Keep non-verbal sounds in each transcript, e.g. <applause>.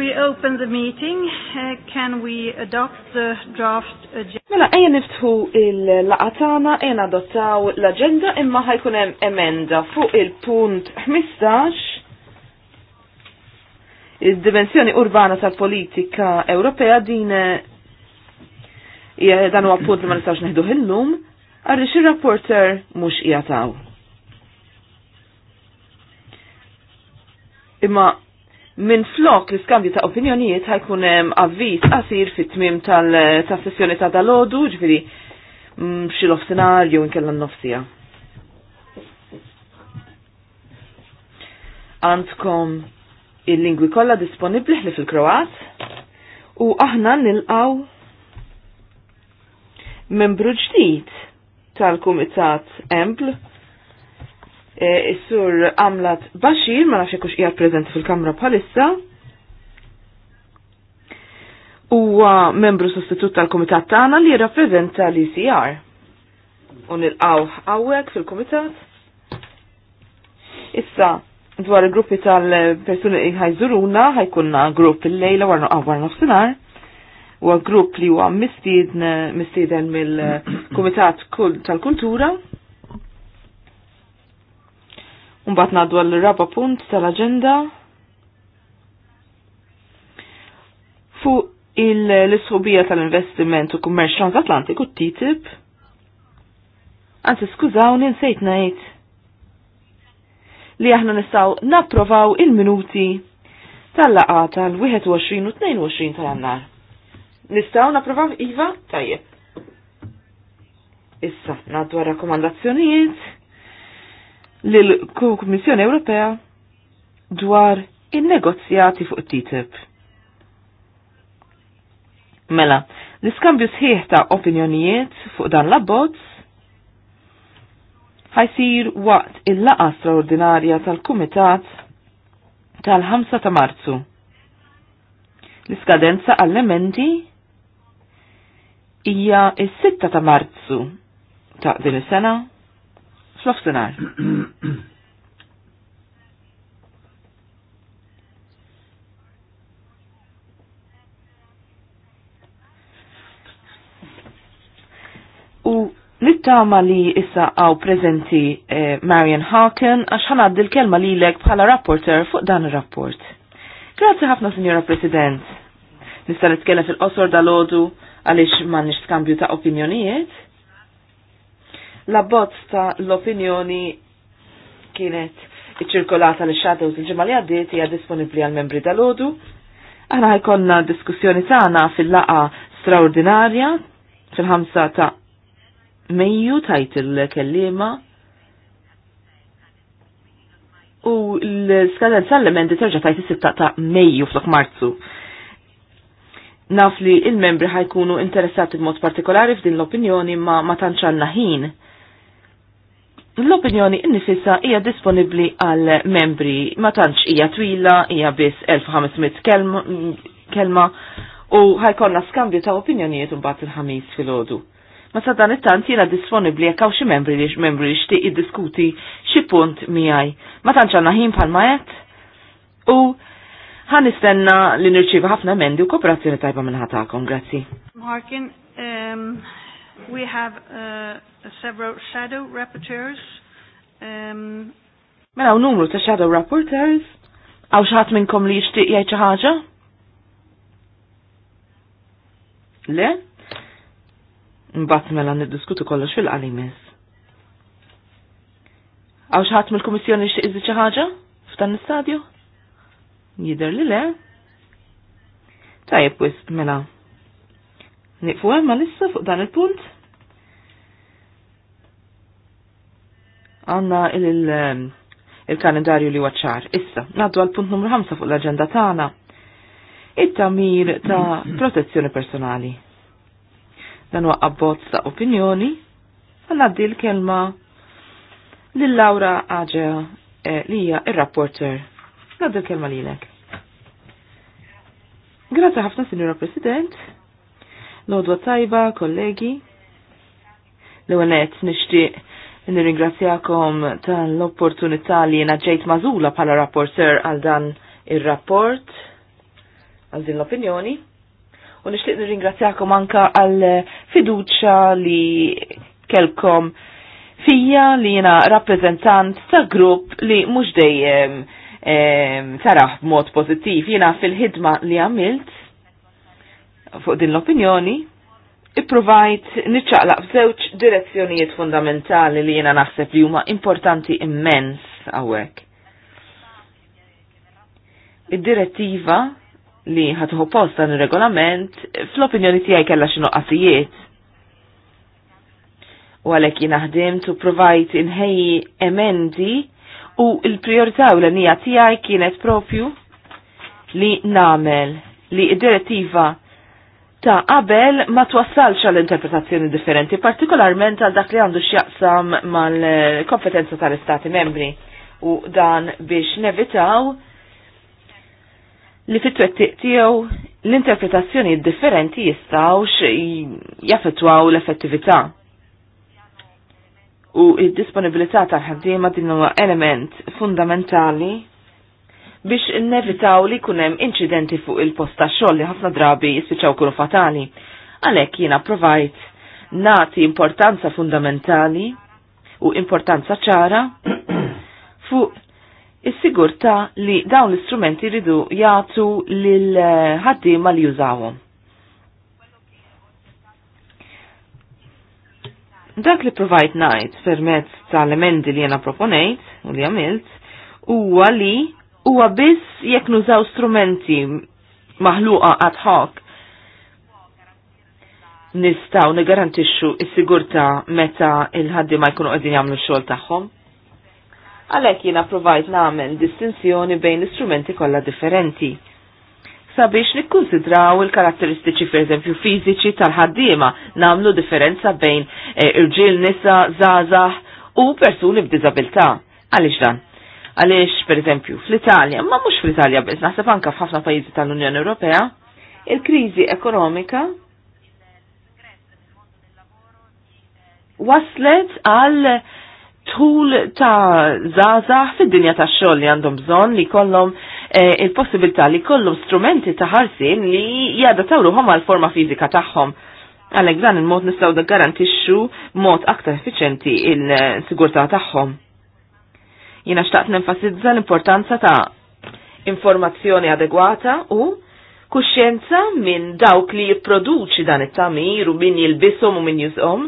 we open the meeting, uh, can we adopt the draft agenda? Mela, ejja niftħu il-laqatana, ejja nadottaw l-agenda, imma ħajkun hemm emenda fuq il-punt 15, il-dimensjoni urbana tal-politika Ewropea din dan huwa punt li ma nistax neħduh illum, għarri xir-rapporter mhux jataw. Imma minn flok l-iskambju ta' opinjonijiet ħajkun avviz qasir fit-tmim tal-sessjoni ta' dal-ħodu, ġviri mm, xilof senarju nkella n-nofsija. Għandkom il-lingwi kollha disponibbli ħli fil-Kroat u aħna nilqaw membru ġdid tal-Kumitat Empl E, is-sur Amlat Bashir, ma nafx kux qiegħed prezent fil-Kamra bħalissa. Huwa membru sostitut tal-Kumitat tagħna li jirrappreżenta l-ICR. U nilqgħu hawnhekk fil-Kumitat. Issa, dwar il-gruppi tal-persuni li ħajżuruna ħajkunna grupp il-lejla warna għawar ah, nofsinar u grupp li huwa mistieden mistieden mill-Kumitat tal-Kultura Umbat naddu għal raba punt tal-agenda fuq il isħubija tal-investiment u kummerċ u TTIP. Anzi, skużawni nsejt ngħid li aħna nistgħu napprovaw il-minuti tal-laqa tal-21 u 22 tal-annar. Nistgħu napprovaw Iva? Tajjeb. Issa, naddu rakkomandazzjonijiet l-Kummissjoni Ewropea dwar in-negozjati fuq TTIP. Mela, l-iskambju sħiħ ta' opinjonijiet fuq dan l-abbozz ħajsir waqt il-laqa straordinarja tal-Kumitat tal-5 ta' Marzu. L-iskadenza għall-emendi hija s-6 ta' Marzu ta' din is-sena F'nofsinhar. U nittama li issa għaw prezenti eh, Marian Hawken għax ħanaddi l-kelma li l bħala rapporter fuq dan il-rapport. Grazie ħafna, Signora President. Nista nitkellem fil-qosor dal-ħodu għalix ma nix skambju ta' opinjonijiet. La abbozz ta' l-opinjoni kienet iċirkolata li shadows il-ġimma li għaddiet hija disponibbli għal membri tal-ħodu. Għana ħajkonna diskussjoni tagħna fil-laqa straordinarja fil-ħamsa ta' Mejju tajt il-kellima u l-skadenza l-emendi terġa' tajt il sitta ta' Mejju flok Marzu. Naf li il-membri ħajkunu interessati b'mod partikolari f'din l-opinjoni ma ma tantx ħin L-opinjoni n-nisissa hija disponibli għal membri ma tantx hija twila, hija biss 1500 kelma, kelma u ħajkonna skambju ta' opinjonijiet imbagħad il-ħamis filgħodu. Ma sa dan it-tant jiena disponibbli jekk hawn xi membri li membri jixtieq jiddiskuti xi punt miegħi. Ma tantx għandna ħin bħalma qed u ħan nistenna li nirċieva ħafna emendi u kooperazzjoni tajba minn ħatakom, grazzi. Markin, um, we have uh, several shadow rapporteurs. Um... Mela, numru ta' shadow rapporteurs. Għaw xaħat minnkom li jishtiq jgħid xi ħaġa? Le? Mbagħad mela niddiskutu kollox fil-qalimis. Għaw xaħat mill-Kummissjoni jixtieq iżid xi ħaġa f'dan l-istadju? Jidher li le? Tajjeb wisq mela. Nifu hemm ma' lissa fuq dan il-punt? għanna um, il-kalendarju il li waċċar. Issa, naddu għal punt numru 5 fuq l-agenda tagħna. It-tamir ta' protezzjoni personali. Dan huwa abbozz ta' opinjoni għaddi l-kelma lil Laura Aġea eh, li hija ir-rapporter. Għaddi l-kelma lilek. Grazie ħafna, Signora President. Lodwa tajba, kollegi. L-għanet nishtiq Nirringrazzjakom tal-opportunità li jena ġejt mażula pala rapporter għal dan ir-rapport għal din l-opinjoni. U nixtieq nirringrazzjakom anka għal fiduċa li kelkom fija li jena rappresentant ta' grupp li mhux dejjem taraħ b'mod pożittiv. Jena fil-ħidma li għamilt fuq din l-opinjoni Iprovajt niċċaqlaq f'żewġ direzzjonijiet fundamentali li jiena naħseb li huma importanti immens hawnhekk. Id-direttiva li ħatħu post dan ir-regolament fl-opinjoni tiegħi kellha xi noqqasijiet. U għalhekk jien ħdimt u provajt inħejji emendi u l-priorità u l-nija tiegħi kienet propju li namel li id-direttiva ta' qabel ma twassalx għal interpretazzjoni differenti, partikolarment għal dak li għandu x'jaqsam mal-kompetenza tal-Istati membri u dan biex nevitaw li fit-twettiq tiegħu l-interpretazzjoni differenti jistawx jaffettwaw l-effettività. U id-disponibilità tal-ħaddiema din huwa element fundamentali biex nevitaw li kunem incidenti fuq il-posta xoll li ħafna drabi jispiċaw kunu fatali. Għalek jina provajt nati importanza fundamentali u importanza ċara <clears throat> fuq is-sigurta li dawn l-istrumenti ridu jgħatu lil eh, ħaddiema li jużawhom. Dak li provajt najt permezz tal-emendi li jena proponejt u li għamilt huwa li huwa biss jekk nużaw strumenti maħluqa ad hoc nistaw nigarantixxu s-sigurta meta il-ħaddi ma jkunu qegħdin jagħmlu x-xogħol tagħhom. Għalhekk jiena provajt nagħmel distinzjoni bejn l-istrumenti kollha differenti sabiex nikkonsidraw il-karatteristiċi pereżempju fiżiċi tal-ħaddiema namlu differenza bejn eh, irġil nisa, zazah u persuni b'diżabilità. Għaliex dan? Għaliex, per eżempju, fl-Italja, ma mhux fl-Italja bez naħseb anke f'ħafna pajjiżi tal-Unjoni Ewropea, il-kriżi ekonomika waslet għal tul ta' zaza fid-dinja ta' xogħol li għandhom bżonn li kollom eh, il-possibilità li kollom strumenti ta' ħarsin li jadattaw ruħhom għal forma fiżika tagħhom. Għalhekk dan il-mod nistgħu garantixxu mod aktar effiċenti il-sigurtà tagħhom. Jina xtaqt nenfasizza l-importanza ta' informazzjoni adegwata u kuxjenza minn dawk li jipproduċi dan it-tamir u min jilbisom u min jizom.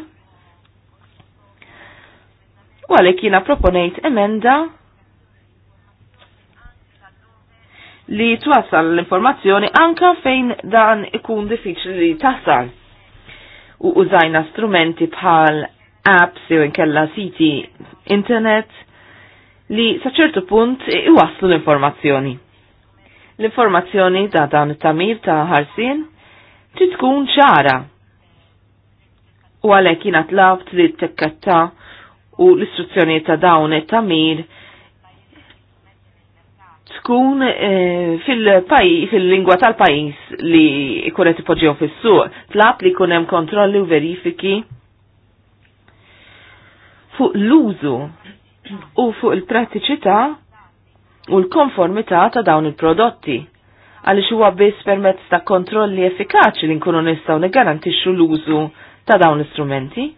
U għalek jina proponejt emenda li twassal l-informazzjoni anka fejn dan ikun diffiċli li tasal. U użajna strumenti bħal apps jew inkella siti internet li saċertu punt iwaslu l-informazzjoni. L-informazzjoni ta' dan it-tamir ta' ħarsien trid tkun ċara. U għalhekk jiena tlabt li t tekkatta u l-istruzzjoni ta' dawn it-tamir tkun e, fil-lingwa tal-pajis li kunet ipoġġew fis-suq, tlab li kunem kontrolli u verifiki fuq l-użu u fuq il-prattiċità u l-konformità ta' dawn il-prodotti għaliex huwa biss permezz ta' kontrolli effikaċi li nkunu nistgħu niggarantixxu l-użu ta' dawn l-istrumenti.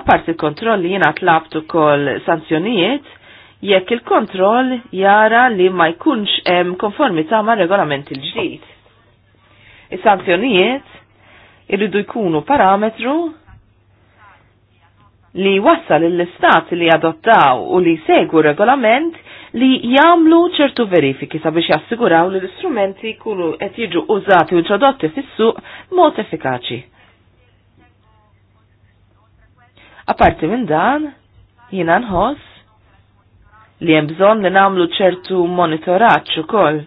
Apart il-kontrolli jiena tlabt ukoll sanzjonijiet jekk il-kontroll jara li ma jkunx hemm konformità ma' regolament il-ġdid. Is-sanzjonijiet irridu jkunu parametru li wassal l-istat li adottaw u li segu regolament li jamlu ċertu verifiki sabiex jassiguraw li l-istrumenti kullu qed jiġu użati u introdotti fis-suq mod effikaċi. Aparti minn dan, jina nħoss li hemm bżonn li nagħmlu ċertu monitoraġġ ukoll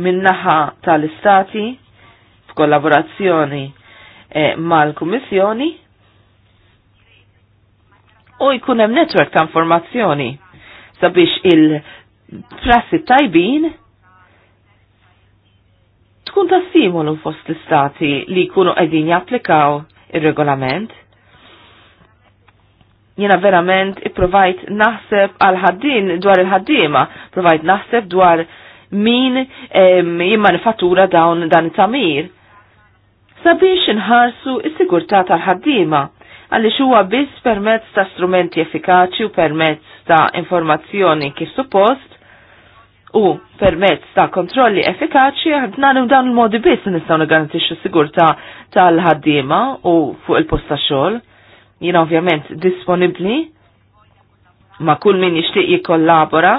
min-naħa tal-istati f'kollaborazzjoni eh, mal-Kummissjoni u jkun hemm netwerk ta' informazzjoni sabiex il-prassi tajbin tkun ta' stimolu fost l-istati li jkunu qegħdin japplikaw ir-regolament. Jena verament ipprovajt naħseb għal ħaddin dwar il-ħaddiema, provajt naħseb dwar min jimmanifattura dawn dan it-tamir. Sabiex inħarsu is-sigurtà tal-ħaddiema għaliex huwa biss permezz ta' strumenti effikaċi u permezz ta' informazzjoni kif suppost u permezz ta' kontrolli effikaċi għadna dan il-modi biss nistgħu nigarantixxu sigurtà tal-ħaddiema u fuq il posta ta' xogħol jina ovvjament disponibli ma kull min jixtieq jikkollabora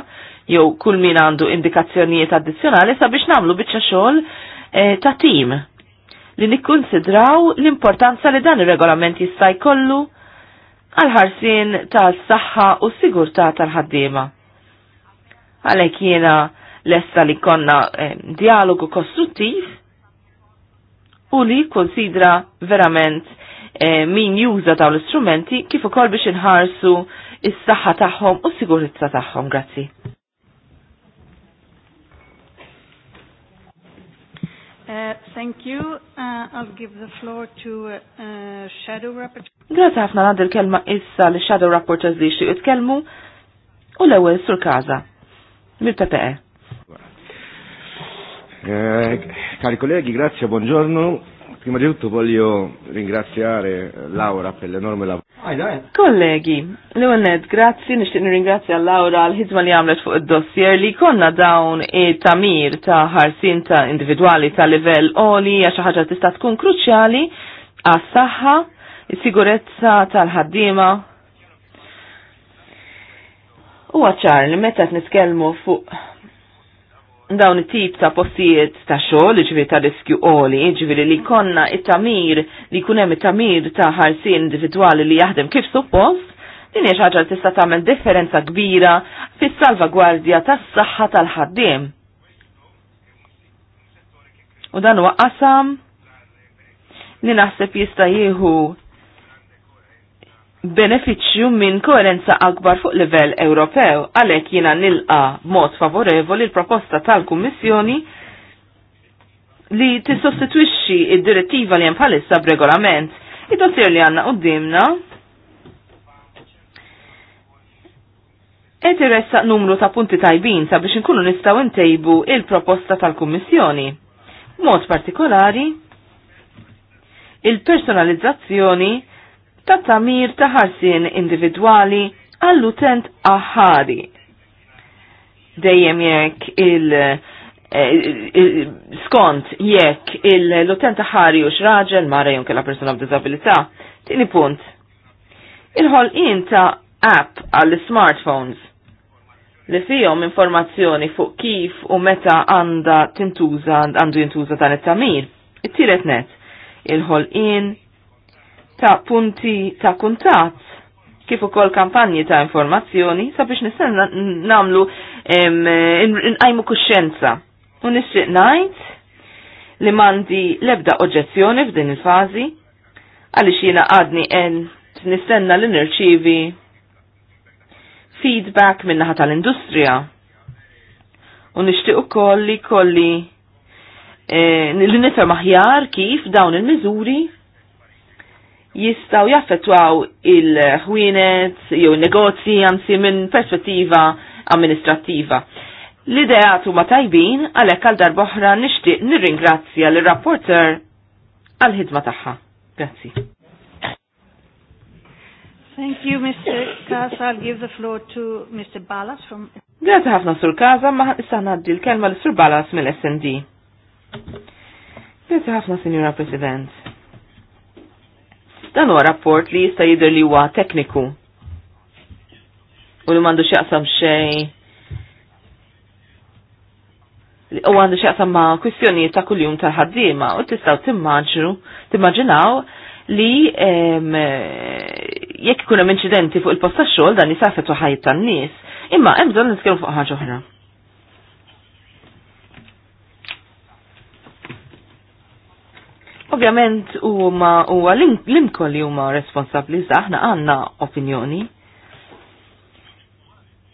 jew kull min għandu indikazzjonijiet addizzjonali sabiex nagħmlu biċċa xogħol eh, ta' tim li nikkonsidraw l-importanza li dan ir-regolament jista' jkollu għal ħarsien tas-saħħa u s-sigurtà tal-ħaddiema. Għalhekk jiena lesta li konna eh, dialogu kostruttiv u li konsidra verament eh, min juża dawn l-istrumenti kif ukoll biex inħarsu is-saħħa tagħhom u s-sigurtà tagħhom. Grazzi. Uh, thank you. Uh, I'll give the floor to uh, uh Shadow Rapporteur. Grazie ħafna għad il-kelma issa li Shadow Rapporteurs li xie jitkelmu u l-ewel sur kaza. Mil-PPE. Eh, cari colleghi, grazie, buongiorno. Prima di tutto voglio ringraziare Laura per l'enorme lavoro. Kollegi, l-għonet, grazzi, nishtiq ringrazzja Laura l-ħidma li għamlet fuq id-dossier li konna dawn tamir ta' ħarsin ta' individuali ta' livell oli għax ħaġa tista' tkun kruċjali għas-saħħa, is-sigurezza tal-ħaddiema, U għacċar li meta t-niskelmu fuq dawn it-tip ta' postijiet ta' xogħol, ġifieri ta' riskju qoli, ġifieri li konna it-tamir li jkun hemm it-tamir ta' ħarsien individwali li jaħdem kif suppost, din hija ħaġa tista' tagħmel differenza kbira fis-salvagwardja tas-saħħa tal-ħaddiem. U dan huwa qasam li naħseb jista' jieħu beneficju minn koerenza akbar fuq livell Ewropew, għalhekk jiena nilqa mod favorevoli l-proposta tal-Kummissjoni li tissostitwixxi id-direttiva li hemm bħalissa b'regolament. Id-dossier li għandna qudiemna qed irressaq numru ta' punti tajbin sabiex inkunu nistgħu ntejbu il-proposta tal-Kummissjoni. Mod partikolari il-personalizzazzjoni ta' tamir ta' ħarsien individwali għall-utent aħari. Dejjem jekk il- eh, skont jekk l-utent aħari u xraġel mara jonke la persona b'disabilità. Tini punt. il in ta' app għall-smartphones li fihom informazzjoni fuq kif u meta għanda tintuża għandu jintuża dan it-tamir. It-tielet net il in ta' punti ta' kuntat kif ukoll kampanji ta' informazzjoni sabiex nistenna namlu nqajmu kuxjenza. U nixtieq ngħid li mandi lebda oġġezzjoni f'din il-fażi għaliex jiena għadni en nistenna li nirċivi feedback minnaħa tal-industrija. U nixtieq ukoll li kolli eh, li nifhem aħjar kif dawn il-miżuri jistaw jaffetwaw il-ħwienet jew il-negozji għansi minn perspettiva amministrativa. L-idea huma tajbin għalhekk għal darboħra nixtieq nirringrazzja l rapporter għal ħidma tagħha. Grazzi. Thank you, Mr. Kaza. I'll give the floor to Mr. Balas from... Grazzi ħafna Sur Kaza, ma issa ngħaddi l-kelma l-Sur Balas mill-SND. Grazzi ħafna, Signora President. Dan huwa rapport li jista' jidher li huwa tekniku. U li m'għandux x'jaqsam xejn u għandu xaqsam ma' kwistjonijiet ta' kuljum ta' ħaddiema u tistaw timmaġru, timmaġinaw li jekk ikun hemm inċidenti fuq il posta xol xogħol dan jisafetu ħajt tan-nies. Imma hemm bżonn nitkellmu fuq ħaġa oħra. Ovvjament huma huwa l-imkoll li huma responsabbli iżda aħna għandna opinjoni.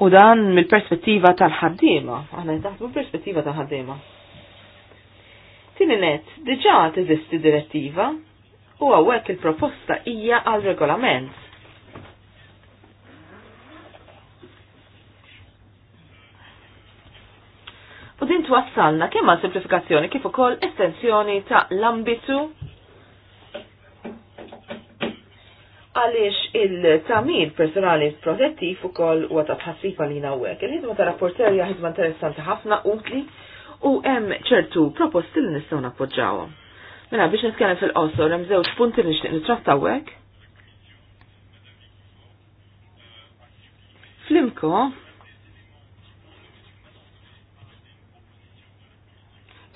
U dan mill-perspettiva tal-ħaddiema, aħna mill perspettiva tal-ħaddiema. Tini net, diġà teżisti direttiva u għawek il-proposta hija għal regolament U din twassalna kemm għal simplifikazzjoni kif ukoll estensjoni ta' l-ambitu għaliex il-tamir personali protettiv u koll u għata tħassifa li nawek. Il-ħidma ta' rapporterja ħidma interessanti ħafna utli u hemm ċertu proposti li nistgħu nappoġġawhom. Mela biex nitkellem fil-qosor hemm żewġ punti li nixtieq nittrattawek. Flimko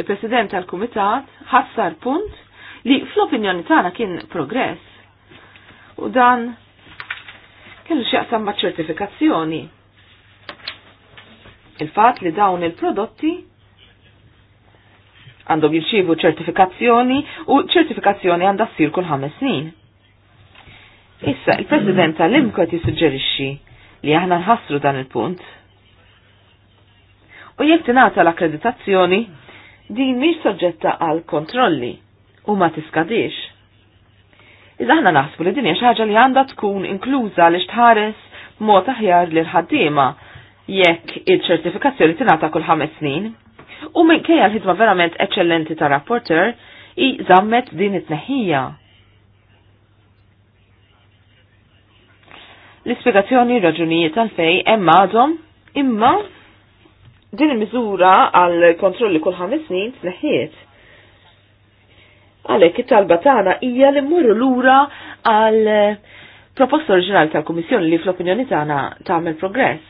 il-President tal-Kumitat ħassar punt li fl-opinjoni tagħna kien progress. U dan kellu x'jaqsam maċ ċertifikazzjoni. Il-fatt li dawn il-prodotti għandhom jirċievu ċertifikazzjoni u ċertifikazzjoni għandha ssir kull ħames snin. Issa, il-President tal-Imkot jissuġġerixxi li aħna nħassru dan il-punt. U jekk tingħata l-akkreditazzjoni, din mhix soġġetta għal kontrolli u ma tiskadix. Iżda aħna naħsbu li din hija xi ħaġa li għandha tkun inkluża li tħares mod aħjar lil ħaddiema jekk il-ċertifikazzjoni tingħata kull ħames snin. U minkejja l-ħidma verament eċċellenti ta' rapporter i zammet din it-tneħħija. L-ispiegazzjoni raġunijiet tal-fej hemm għadhom imma din il-miżura għal kontrolli kull ħames snin tneħħiet. Għalhekk it-talba tagħna hija li mmorru lura għal proposta oriġinali tal-Kummissjoni li fl-opinjoni tagħna tagħmel progress.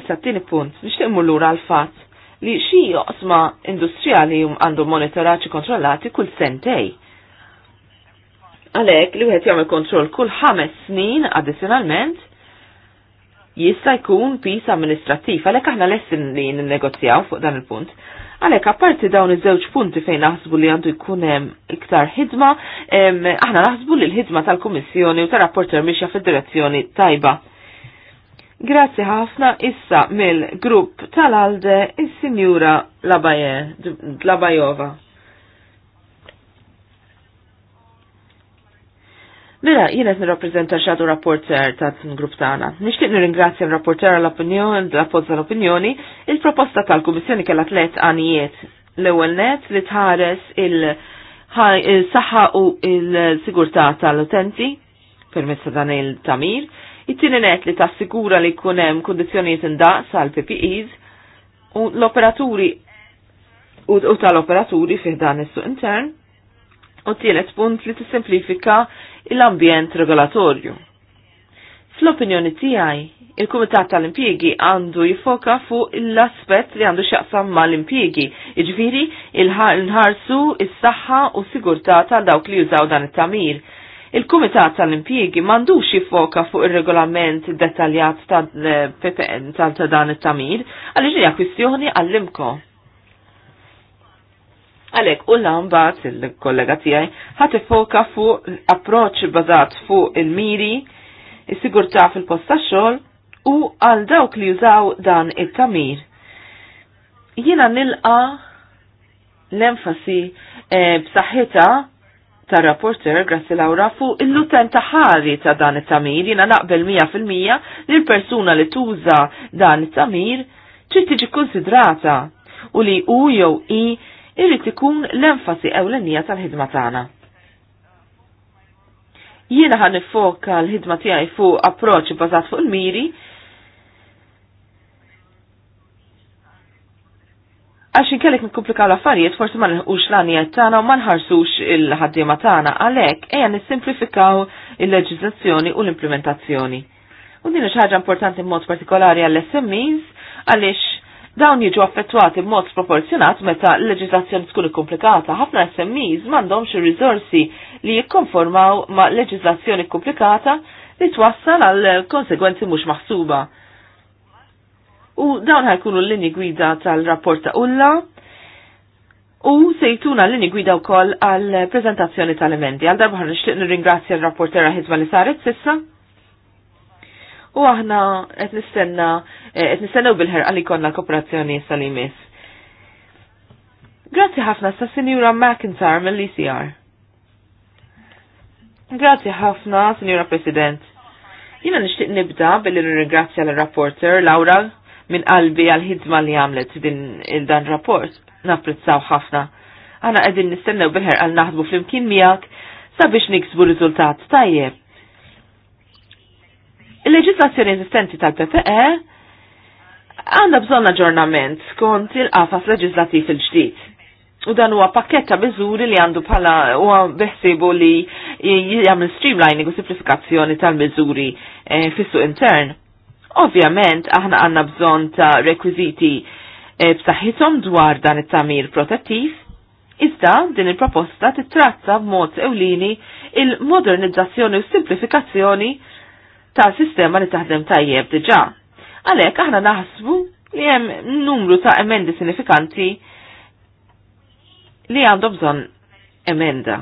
Issa t-tieni punt nixtieq mmur lura għal fatt li xi joqsma industrijali għandhom monitoraġġi kontrollati kull sentej. Għalhekk li wieħed jagħmel kontroll kull ħames snin addizzjonalment jista' jkun pis amministrativ, għalhekk aħna lessin li negozjaw fuq dan il-punt. Għalhekk apparti dawn iż-żewġ punti fejn naħsbu li għandu jkun hemm iktar ħidma, aħna naħsbu li l-ħidma tal-Kummissjoni u tar-rapporter mixja fid-direzzjoni tajba. Grazzi ħafna issa mill-grupp tal-Alde is-Sinjura Labajova. Mela, jiena qed nirrappreżenta xadu rapporter ta' grupp tagħna. Nixtieq nirringrazzja l-rapporter għall-opinjoni, l-appozz l-opinjoni, il-proposta tal-Kummissjoni kellha tliet għanijiet. L-ewwel net li tħares il-saħħa u il-sigurtà tal-utenti permezz dan il-tamir, it-tieni net li tassigura li jkun hemm kundizzjonijiet indaqs għal PPEs u l-operaturi u tal-operaturi fih dan is-suq intern u tielet punt li tissimplifika l-ambjent regolatorju. Fl-opinjoni tiegħi, il-Kumitat tal-Impjiegi għandu jifoka fuq l-aspett li għandu x'jaqsam mal-impjiegi, jiġifieri ħarsu is-saħħa u sigurtà ta' dawk li jużaw dan it-tamir. Il-Kumitat tal-Impjiegi m'għandux jifoka fuq ir-regolament dettaljat ta' eh, dan it-tamir għaliex hija kwistjoni għall-imko. Għalek, u l-għambat il-kollega tijaj ħat foka l approċ bazat fuq il-miri, il-sigurta fil-posta xol u għal dawk li jużaw dan il-tamir. Jina nilqa l-enfasi e, eh, b'saħħita ta' rapporter Grassi Laura fuq il-lutent ħari ta' dan it-tamir jina naqbel 100% li l-persuna li tuża dan it-tamir trid tiġi konsidrata u li u jew i irrit ikun l-enfasi ewlenija tal-ħidma tagħna. Jiena ħan nifoka l-ħidma tiegħi fuq approċċ bbażat fuq il-miri għax inkellek nkomplika l-affarijiet forsi ma nħux l-għanijiet tagħna u ma nħarsux il-ħaddiema tagħna għalhekk ejja nissimplifikaw il-leġiżlazzjoni u l-implementazzjoni. U din xi ħaġa importanti b'mod partikolari għall-SMEs għaliex Dawn jiġu affettwati b'mod sproporzjonat meta l-leġislazzjoni tkun komplikata. Ħafna SMEs m'għandhomx ir-riżorsi li jikkonformaw ma' leġislazzjoni komplikata li twassal għal konsegwenzi mhux maħsuba. U dawn ħajkunu l-linji gwida tal-rapport ta' Ulla u sejtuna l-linji gwida wkoll għal prezentazzjoni tal-emendi. Għal darba ħarġ nirringrazzja l-rapportera ħidma li saret sissa u aħna qed nistenna eh, qed nistennew bil-ħerqa li konna kooperazzjoni sal-imis. Grazzi ħafna sa' Sinjura McIntyre mill-ECR. Grazzi ħafna, Sinjura President. Jina nixtieq nibda billi nirringrazzja l-rapporter Laura minn qalbi għal-ħidma li għamlet din il-dan rapport. Napprezzaw ħafna. Għana qegħdin nistennew bil għal l-naħdmu fl-imkien miegħek sabiex niksbu riżultat tajjeb Il-leġislazzjoni eżistenti tal-PPE għanda bżonn aġġornament skont il-qafas leġislattiv il-ġdid. U dan huwa pakketta miżuri li għandu bħala u għabessibu li jagħmel streamlining u simplifikazzjoni tal-miżuri e, fis-suq intern. Ovvjament aħna għandna bżonn ta' rekwiżiti e, eh, b'saħħithom dwar dan it-tamir protettiv, Iżda din il-proposta titratta b'mod ewlini il-modernizzazzjoni u simplifikazzjoni ta' sistema li taħdem tajjeb diġa. Għalek aħna naħsbu li hemm numru ta' emendi sinifikanti li għandu bżon emenda.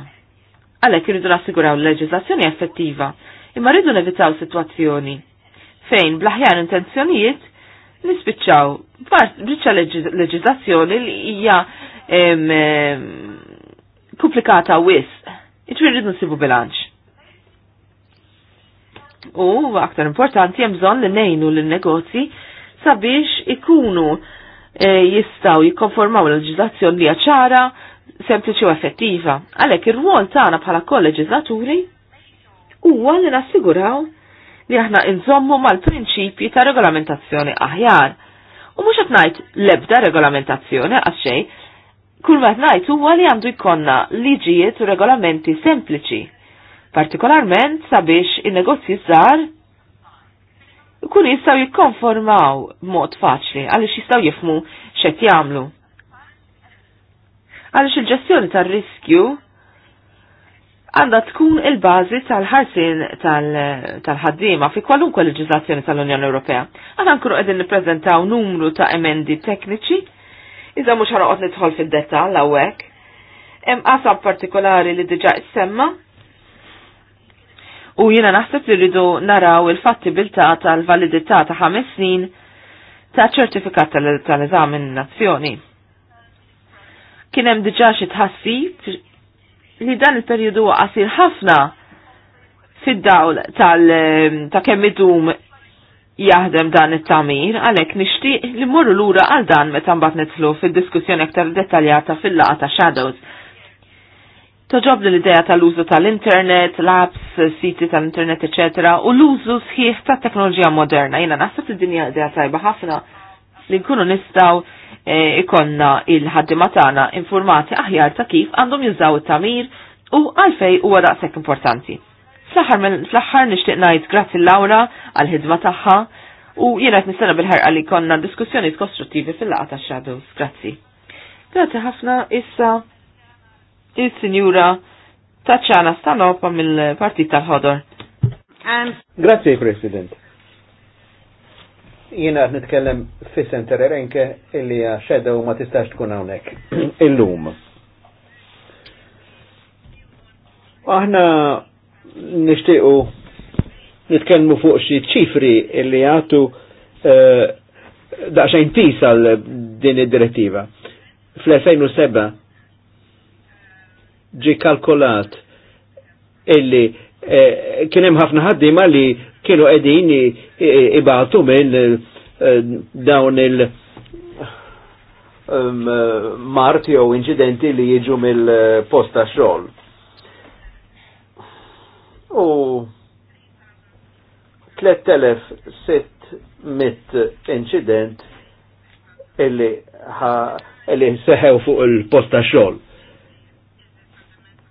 Għalek irridu nassiguraw l-leġislazzjoni effettiva, imma rridu nevitaw situazzjoni fejn blaħjar intenzjonijiet nispiċċaw b'riċċa leġizazzjoni li hija komplikata wis. Iċmir rridu nsibu bilanċ. U aktar importanti hemm bżonn li nejnu lin-negozji sabiex ikunu e, jistaw jikkonformaw l-leġiżlazzjoni li ċara, sempliċi u effettiva. Għalhekk ir-rwol tagħna bħala kolleġiżlaturi huwa li nassiguraw li aħna inżommu mal-prinċipji ta' regolamentazzjoni aħjar. U mhux qed ngħid l-ebda regolamentazzjoni għax kull ma ngħid huwa li għandu jkollna liġijiet u regolamenti sempliċi partikolarment sabiex in-negozji żgħar kun jistaw jikkonformaw mod faċli għaliex jistaw jifmu x'qed jagħmlu. Għaliex il-ġestjoni tar-riskju għandha tkun il-bażi tal-ħarsin tal-ħaddiema fi kwalunkwe leġiżlazzjoni tal-Unjoni Ewropea. Aħna nkunu qegħdin nippreżentaw numru ta' emendi tekniċi, iżda mhux ħaroqgħod nidħol fid-dettall hawnhekk. Hemm qasab partikolari li diġà semma' u jiena naħseb li rridu naraw il-fattibilità tal-validità ta' ħames snin ta' ċertifikat tal-eżaminazzjoni. Kien hemm diġà xi tħassib li dan il-perjodu qasir ħafna fid-dawl tal ta' kemm idum jaħdem dan it-tamir għalhekk nixtieq li mmorru lura għal dan meta mbagħad nitlu fid-diskussjoni aktar dettaljata fil-laqgħa ta' shadows Toġobli l-ideja tal-użu tal-internet, l-apps, siti tal-internet, ecc. u l-użu sħiħ ta' teknoloġija moderna. Jena naħseb id dinja ideja tajba ħafna li nkunu nistaw eh, ikonna il-ħaddima tagħna informati aħjar ta' kif għandhom jużaw it-tamir u għalfej huwa daqshekk importanti. Fl-aħħar nixtieq ngħid grazzi l-Laura għall-ħidma tagħha u jiena qed nistana bil-ħerqa li konna diskussjoni konstruttivi fil-laqgħa tax-shadows. Grazzi. Grazzi ħafna issa il-Sinjura Taċċana Stanopa mill-Partit tal-Ħodor. Grazie, President. Jiena għad nitkellem fissen tererenke illi għaxedaw ma tistax tkun hawnhekk <clears throat> illum. Aħna nishtiqu nitkellmu fuq xi ċifri illi għatu eh, daqsxejn tisa din id-direttiva. Fl-2007 ġi kalkolat illi eh, kienem ħafna ħaddima li kienu edin ibatu minn eh, dawn il- marti jew incidenti li jiġu mill-posta xogħol. U 3600 incident illi, illi seħew fuq il-posta xogħol.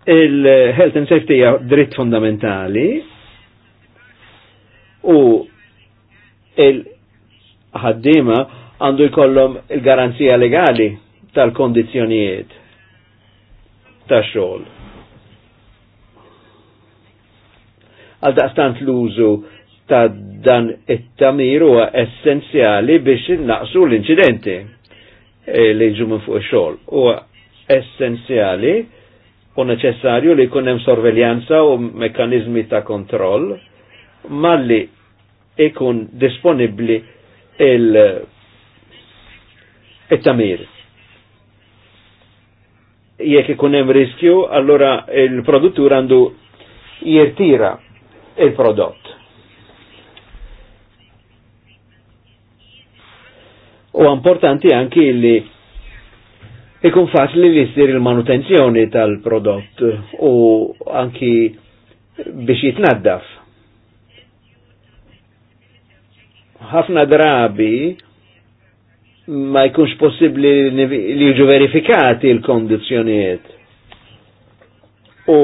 Il-health and safety hija dritt fundamentali u il-ħaddima għandu jkollhom il-garanzija legali tal-kondizjonijiet ta' xogħol. Għal daqstant l-użu ta' dan it-tamir huwa essenzjali biex naqsu l-inċidenti eh, li ġu minn fuq ix-xogħol. Huwa essenzjali u neċessarju li kunem sorveljanza u mekanizmi ta' kontroll ma li ikun disponibli il-tamir. Jek ikunem riskju, allora il-produttur għandu jirtira il-prodott. U importanti anki li ikun faċli li jsir il-manutenzjoni tal-prodott u anki biex jitnaddaf. ħafna drabi ma jkunx possibli li jiġu verifikati l kondizjoniet U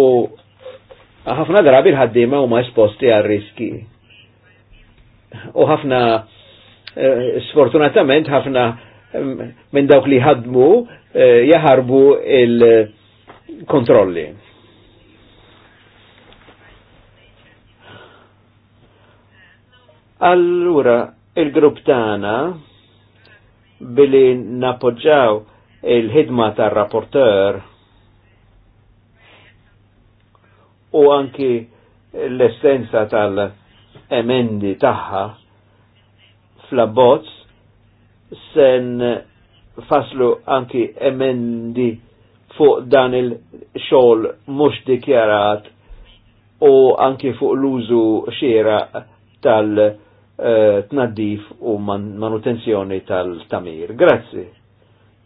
ħafna drabi l-ħaddima huma esposti għal riski. U ħafna, eh, sfortunatament, ħafna minn dawk li ħadmu eh, jaħarbu il-kontrolli. Allura, il-grupp tagħna billi napoġġaw il-ħidma tar-rapporteur u anki l-essenza tal-emendi tagħha fl-abbozz sen faslu anki emendi fuq dan il-xol mux dikjarat u anki fuq l-użu xiera tal-tnaddif u man manutenzjoni tal-tamir. Grazzi.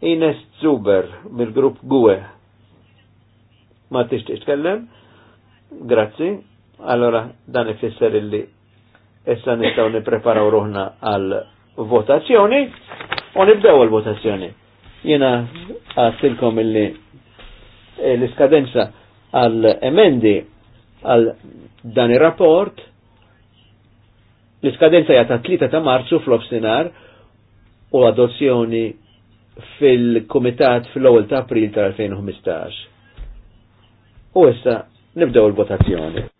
Ines Zuber mill-grupp GUE. Ma tixtieq tkellem? Grazzi. Allora dan ifisser illi issa nistgħu nippreparaw ruħna għal votazzjoni u nibdew il-votazzjoni. Jena għastilkom illi eh, l-iskadenza għal emendi għal dan il-rapport l-iskadenza jgħata 3 ta' marzu fl-obstinar u adozzjoni fil-komitat fil-ewwel ta' april tal-2015. U issa nibdew il-votazzjoni.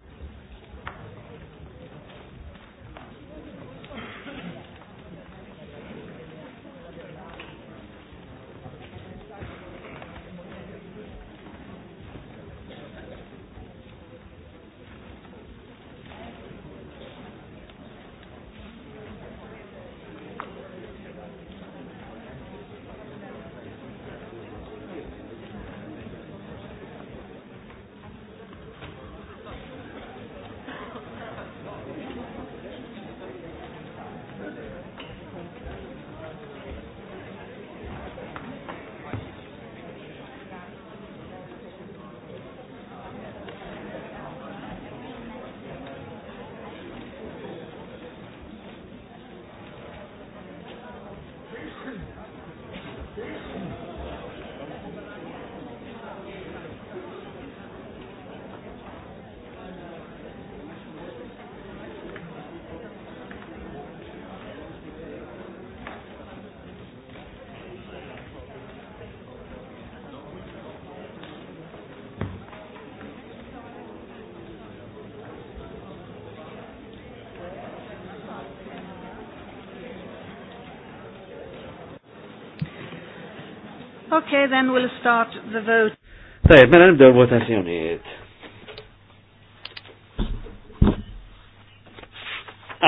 Okay, then we'll start the vote. Tajib, mela nibdew votazzjonijiet.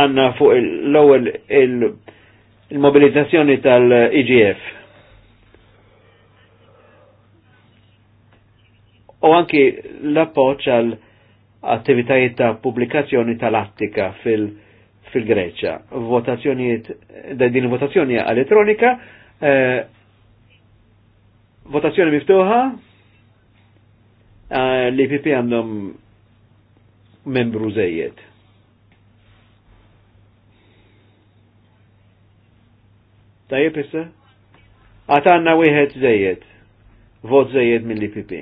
Għanna fuq l-ewwel il-mobilizzazzjoni tal-IGF. U anki l-appoċ għal attivitajiet ta' pubblikazzjoni tal-attika fil-Greċa. Votazzjonijiet, din votazzjoni elettronika, eh, Votazzjoni miftuħa. Eh, L-IPP għandhom membru zejjed. Tajjeb issa? Għatanna wieħed zejjed. Vot zejjed mill-IPP.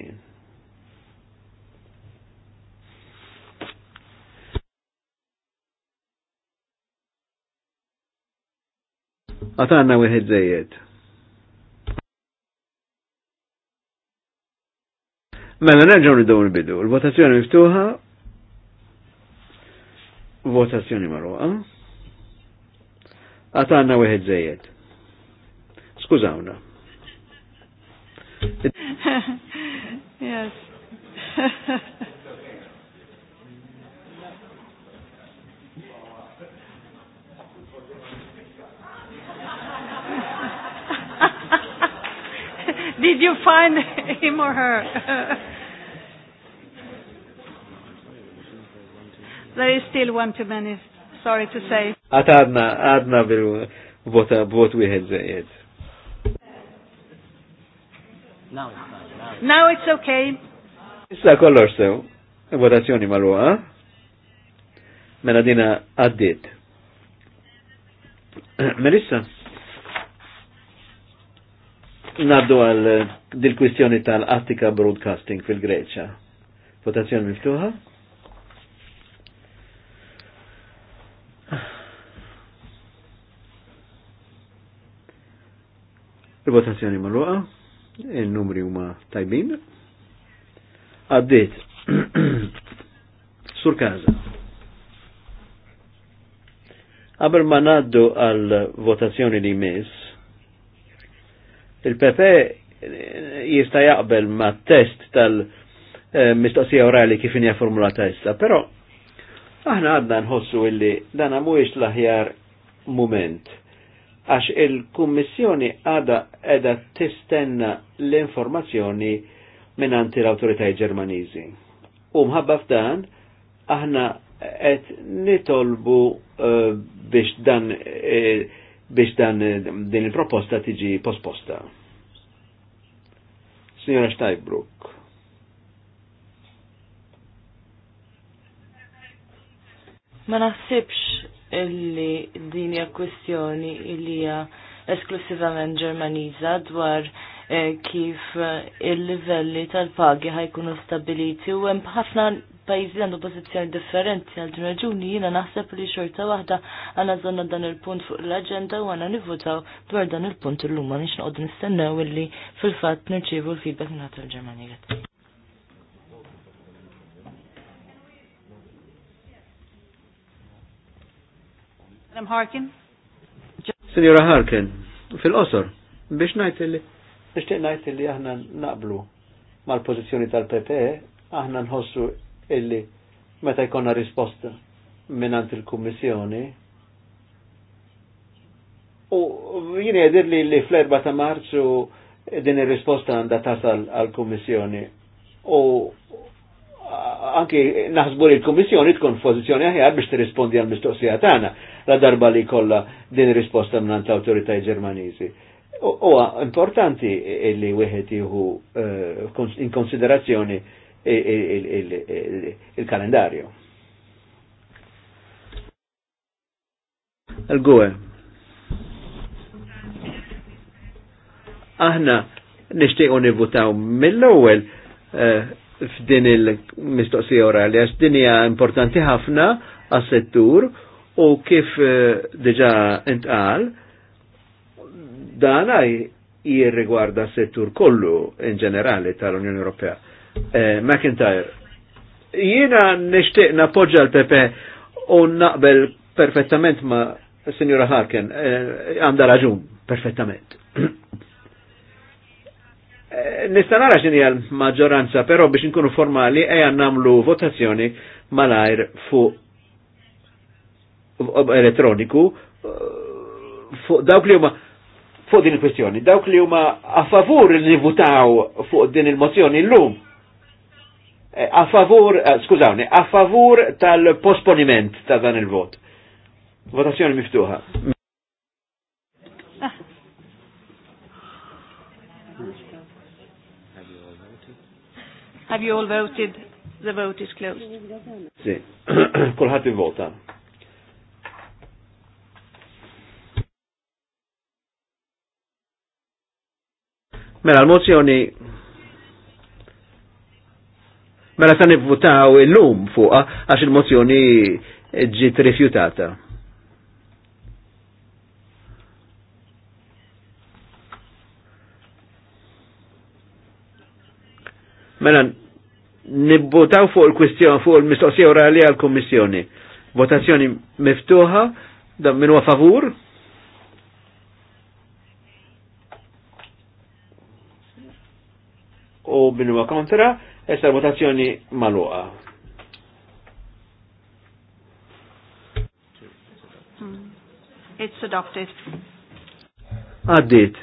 Għatanna wieħed zejjed. Mela nerġaw nibdew nibidu. Il-votazzjoni miftuħa. Votazzjoni marruqa. Għatanna wieħed zejed. Skużawna. <laughs> yes. <laughs> Did you find <laughs> him or her? There is still one too many, sorry to say. Għat għadna, għadna bil-vota, b'vot wieħed zejed. Now it's okay. Issa kollor sew, votazzjoni mal-waqa. Eh? Mela dina għaddit. <clears throat> Melissa? Naddu għal eh, dil-kwistjoni tal-Attica Broadcasting fil-Greċa. Votazzjoni miftuħa? Il-votazzjoni marruqa, il-numri huma tajbin. Għaddit, <clears throat> sur kaza. Qabel ma naddu għal votazzjoni li mis, Il-PP jista jaqbel ma test tal-mistoqsija orali kif inja formulata issa, però aħna għadna nħossu illi dana mhuwiex l-aħjar moment għax il-Kummissjoni għada edha tistenna l-informazzjoni minnanti l-autoritaj ġermaniżi. U mħabba f'dan, aħna qed nitolbu uh, biex dan uh, biex dan din il-proposta tiġi posposta. Signora Steinbrook. Ma naħsibx illi din hija kwestjoni illi hija esklusivament Ġermaniża dwar eh, kif eh, il-livelli tal-pagi ħajkunu stabiliti u hemm ħafna pajjiżi għandu pożizzjoni differenti għal din raġuni jiena naħseb li xorta waħda għana żonna dan il-punt fuq l-aġenda u għana nivvotaw dwar dan il-punt illum ma nix noqgħod nistennew illi fil-fatt nirċievu l-feedback minn l-Ġermani ġermanija Madam Harkin? Signora Harkin, fil-qosor, biex najt li, biex najt li aħna naqblu mal-pozizjoni tal-PP, e, aħna nħossu illi meta jkonna risposta minnant il-Kummissjoni. U jini għedir li li fl-4 ta' marzu din il-risposta għanda tasal għal-Kummissjoni. U anki naħsbu li l-Kummissjoni tkun f-pozizjoni aħjar biex tirrispondi għal mistoqsija tana la darba li kolla din ir-risposta minn l autoritaj Ġermaniżi. U importanti illi wieħed jieħu eh, in konsiderazzjoni il-kalendarju. Il-gwe. Aħna nishtiqo nivutaw mill-ewwel eh, f'din il-mistoqsija orali għax din hija importanti ħafna għas-settur u kif eh, diġà intqal dana jirrigwarda s-settur kollu in ġenerali tal-Unjoni Ewropea eh, McIntyre. Jiena nishtiq napoġġa l-Pepe u naqbel perfettament ma Signora Harken, eh, għanda raġun, perfettament. <clears throat> Eh, nista nara xini għal maġġoranza, pero biex nkunu formali, eja namlu votazzjoni malajr fu elettroniku eh, fuq dawk li huma fuq din il-kwestjoni, dawk li huma a favur li votaw fuq din il-mozzjoni l-lum Eh, a favur, eh, skużawni, a favur tal-posponiment ta' dan il-vot. Votazzjoni miftuħa. Ah. Have you all voted? The vote is closed. Si, <coughs> kolħat vota. Mela, l-mozzjoni Mela sa' nivvutaw il-lum fuqa għax il-mozzjoni ġiet rifjutata. Mela nibbutaw fuq il-kwistjoni, fuq il-mistoqsija orali għal-Kommissjoni. Votazzjoni miftuħa, da minn huwa favur? U minnu kontra? Issa votazzjoni maluqa. Mm. It's adopted. Addit.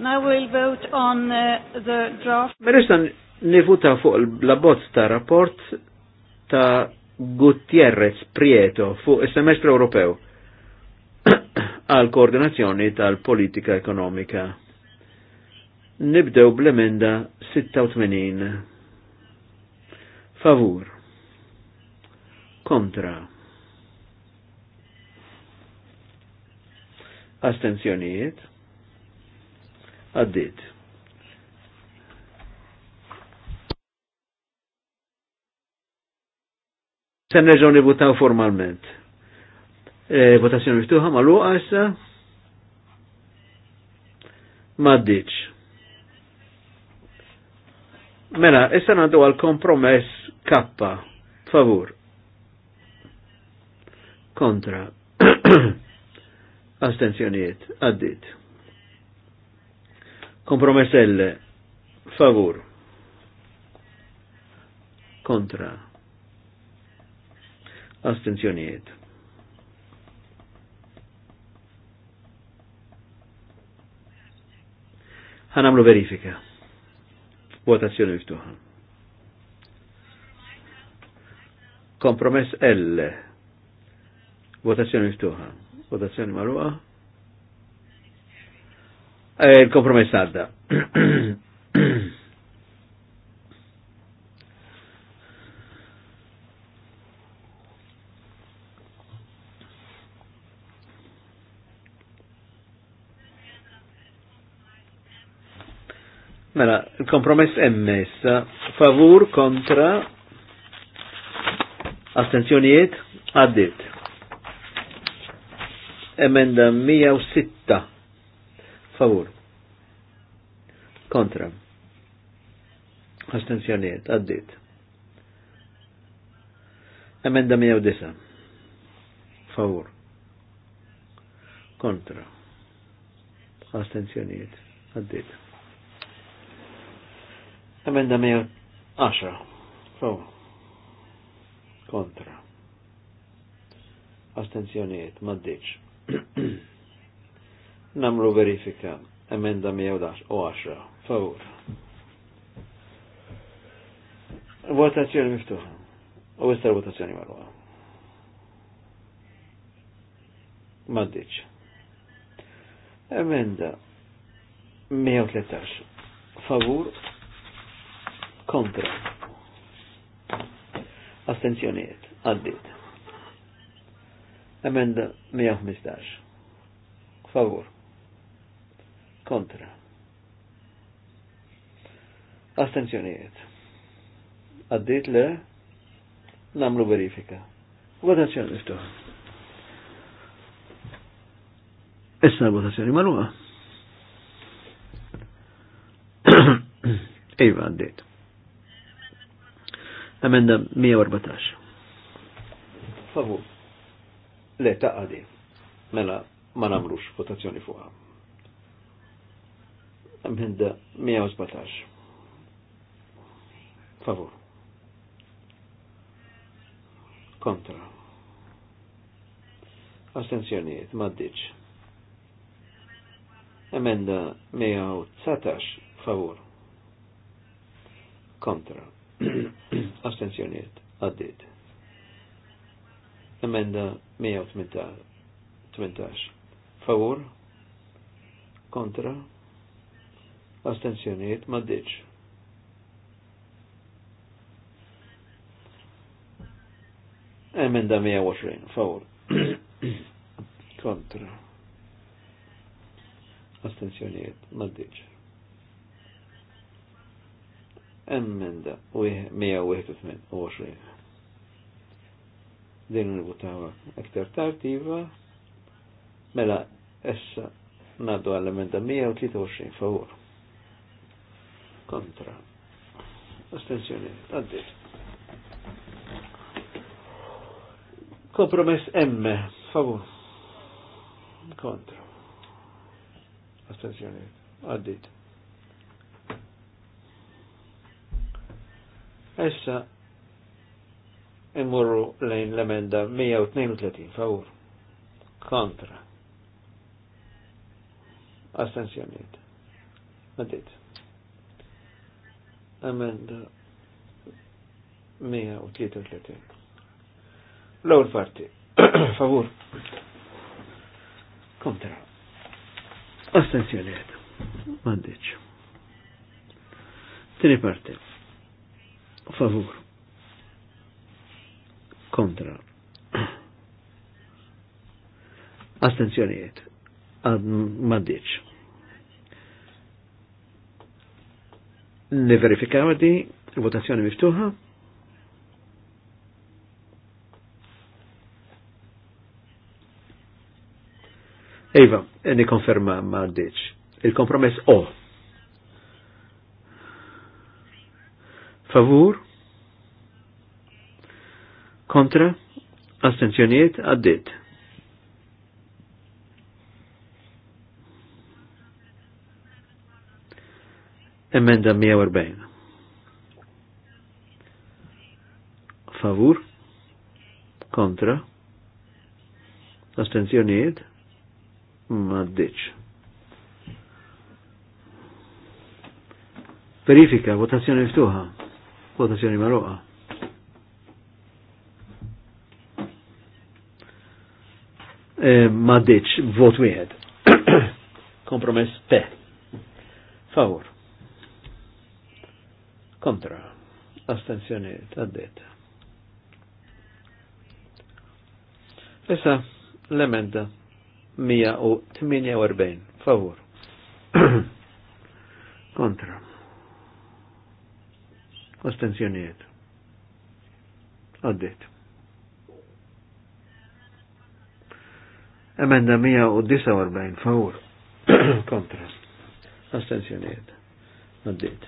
Now we'll vote on uh, the draft. Meristan nivuta fuq la bozz ta' rapport ta' Gutierrez Prieto fuq is-semestru Ewropew <clears throat> għal koordinazzjoni tal-politika ekonomika. Nibdew bl-emenda 86. Favur. Kontra. Astenzjonijiet. Addit. Se nerġaw nivutaw formalment. E, votazzjoni miftuħa ma luqa issa. Maddiċ. Mela, issa nandu għal kompromess kappa. Favur. Kontra. <clears throat> Astenzjoniet. Addit. Kompromess L. Favur. Kontra astenzjonijiet. ħanamlu verifika. Votazzjoni miftuħa. Kompromess L. Votazzjoni miftuħa. Votazzjoni marruqa. Eh, il-kompromess għadda. <clears throat> Mela, il-kompromess emmessa, favur kontra astenzjoniet għaddit. Emenda 106, favur. Kontra. Astenzjoniet għaddit. Emenda 109, favur. Kontra. Astenzjoniet għaddit. Emenda 110. Prova. Kontra. Astenzjoniet, maddiċ. <clears throat> Namru verifika. Emenda 110. Favur. Votazzjoni miftuħa. U istar votazzjoni marwa. Maddiċ. Emenda 113. Favur kontra. Astenzjoniet, għaddit. Emenda 115. Favor. Kontra. Astenzjoniet. Għaddit le namlu verifika. Votazzjoni miftuħ. Issa votazzjoni manua. <coughs> Iva għaddit. Amenda 114. Favur. Le, ta' għadi. Mela, ma namrux votazzjoni fuqa. Amenda 114. Favur. Kontra. Astenzjoniet, maddiċ. Emenda 119, Favor. Kontra. <clears throat> astenzjoniet għaddit. Emenda 118. Favur, kontra, astenzjoniet maddiċ. Emenda 120. Favur, <coughs> kontra, astenzjoniet maddiċ emmenda u 121. Din nibutawa ektar tartiva, mela essa naddu għall-emenda 123 favur. Kontra. Astenzjoni, għaddit. Kompromess emme, favur. Kontra. Astenzjoni, għaddit. Issa immurru lejn l-emenda 132 favur kontra astensjoniet. Għaddit. Emenda 133. L-ewwel parti. <clears throat> favur. Kontra. Astensjoniet. Mandiċ. Tini parti favur kontra astenzjonijiet għad maddiċ niverifikaw di votazzjoni miftuħa Iva, nikonferma maddiċ. Il-kompromess O. favur, kontra, astenzjoniet għaddit. Emenda 140. Favur, kontra, astenzjoniet, maddiċ. Verifika, votazzjoni ftuħa. Votazzjoni marroqa. E, ma vot wieħed. <clears throat> Kompromess P. Favor. Kontra. Astenzjoni, Għaddit. Issa, l-emenda 148. Favor. <clears throat> Kontra Ostenzjoniet. Għaddit. Emenda 149 favur. <clears throat> Kontra. Ostenzjoniet. Għaddit.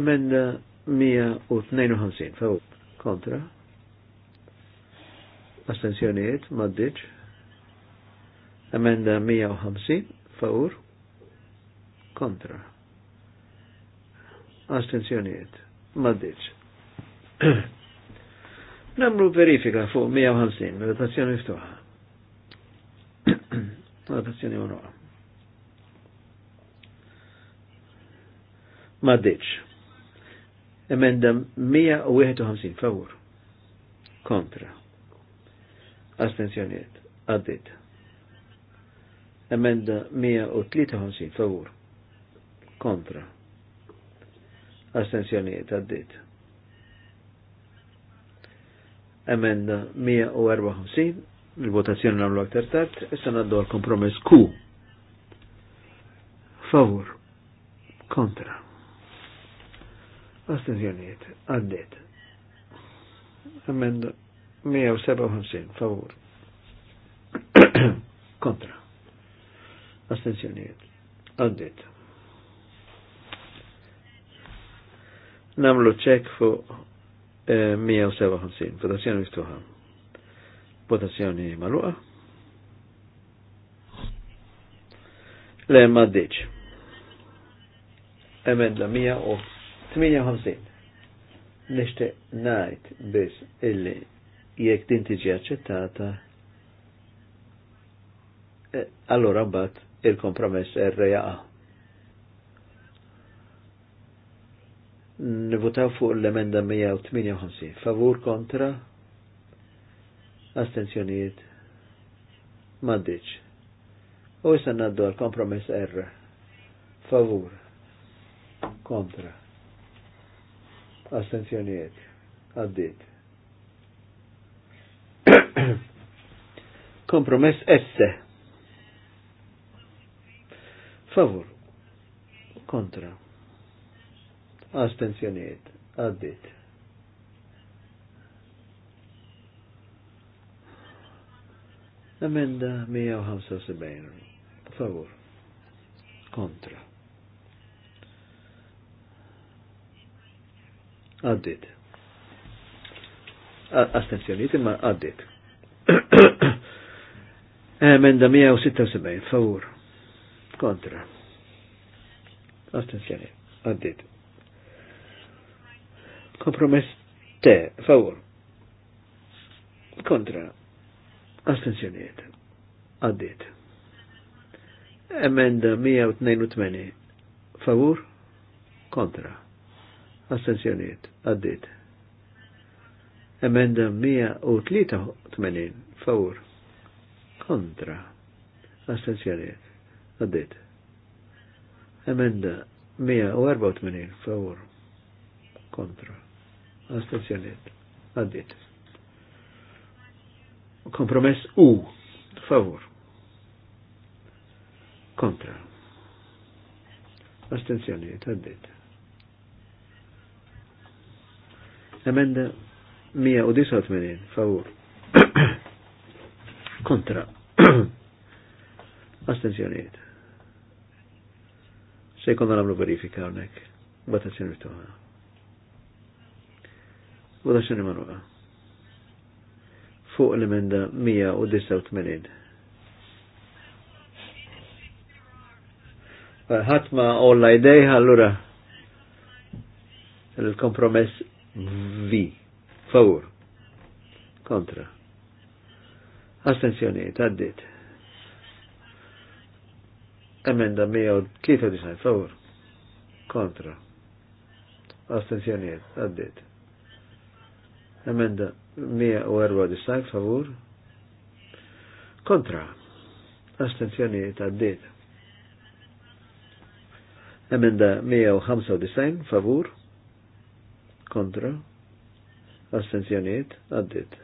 Emenda 152 favur. Kontra. Astenzjonijiet. Maddiċ. Emenda 150 favur. Kontra astenzjoniet. Maddiċ. <clears throat> Namru verifika fuq 150, meditazzjoni ftuħa. Meditazzjoni <clears throat> unuqa. Maddiċ. Emenda 151, favur. Kontra. Astenzjoniet. Addit. Emenda 153, favur. Kontra astensjonijiet għaddit. Emenda 154, il-votazzjoni namlu aktar tard, issa għaddu għal kompromess Q. Favur, kontra, astensjonijiet għaddit. Emenda 157, favur, <clears throat> kontra, astensjonijiet għaddit. namlu ċek fu eh, 157, votazzjoni miftuħa. Votazzjoni maluqa. Le maddiċ. ddiċ. Emenda 158. Nishtiq najt bis illi jek din tiġi aċċettata, eh, allora bat il-kompromess er-reja' Nivotaw fuq l-emenda 158. Favur kontra? Astenzjonijiet? Maddiċ. U jissan naddu għal kompromess R. Favur. Kontra. Astenzjonijiet. Għaddit. <coughs> kompromess S. Favur. Kontra għas pensjoniet, għaddit. Emenda 175. Favor. Kontra. Għaddit. Astenzjoniet imma għaddit. <coughs> Emenda 176. Favor. Kontra. Astenzjoniet. Għaddit. Kompromess te, favor. Kontra. Astenzjoniet. Għaddit. Emenda 182. Favur. Kontra. Astenzjoniet. Għaddit. Emenda 183. Favur. Kontra. Astenzjoniet. Għaddit. Emenda 184. Favur. Kontra għastazzjoniet. għaddit. Kompromess u Favor. kontra astenzjoniet għaddit. Emenda 189 favor. <coughs> kontra <coughs> astenzjoniet. Se jkun għamlu verifika għonek, bata s għana xini marruqa. Fuq li emenda 189. ħatma olla idejha allura il-kompromess vi. Favur. Kontra. Astenzjoni, taddit. Emenda 193, favur. Kontra. Astenzjoni, taddit. Emenda 194 favur kontra d għaddit. Emenda 105 favur kontra astenzjonijiet għaddit.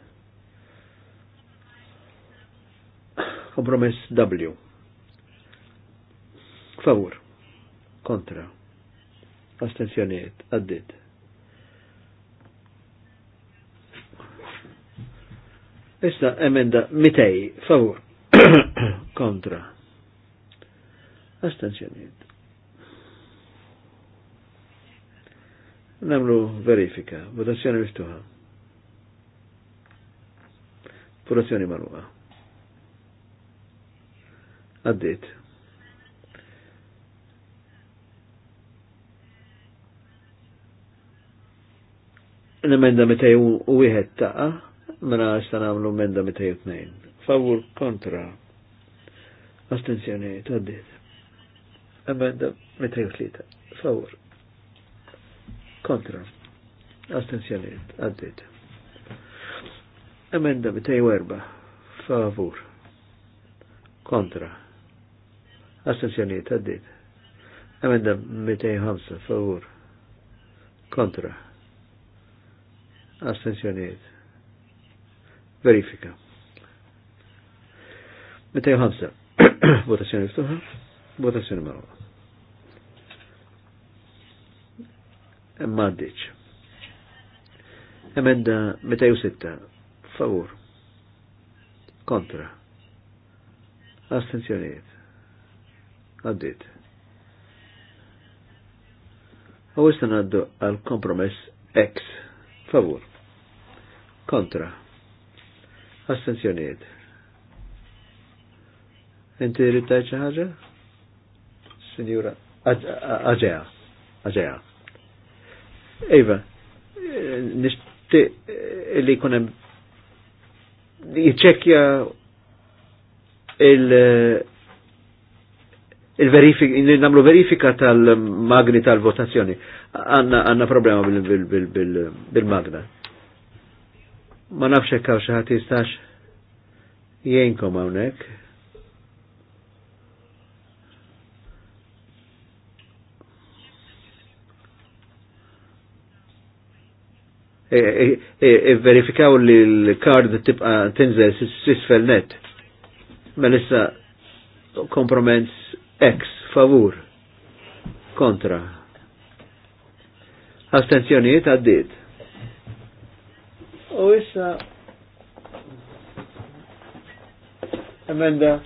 Kompromess W. Favur. Kontra. Astenzjonijiet. Għaddit. Issa emenda mitej favur <coughs> kontra. Astenzjoniet. Namlu verifika, votazzjoni miftuħa. Votazzjoni marruqa. Għaddit. mitej emenda wieħed taqa' Mela għax ta' namlu menda 202. Favur kontra. Astenzjoni, taddit. Emenda 203. Favur. Kontra. Astenzjoni, taddit. Emenda 204. Favur. Kontra. Astenzjoni, taddit. Emenda 205. Favur. Kontra. Astenzjoni, taddit verifika. Meta jħamsa, <clears throat> votazzjoni ftuħa, votazzjoni marwa. Maddiċ. Emenda meta 206, favur. Kontra. Astenzjoniet. Għaddit. U istan għaddu għal kompromess X. Favur. Kontra Astenzjoniet. Inti rittaj ħaġa? Signora, aġeja, aġeja. Ejva, nishti li kunem jiċekja il- il-verifika, namlu verifika tal-magni tal-votazzjoni. Għanna problema bil-magna. Bil, bil, bil, bil ma nafx hekk hawn xi ħadd jistax jgħinkom hawnhekk. E, e, e, verifikaw li l-kard tibqa tinżel sisfel net. Melissa kompromens X favur kontra. Astenzjoniet għaddit. U issa emenda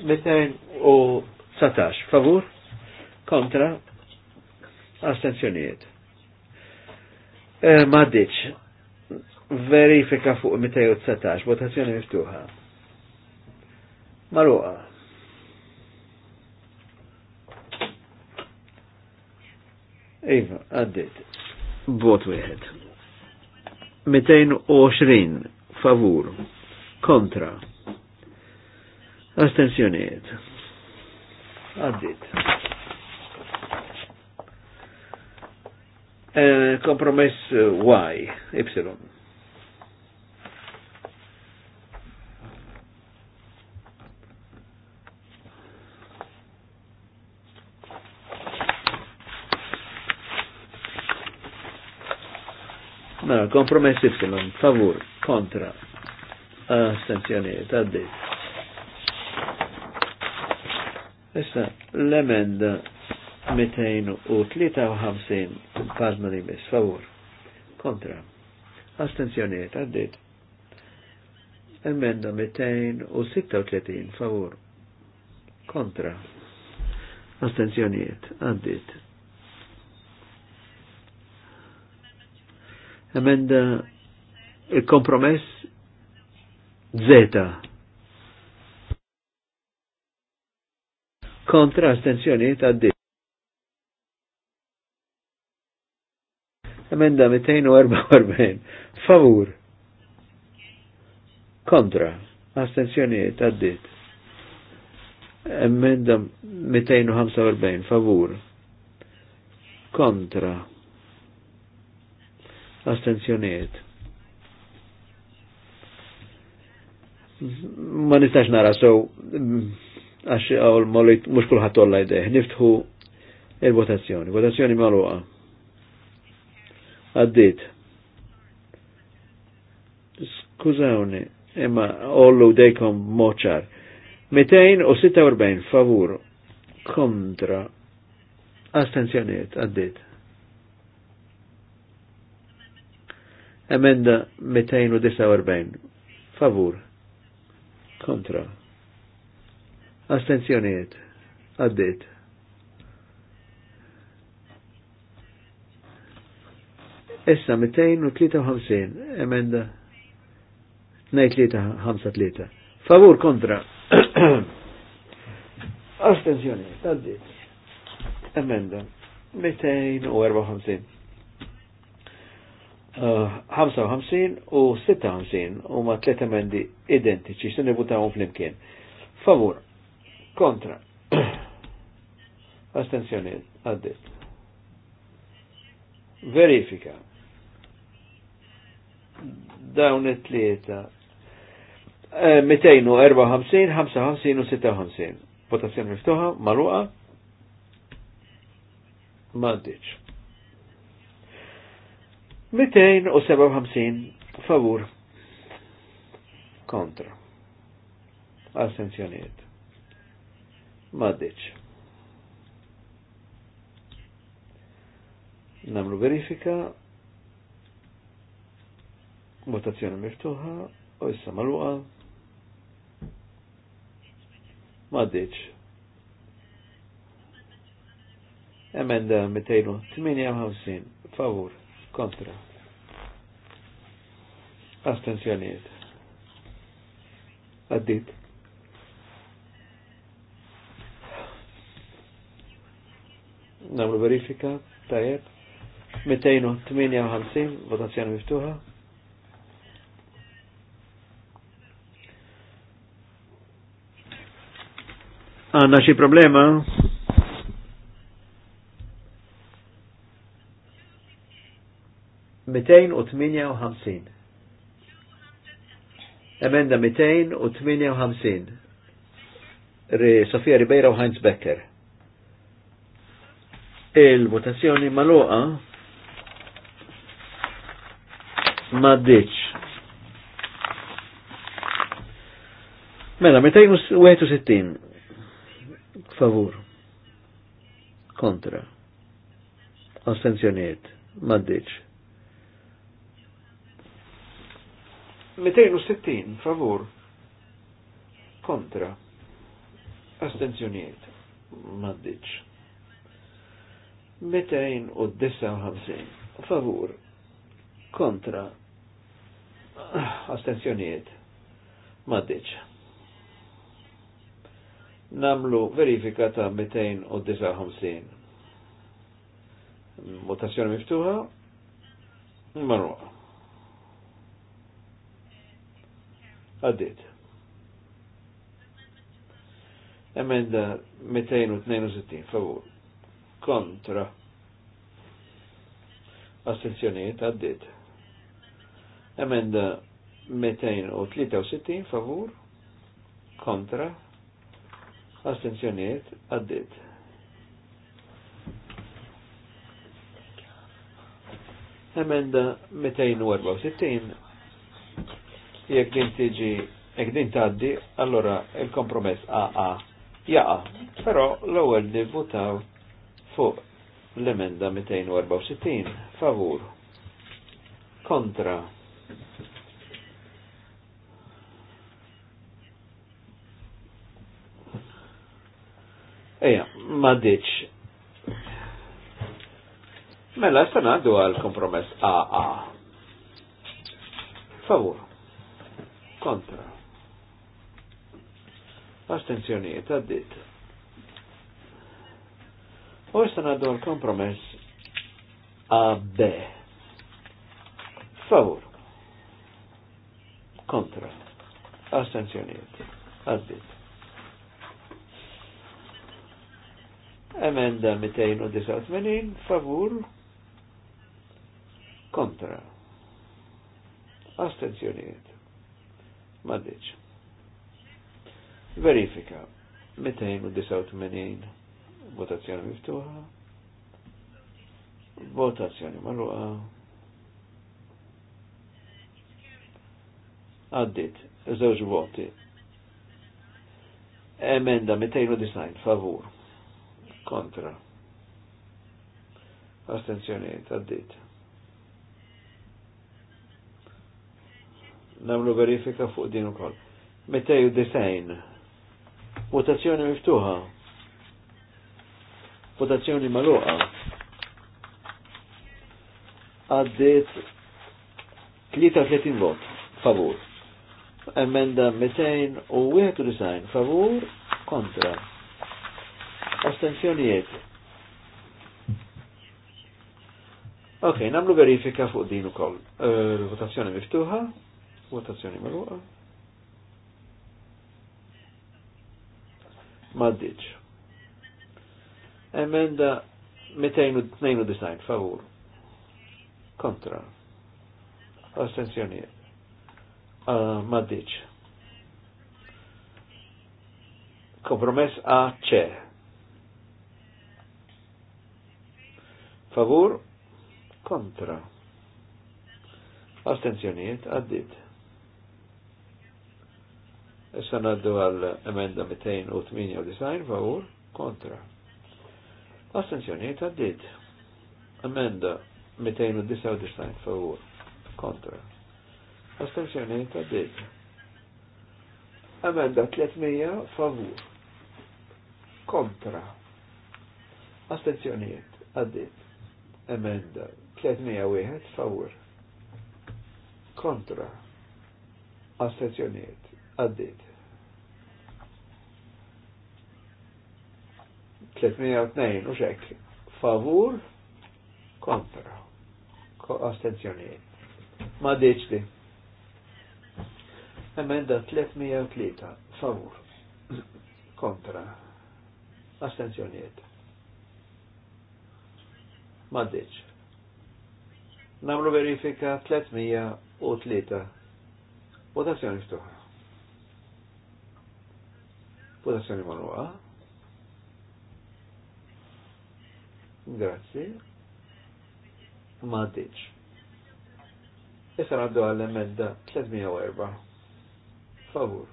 219 favur kontra astenzjoniet. E, eh, Maddiċ, verifika fuq 219, votazzjoni miftuħa. Maruqa. Iva, għaddit. Vot wieħed. 220 favur kontra astensjoniet għaddit e, kompromess Y, Y Mela, kompromess Y, favur, kontra, astenzjoniet, għaddi. Issa, l-emenda 253 pazna li mis, favur, kontra, astenzjoniet, għaddit. Emenda 236, favur, kontra, astenzjoniet, għaddi. Emenda il-kompromess Zeta. Kontra astenzjoni ta' D. Emenda 244. Favur. Kontra. Astenzjoni ta' D. Emenda 245. Favur. Kontra astenzjoniet. Ma nistax nara, so, għax għaw mollit mux kullħat tolla jdeħ, niftħu il-votazzjoni, votazzjoni maluqa. Għaddit. Skużawni, imma ollu dejkom moċar. 246 favur kontra astenzjoniet, għaddit. Emenda 249. Favur. Kontra. Astenzjoniet. Addit. Issa 253. Emenda 253. Favur kontra. <clears throat> Astenzjoniet. Addit. Emenda 254. 55 u 56 u ma tlet emendi identiċi, se nivutawhom flimkien. Favur, kontra. <clears throat> Astenzjoni, għaddit. Verifika. Dawn it-tlieta. 254, eh, 55 u 56. Votazzjoni miftuħa, maluqa, Mandiċ. 257 favur kontra astenzjoniet Maddeċ. namlu verifika votazzjoni miftuħa u issa maluqa Maddeċ. emenda 258 favur kontra Astenzjoniet. għaddit namlu verifika tajjeb 258 votazzjoni miftuħa għanna xie problema 258. Emenda 258. Re Sofia Ribeira u Heinz Becker. Il-votazzjoni maluqa ma ditx. Mela, 261. Favur. Kontra. Astenzjoniet. Maddiċ. 260 favur kontra astenzjoniet maddiċ 259 favur kontra astenzjoniet maddiċ namlu verifika ta' 259 mutazzjoni miftuħa marruqa Għaddit. Emenda 262, favur. Kontra. Astenzjoniet, għaddit. Emenda 263, favur. Kontra. Astenzjoniet, għaddit. Emenda 264, jekk din tiġi jek din taddi, allora il-kompromess AA jaqa. Però l-ewwel nivvutaw fuq l-emenda 264 favur kontra Eja, ma diċ. Mela, s-sanaddu għal kompromess AA. Favur kontra. Astenzjonijiet għaddit. U jistan għaddu għal kompromess AB. Favur. Kontra. Astenzjonijiet. Għaddit. Emenda 289, favur, kontra. Astenzjonijiet Maddiċ. Verifika. 289 votazzjoni miftuħa. Votazzjoni marruqa. Għaddit. Zewġ voti. Emenda 290 favur. Kontra. astenzjoni, Għaddit. namlu verifika fuq din ukoll. Metteju design. Votazzjoni miftuħa. Votazzjoni maluqa. Għaddit 33 vot favur. Emenda design. favur kontra. Astenzjonijiet. Ok, namlu verifika fuq din ukoll. Uh, votazzjoni miftuħa. Votazzjoni marruqa. Maddiċ. Emenda 292 favur. Kontra. Astenzjoni. Uh, ah, Maddiċ. Kompromess A C. Favur kontra. Astenzjoniet, għaddit. Issa naddu għal emenda 298 favur kontra. Astenzjoniet taddit. Emenda 299 favur kontra. Astenzjoniet taddit. Emenda 300 favur kontra. Astenzjoniet taddit. Emenda 301 favur kontra. Astenzjoniet għaddit. 302 u xek, favur, kontra, Ko astenzjoniet. Ma deċ li. Emenda 303, favur, kontra, astenzjoniet. Ma deċ. Namlu verifika 303. Votazione stoffa. Votazzjoni manuqa. Grazie. Ma għaddiċ. Issa għaddu għall-emenda 304. Favur.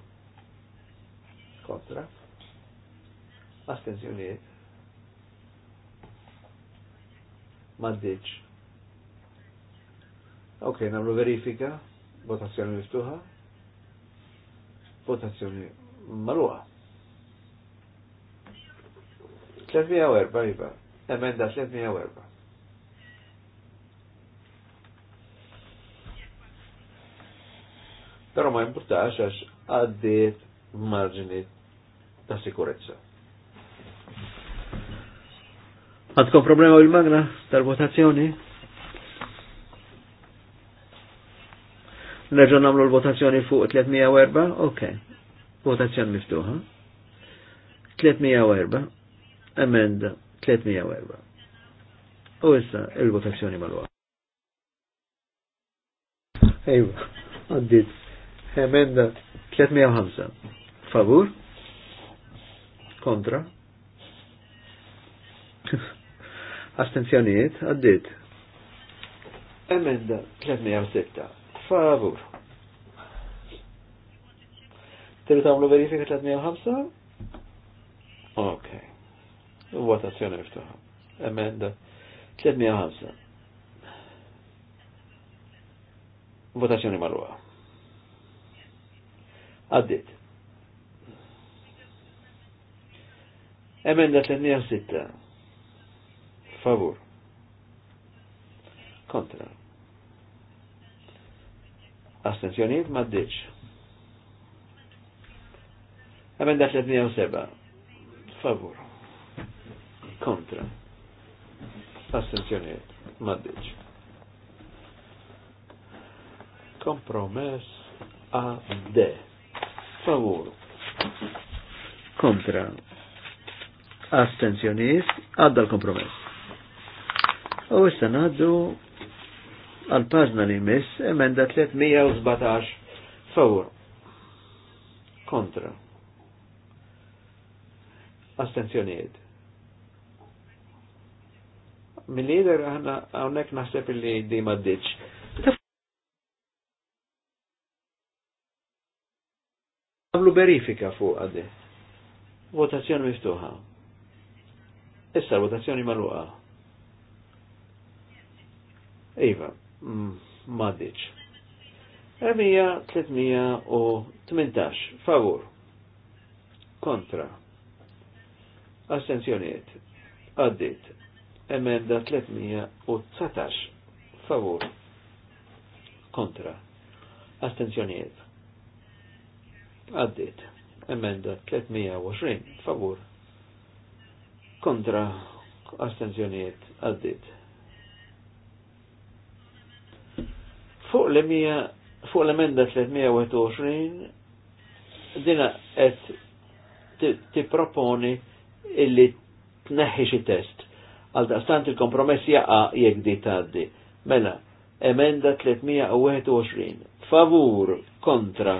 Kontra. Astenzjoniet. Maddiċ. Ok, namlu verifika, votazzjoni miftuħa, votazzjoni marruħa. 304 iva, emenda 304. Pero ma importax għax għaddiet marġini ta' sikurezza. Għadkom problema u il magna tal-votazzjoni? Nerġu namlu l-votazzjoni fuq 304? Ok. Votazzjoni miftuħa. 304 emenda 304. U issa il-votazzjoni mal-waqt. Ejwa, għaddit. Emenda 305. Favur? Kontra? <laughs> Astenzjoniet, għaddit. Emenda 306. Favur. Tiru tamlu verifika 305? Okej. Okay. Votazzjoni miftuħa. Emenda 305. Votazzjoni marruħa. Għaddit. Emenda 306. Favur. Kontra. Astenzjoniet ma ddiċ. Emenda 307. Favur kontra. Astenzjoniet, maddiċ. Kompromess a de. Favur. Kontra. Astenzjoniet, għadda l-kompromess. U issa naħdu għal pazna li miss emenda 317 favur. Kontra. Astenzjoniet mill-lider ħana għonek naħseb li di maddiċ. Għamlu verifika fuq għaddi. Votazzjoni miftuħa. Issa votazzjoni maluqa. Iva, mm, maddiċ. 318 favur kontra astenzjoniet għaddit Emenda 319. favor, Kontra. Astenzjonijiet. Għaddit. Emenda 320. Favur. Kontra. Astenzjonijiet. Għaddit. Fuq l-emenda 321 dina qed tipproponi illi tneħħi xi test għal dastant il-kompromess jaqa jekk di taddi. Mela, emenda 321. Favur kontra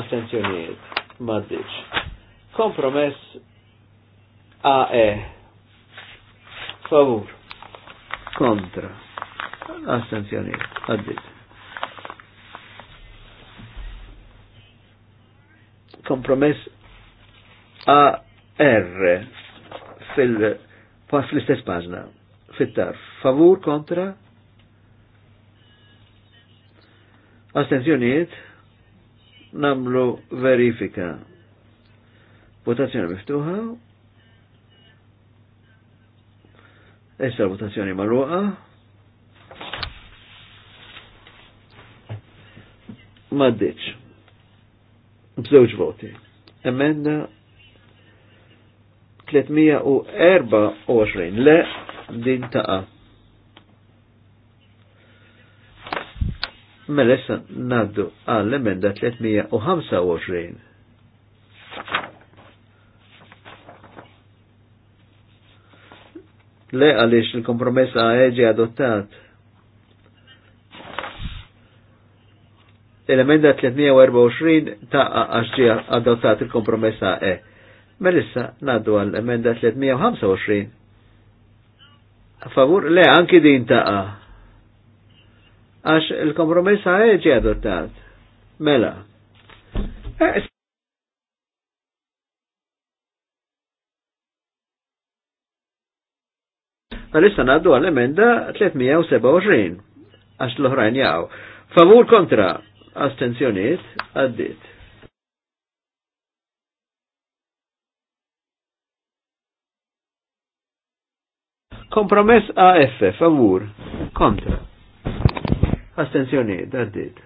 astenzjoniet. maddiċ. Kompromess AE. Favur kontra astenzjoniet. Maddiċ. Kompromess AR fil- pas fl-istess paġna. fit-tar, favur kontra astenzjoniet namlu verifika. Votazzjoni miftuħa. Issa votazzjoni marruqa. Maddiċ. Bżewġ voti. Emenda 324 le din taqa. Mela naddu għall emenda 325. Le għaliex il-kompromess ħeġi adottat. l emenda 324 taqa għax ġi adottat il-kompromess ħe. Melissa naddu għal emenda 325. A favur, le, anki din taqa. Għax il-kompromess ħieġi adottat. Mela. Eh, Melissa Għalissa naddu għal emenda 327. Għax l-oħrajn jaw. Favur kontra. Astenzjoniet, għaddit. Kompromess AF, favur, kontra. Astenzjoni, daddit.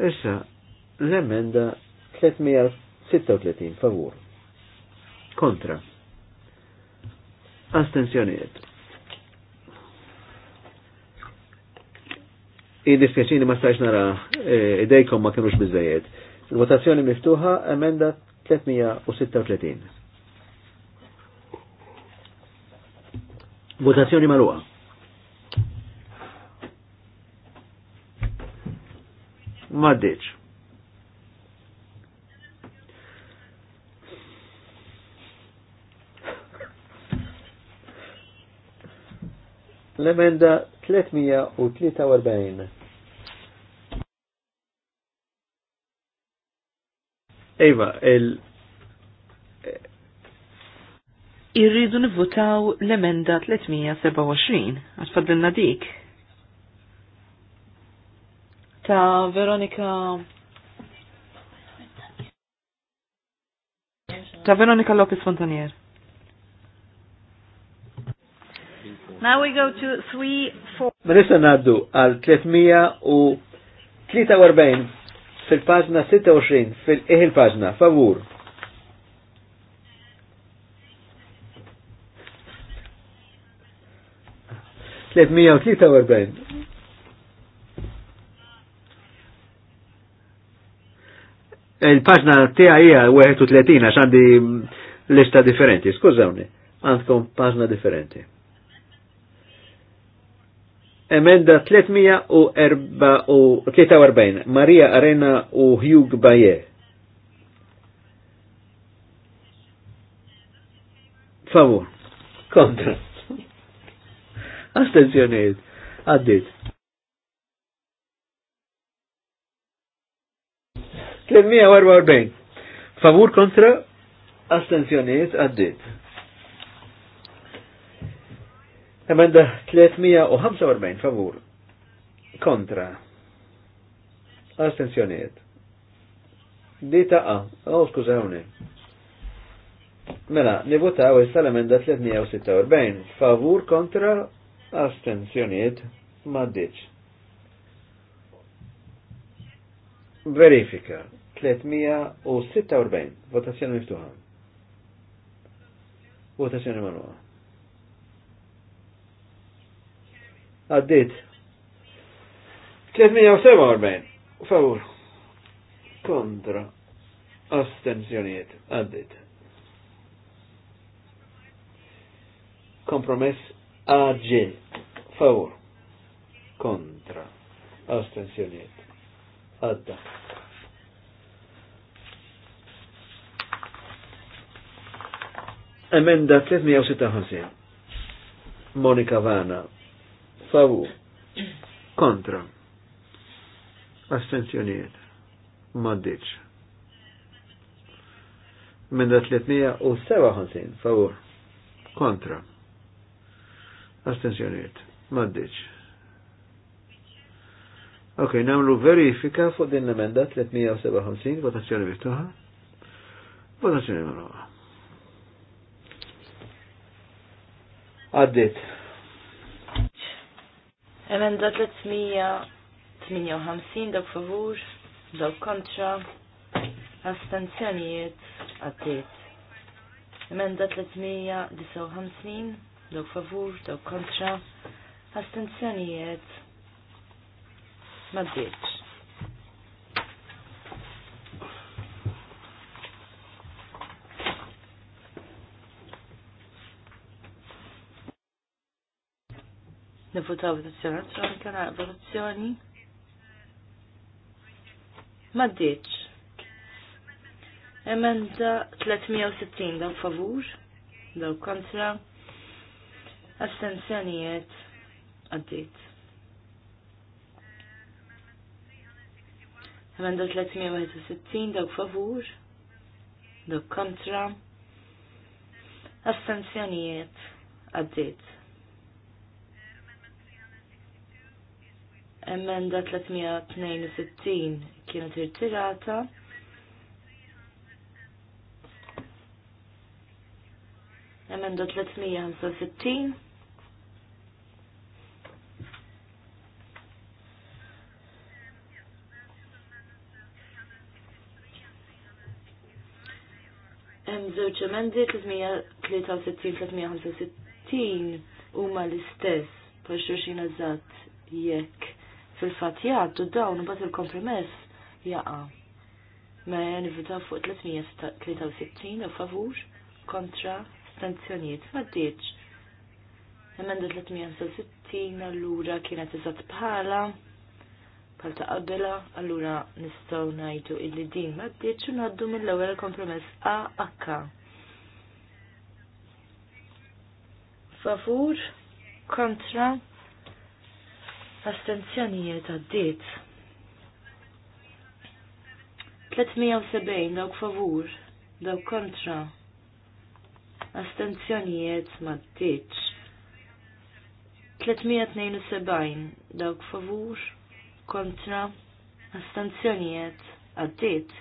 Issa, l-emenda 336, favur. Kontra. Astenzjoniet. Id-dispjaċini ma stajx nara e, idejkom ma kienux bizzejiet. Il-votazzjoni miftuħa, emenda 336. Votazzjoni maluqa. Maddiċ. L-emenda 343. Eva, il- irridu nivvutaw l-emenda 327, għatfadlinna dik. Ta' Veronika Ta' Veronika Lopez Fontanier. Now we go to 3-4. Marissa naddu għal 343 fil-pagġna 26 fil-eħil pagġna, favur 343. Il-paġna tija hija 31 għax għandi lista differenti, skużawni, għandkom paġna differenti. Emenda 343, Maria Arena u Hugh Baye. Favur. Kontra astenzjoniet, għaddit. 344, favur kontra, astenzjoniet, għaddit. Emenda 345, favur, kontra, astenzjoniet. Dita A, oh skużawni. Mela, nivota issa l-emenda 346, favur kontra astenzjoniet maddiċ. Verifika 346 votazzjoni miftuħa. Votazzjoni manuħa. Għaddit 347 favur kontra astenzjoniet għaddit. Kompromess aġil, favor kontra, astensjoniet, għadda. Emenda 356. Monika Vana. Favur. Kontra. Astenzjoniet. Maddiċ. Emenda 357. Favur. Kontra. Astenzjoniet. Maddiċ. Ok, namlu verifika fuq din l-emenda 357, votazzjoni miftuħa. Votazzjoni marruħa. Għaddit. Emenda 358, dok favur, dok kontra, astenzjonijiet, għaddit. Emenda 359, dawk favur, dawk kontra, astenzjonijiet ma bieċ. Nifutaw votazzjoni elettronika, na votazzjoni. Ma bieċ. Emenda 360 daw favur, daw kontra, Astenzjonijiet għaddit. Emenda 361 dawk favur, dawk kontra. Astenzjonijiet għaddit. Emenda 362 kienet irtirata. Emenda 365 Hemm żewġ emendi 363-365 huma l-istess bħal xulxin eżatt jekk fil-fatt jgħaddu dawn u il-kompromess jaqa'. Ma nivvita fuq 363 u favur kontra d-dieċ. Emenda 363 allura kienet eżatt bħala bħal ta' qabela, allura nistgħu ngħidu illi din ma ddietx u ngħaddu mill-ewwel kompromess akka. Favur kontra astenzjonijiet għaddiet. 370 dawk favur, dawk kontra. Astenzjonijiet ma ddietx. 372 dawk favur, kontra astanzjonijiet għaddit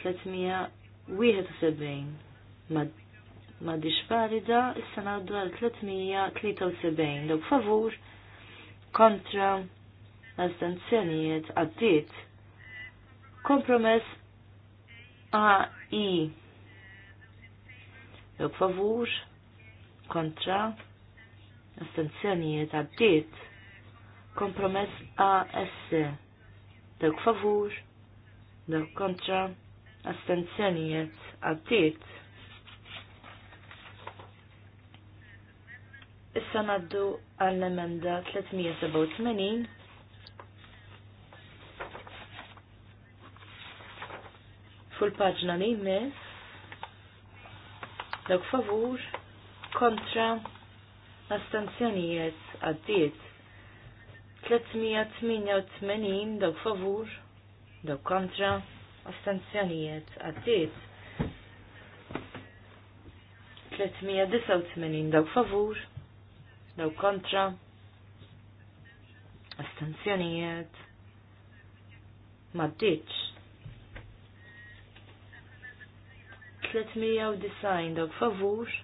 371 ma diċ valida issa naddu għal 373 dawk favur kontra astanzjonijiet għaddit kompromess AI dawk favur kontra astanzjonijiet għaddit Kompromess AS. Dawk favur, dawk kontra, astenzjonijiet għaddiet. Issa naddu għall-emenda 387 Full paġna li jmiss dawk favur kontra astenzjonijiet għaddiet. 388 daw favur, daw kontra, astenzjonijiet għaddiet. 389 daw favur, daw kontra, astenzjonijiet maddiċ. 390 daw favur,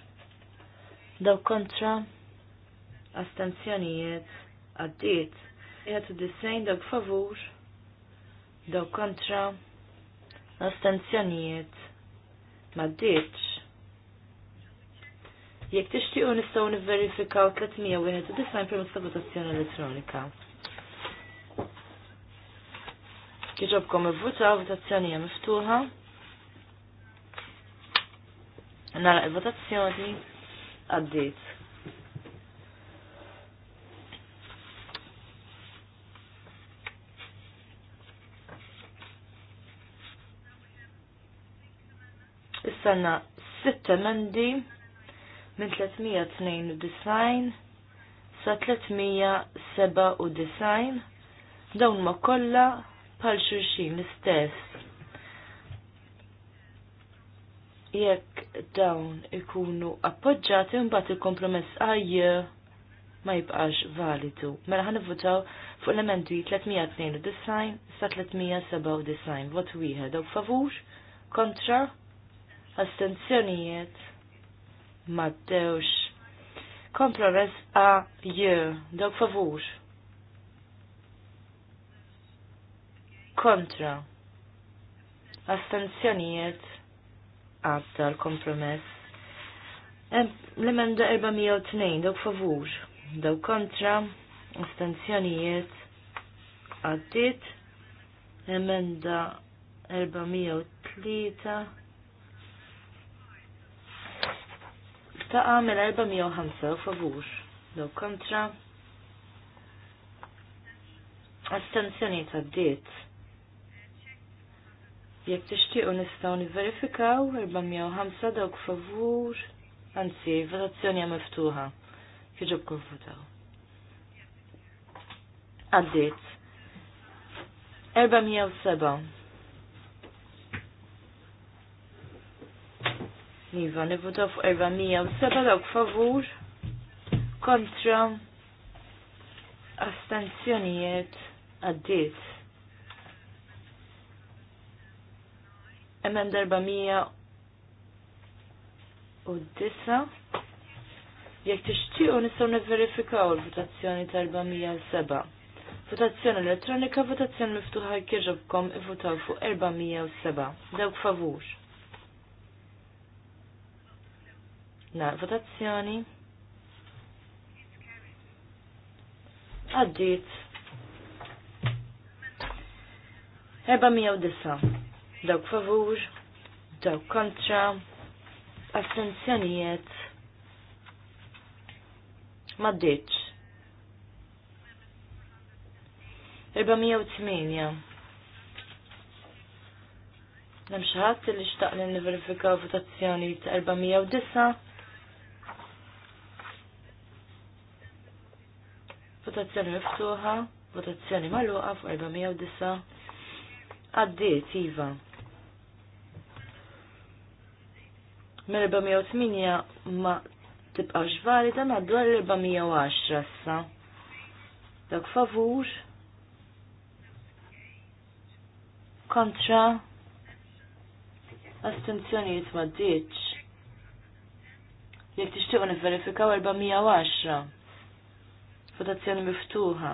daw kontra, astenzjonijiet għaddiet. Jgħat id-disajn dawk favur, dawk kontra, astenzjonijiet, ma d-dirċ. Jek tixtiqu nistgħu nivverifikaw 391 permezz ta' votazzjoni elettronika. Kieġobkom il-vota, votazzjoni hija miftuħa. Nara il-votazzjoni għaddiet. Sanna sitt emendi minn 392 sa 397 dawn ma kollha pal xulxin l-istess. Jekk dawn ikunu appoġġati mbagħad il-kompromess għajja ma jibqax validu. Mela ħan votaw fuq elementi 392 sa 397 vot wieħed daw favur, kontra, astenzjonijiet maddewx. Kompromess A, J, Dok favur. Kontra. Astenzjonijiet għadda l-kompromess. L-emenda 402, Dok favur. Dok kontra. Astenzjonijiet għaddit. Emenda 403 taqa mill-405 favur. Daw kontra. Astenzjoni ta' diet. Jek tixtiequ nistgħu nivverifikaw 405 dawk favur. Anzi, votazzjoni hija miftuħa. Jiġu konfutaw. Għaddiet. 407 Iva, nivvota fuq 407 dawk favur kontra astenzjonijiet għaddiet. Emen darba mija u disa. Jek t-ixtiju nistaw verifikaw il-votazzjoni tal seba. Votazzjoni elettronika, votazzjoni miftuħa kieġobkom i votaw fuq 407. Dawk favur. Na, votazzjoni. Għaddit. 409. Dawk favur, dawk kontra, astenzjonijiet. Maddiċ. 408. Nemxħat li xtaq li niverifika votazzjoni ta' 409. votazzjoni miftuħa, votazzjoni maluqa fuq 409. Għaddiet, Iva. Mill-408 ma tibqax valida madwar l 410 issa. Dak favur. Kontra. Astenzjonijiet ma ddiċ. Jek tixtiqu niverifikaw 410. Votazzjoni miftuħa.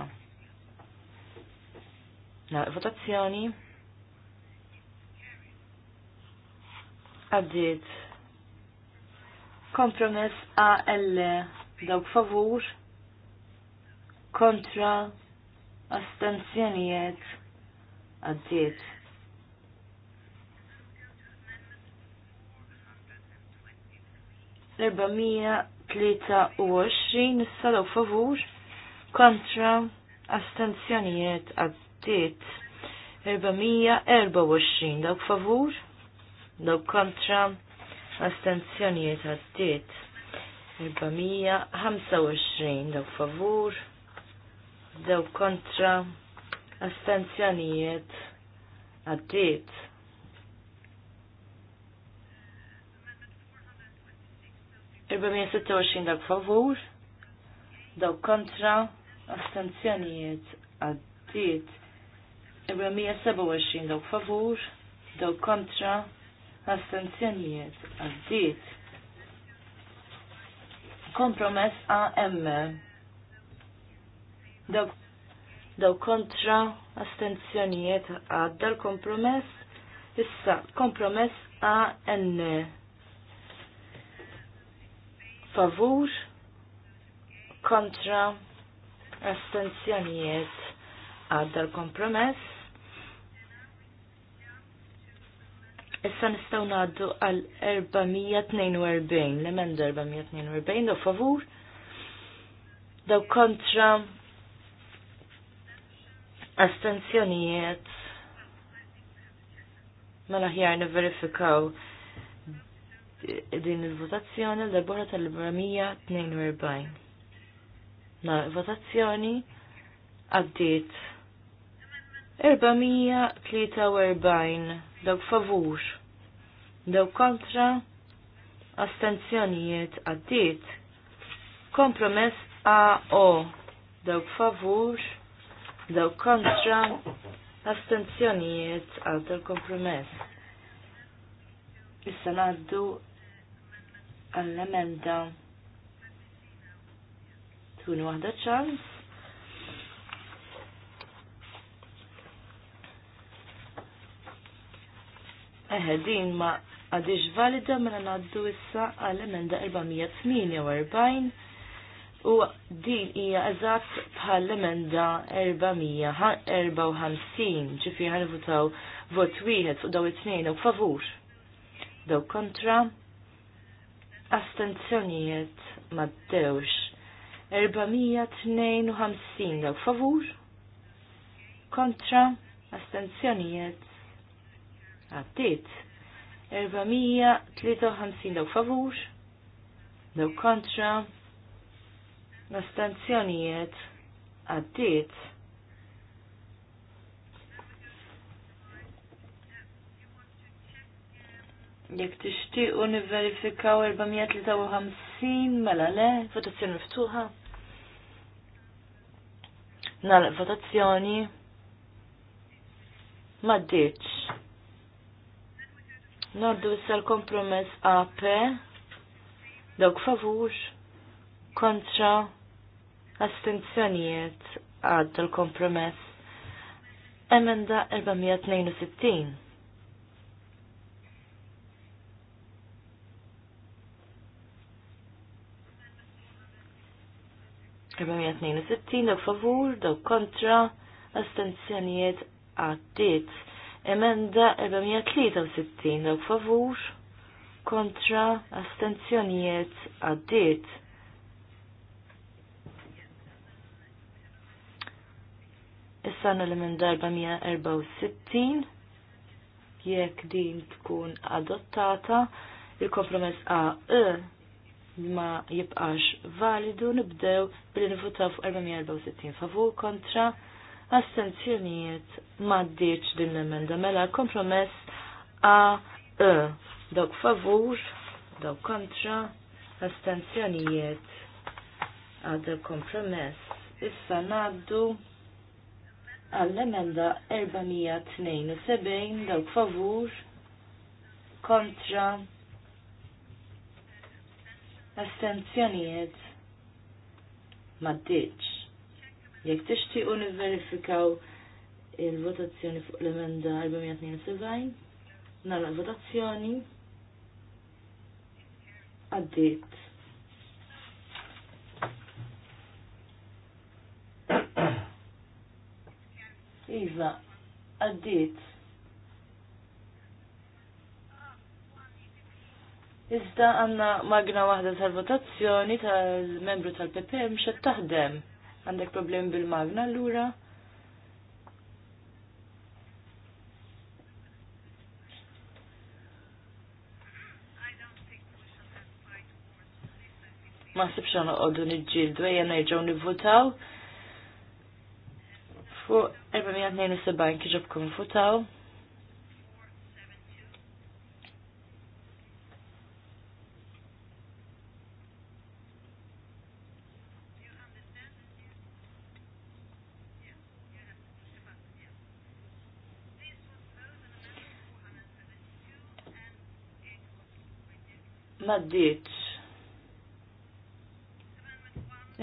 Na, votazzjoni. Għaddit. Kompromess AL dawk favur kontra astenzjonijiet għaddiet. L-423 nissalaw favur kontra astenzjonijiet għaddit 424 dawk favur dawk kontra astenzjonijiet għaddit 425 dawk favur dawk kontra astenzjonijiet għaddit 426 dak favur, dak kontra, astenzjonijiet għaddit 427 dawk favur dawk kontra astenzjonijiet għaddit kompromess AM dawk daw kontra astenzjonijiet għadda l-kompromess issa kompromess AN favur kontra astenzjonijiet għadda l-kompromess. Issa nistaw naddu għal 442, l-emenda 442, daw favur, daw kontra astenzjonijiet. Mela ħjar niverifikaw din il-votazzjoni l-debora tal-442 na votazzjoni għaddiet 443 dawk favur, dawk kontra, astenzjonijiet għaddit kompromess AO dawk favur, dawk kontra, astenzjonijiet għadda kompromess Issa naddu għall-emenda tuni waħda ċans. Eħe, din ma għadix valida mela naddu issa għal emenda 448 u din hija eżatt bħal emenda 454 ġifi ħanivutaw vot wieħed fuq daw it-tnejn u favur. Daw kontra astenzjonijiet ma dewx. 452 dawk favur kontra astenzjonijiet għaddit 453 dawk favur daw kontra l-astenzjonijiet għaddit jekk tixtiequ nivverifikaw 453 mela le votazzjoni miftuħa. Nal votazzjoni. Ma ditx. Nordu issa l-kompromess AP. Dawk favur. Kontra. Astenzjonijiet għad l-kompromess. Emenda 462. 462 dawk favur, dawk kontra, astenzjonijiet għaddit. Emenda 463 dawk favur, kontra, astenzjonijiet għaddit. Issa l-emenda 464 jekk din tkun adottata il-kompromess A E ma jibqax validu nibdew billi nivutaw fuq 464 favur kontra astenzjonijiet ma ddiċ din l-emenda mela kompromess a e dawk favur dawk kontra astenzjonijiet għadda kompromess issa naddu għall-emenda 472 dawk favur kontra astenzjonijiet maddiċ. Jek un verifikaw il-votazzjoni fuq l-emenda 472, nara l-votazzjoni għaddit. <coughs> Iva, għaddit. Iżda għanna magna wahda tal-votazzjoni tal-membru tal-PP mxed taħdem. Għandek problem bil-magna l-ura? Ma sibx għana għoddu nġildu, għajja nerġaw nivvotaw. Fu 472 kħiġab kun votaw. maddiċ.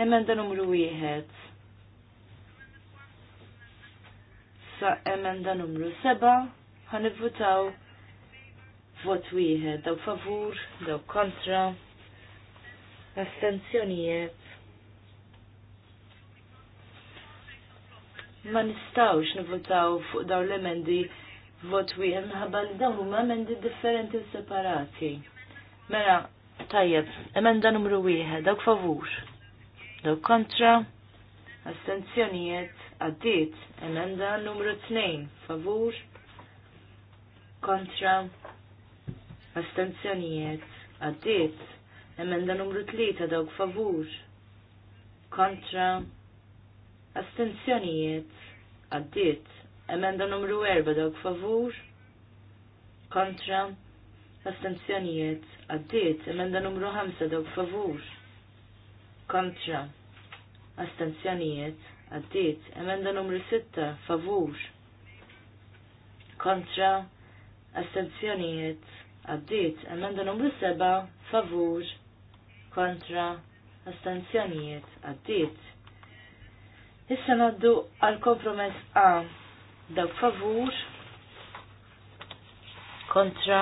Emenda numru wieħed. Sa emenda numru seba ħanivvutaw vot wieħed daw favur, daw kontra, astenzjonijiet. Ma nistawx nivvutaw fuq daw l-emendi vot wieħed minħabba li dawn huma emendi differenti separati. Mela, tajjeb, emenda numru wieħed, dawk favur. Dawk kontra, astenzjonijiet għaddiet, emenda numru tnejn, favur, kontra, astenzjonijiet għaddiet, emenda numru tlieta dawk favur, kontra, astenzjonijiet għaddiet, emenda numru erba' dawk favur, kontra, astenzjonijiet Għaddiet, emenda numru 5 dawk favur. Kontra. Astenzjonijiet. Għaddiet, emenda numru 6 favur. Kontra. Astenzjonijiet. Għaddiet, emenda numru 7 favur. Kontra. Astenzjonijiet. Għaddiet. Issa naddu għal kompromess A. Dawk favur kontra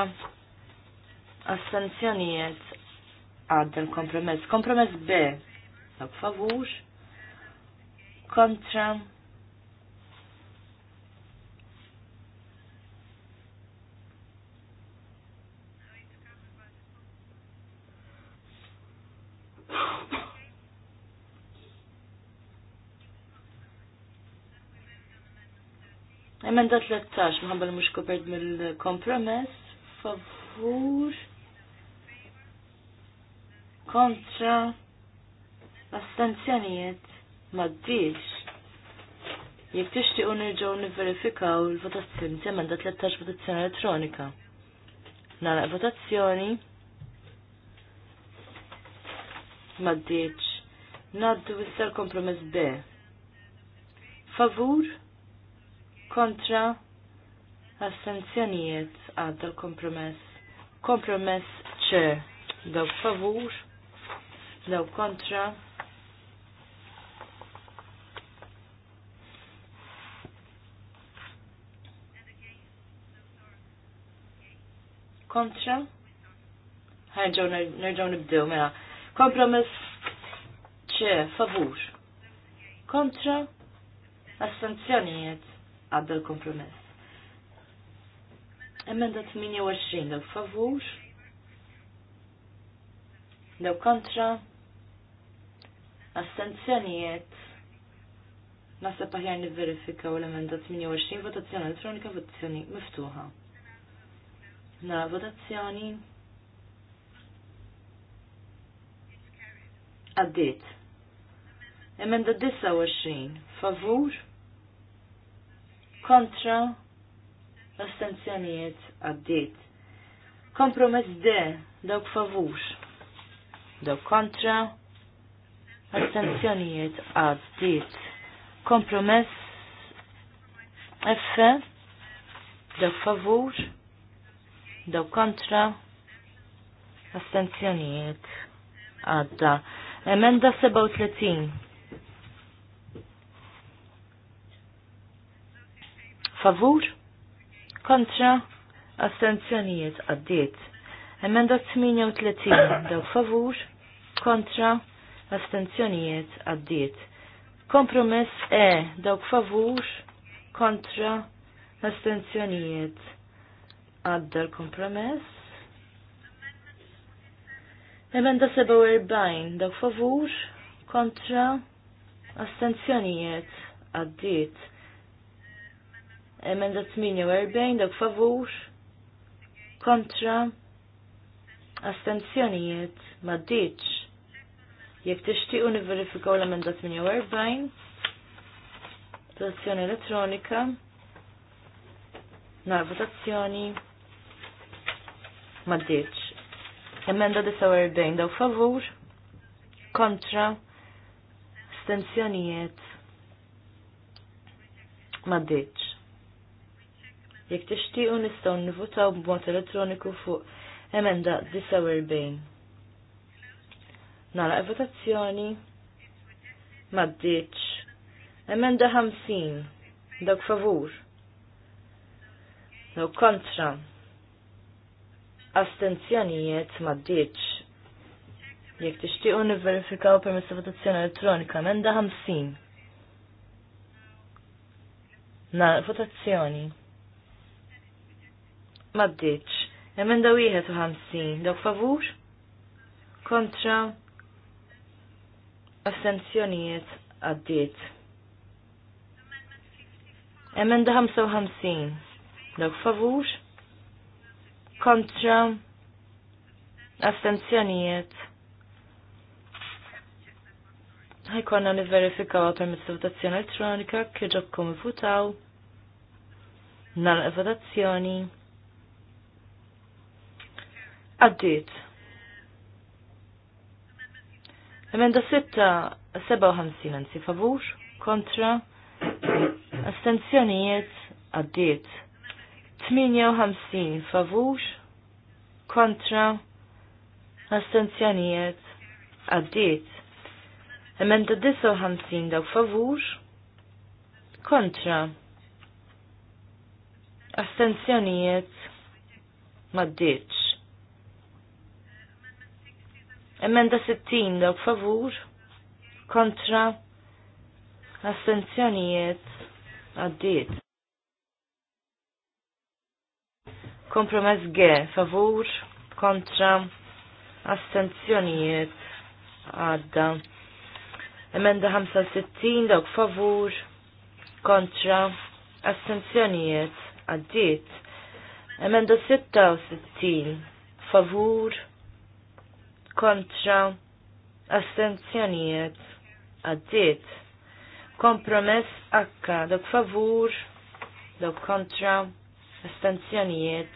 Astenzjonijiet għadda kompromess Kompromess B. Dak favur. Kontra. Emenda 13, mħabba l-mux kopert mill-kompromess, favur kontra astanzjonijiet maddix. Jek tixtiqu nerġgħu nivverifikaw il-votazzjoni temenda 13 votazzjoni elettronika. Nara votazzjoni maddix. Naddu wissar kompromess B. Favur kontra astenzjonijiet għadda l-kompromess. Kompromess C. Dawk favur Law kontra. Kontra. Ħanġaw nerġaw nibdew mela. Kompromess ċe, favur. Kontra. Astenzjonijiet għadda l-kompromess. Emenda 28 l-favur. Lew kontra astenzjonijiet. Nasab aħjar u l-emenda 28 votazzjoni elettronika votazzjoni miftuħa. Nara votazzjoni. Addit. Emenda 29 favur kontra astenzjonijiet addit. Kompromess D dawk favur. Dawk kontra Astenzjonijiet għaddit. Kompromess F. Daw favur. Daw kontra. Astenzjonijiet għadda. Emenda 37. Favur. Kontra. Astenzjonijiet għaddit Emenda 38. Daw favur. Kontra astenzjonijiet għaddiet. Kompromess E, dawk favur, kontra, astenzjonijiet. Għadda l-kompromess. Emenda 47, dawk favur, kontra, astenzjonijiet. Għaddiet. Emenda 48, dawk favur, kontra, astenzjonijiet. Maddiċ. Jek tixtiequ niverifikaw l-emenda 48, votazzjoni elettronika, nar votazzjoni, maddiċ. Emenda 49 daw favur, kontra, stenzjonijiet, maddiċ. Jek tixtiequ nistgħu nivutaw b'mod elettroniku fuq emenda 49. Nara votazzjoni maddiċ. Emenda ħamsin. Dawk favur. Dawk kontra. Astenzjonijiet maddiċ. Jek tixtiqu niverifikaw permess votazzjoni elettronika, emenda ħamsin. Nara votazzjoni. Maddiċ. Emenda wieħed u ħamsin. Dawk favur. Kontra Assenzjonijiet għaddiet. Emenda 55. Dawk favur. Kontra. Assenzjonijiet. Ħajkonna niverifikaw permezz votazzjoni elettronika kieġobkom votaw. Nal votazzjoni. Għaddit. Emenda 657 si favur, kontra, astenzjonijiet addiet. 58 favur, kontra, astenzjonijiet għaddiet. Emenda 59 daw favur, kontra, astenzjonijiet maddiċ. Emenda 60 dawk favur kontra astenzjonijiet għaddiet. Kompromess G favur kontra astenzjonijiet għadda. Emenda 65 dawk favur kontra astenzjonijiet għaddiet. Emenda 66 favur kontra astenzjonijiet għaddit Kompromess akka dok favur, dok kontra astenzjonijiet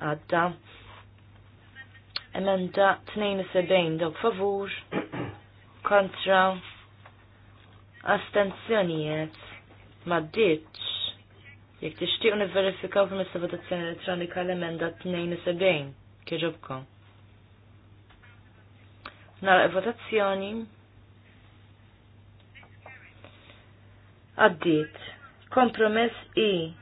għadda. Emenda 72 dok favur, kontra astenzjonijiet maddiċ. Jek tixtiq niverifikaw kemm is-votazzjoni elettronika l-emenda 72 kieġobkom. Nara votazzjoni. Addit. Kompromess I.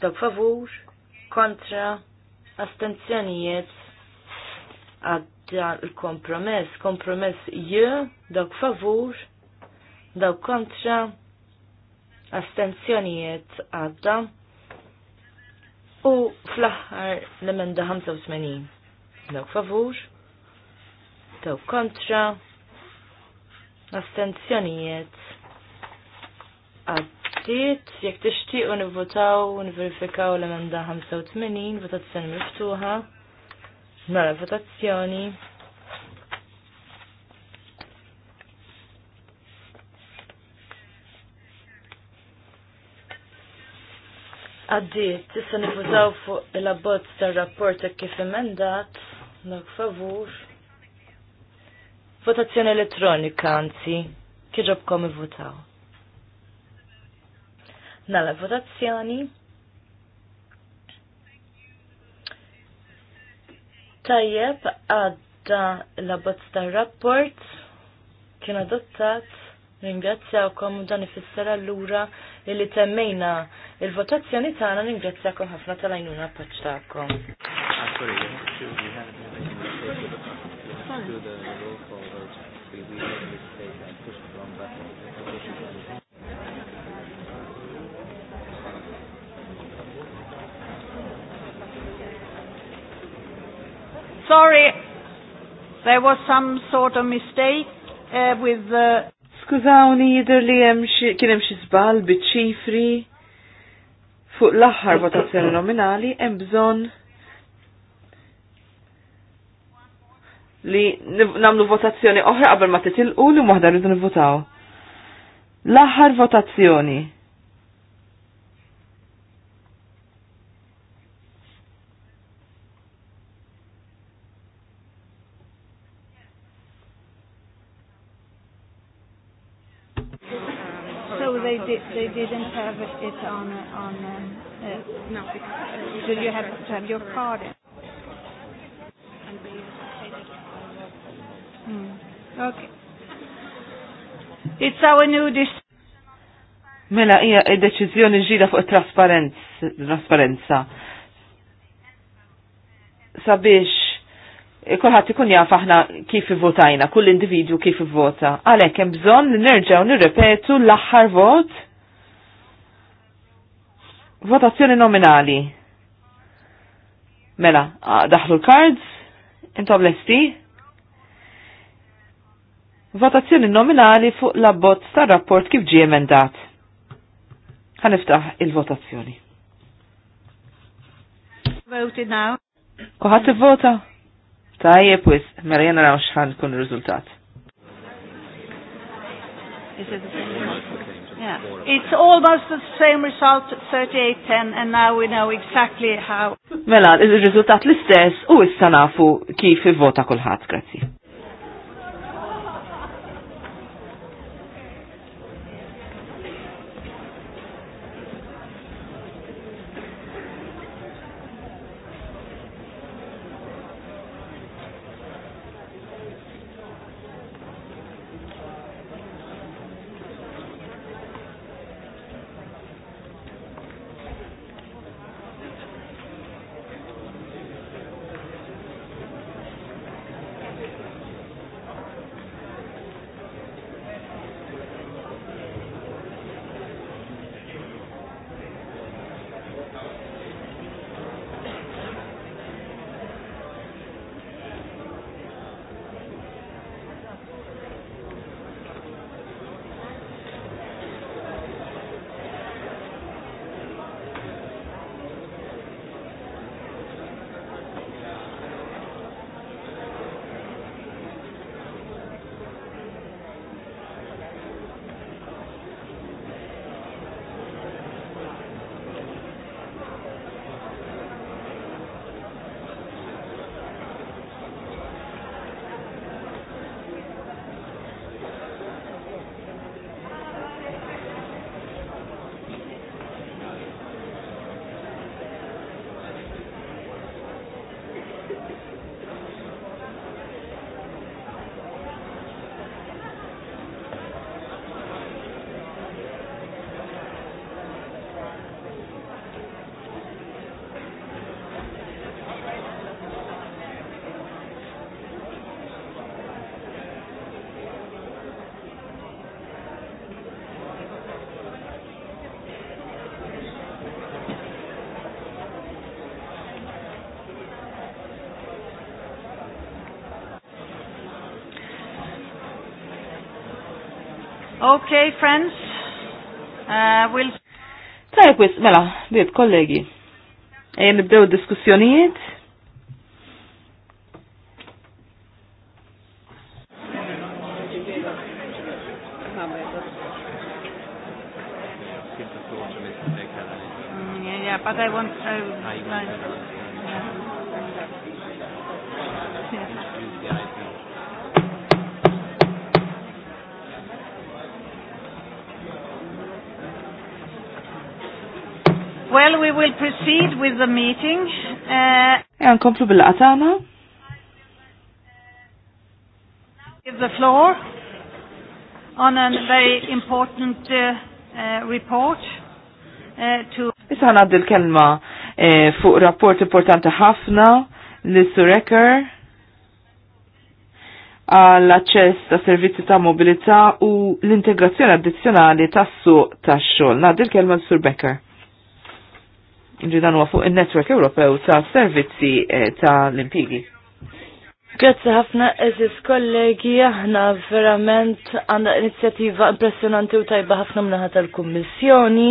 Dok favur, kontra, astenzjonijiet, għadda l-kompromess. Kompromess J, dok favur, dok kontra, astenzjonijiet, għadda. U fl-aħħar l-emenda 85. Dawk favur, dawk kontra, astenzjonijiet. Għaddiet, jekk tixtiequ nivvotaw u nverifikaw l-emenda 85, votazzjoni miftuħa. Nara votazzjoni. Għaddiet, tista' nifużaw fuq il-abbozz tar-rapport kif emendat, dak favur. Votazzjoni elettronika, anzi, kieġobkom votaw. Nala votazzjoni. Tajjeb, għadda l-abbozz tar-rapport kien adottat, ringrazzjawkom u dan ifisser allura lura li temmejna il-votazzjoni tagħna ningrazzjakom ħafna tal-għajnuna appoġġ tagħkom. Sorry, there was some sort of mistake uh, with the Skużawni jidher li kien hemm xi żball biċ-ċifri fuq l-aħħar votazzjoni nominali hemm bżonn li namlu votazzjoni oħra qabel ma titilqu li moħda rridu nivvotaw. L-aħħar votazzjoni. didn't have it on, on um, uh, no, uh, Did you have to have your card. Mm. Okay. It's our new dish. Mela hija id-deċiżjoni ġida fuq trasparenza. Sabiex eh, kulħadd ikun jaf aħna kif ivvotajna kull individu kif ivvota, għalhekk hemm bżonn nerġgħu nirrepetu l-aħħar vot Votazzjoni nominali. Mela, daħlu l-cards, intom l-esti. Votazzjoni nominali fuq l-abbozz tar-rapport kif ġie emendat. Għaniftaħ il-votazzjoni. Voted now. Kuħat vota? Tajjeb, wis, mela jena raw xħan kun il-rizultat. Yeah. It's almost the same result at 38-10 and now we know exactly how. Mela, il-rizultat l-istess u issa nafu kif ivvota kulħadd, grazzi. Okay, friends. Uh, we'll... Tajab, mela, biet, kollegi. Ejn nibdew diskussjonijiet. is the meeting. Jan uh, komplu bil-qatana. Give the floor on a very important uh, uh, report uh, to... Issa għaddi l-kelma uh, fuq rapport importanti ħafna li sureker għall aċċess ta' servizzi ta' mobilità u l-integrazzjoni addizzjonali tas-suq tax-xogħol. Ngħaddi l-kelma l-Sur Becker. Ġi dan huwa fuq in-Netwerk Ewropew ta' Servizzi eh, ta' l-impjigi. Grazzi ħafna eżis kollegi, aħna verament għandna inizjattiva impressionanti u tajba ħafna mnaħat tal-Kummissjoni.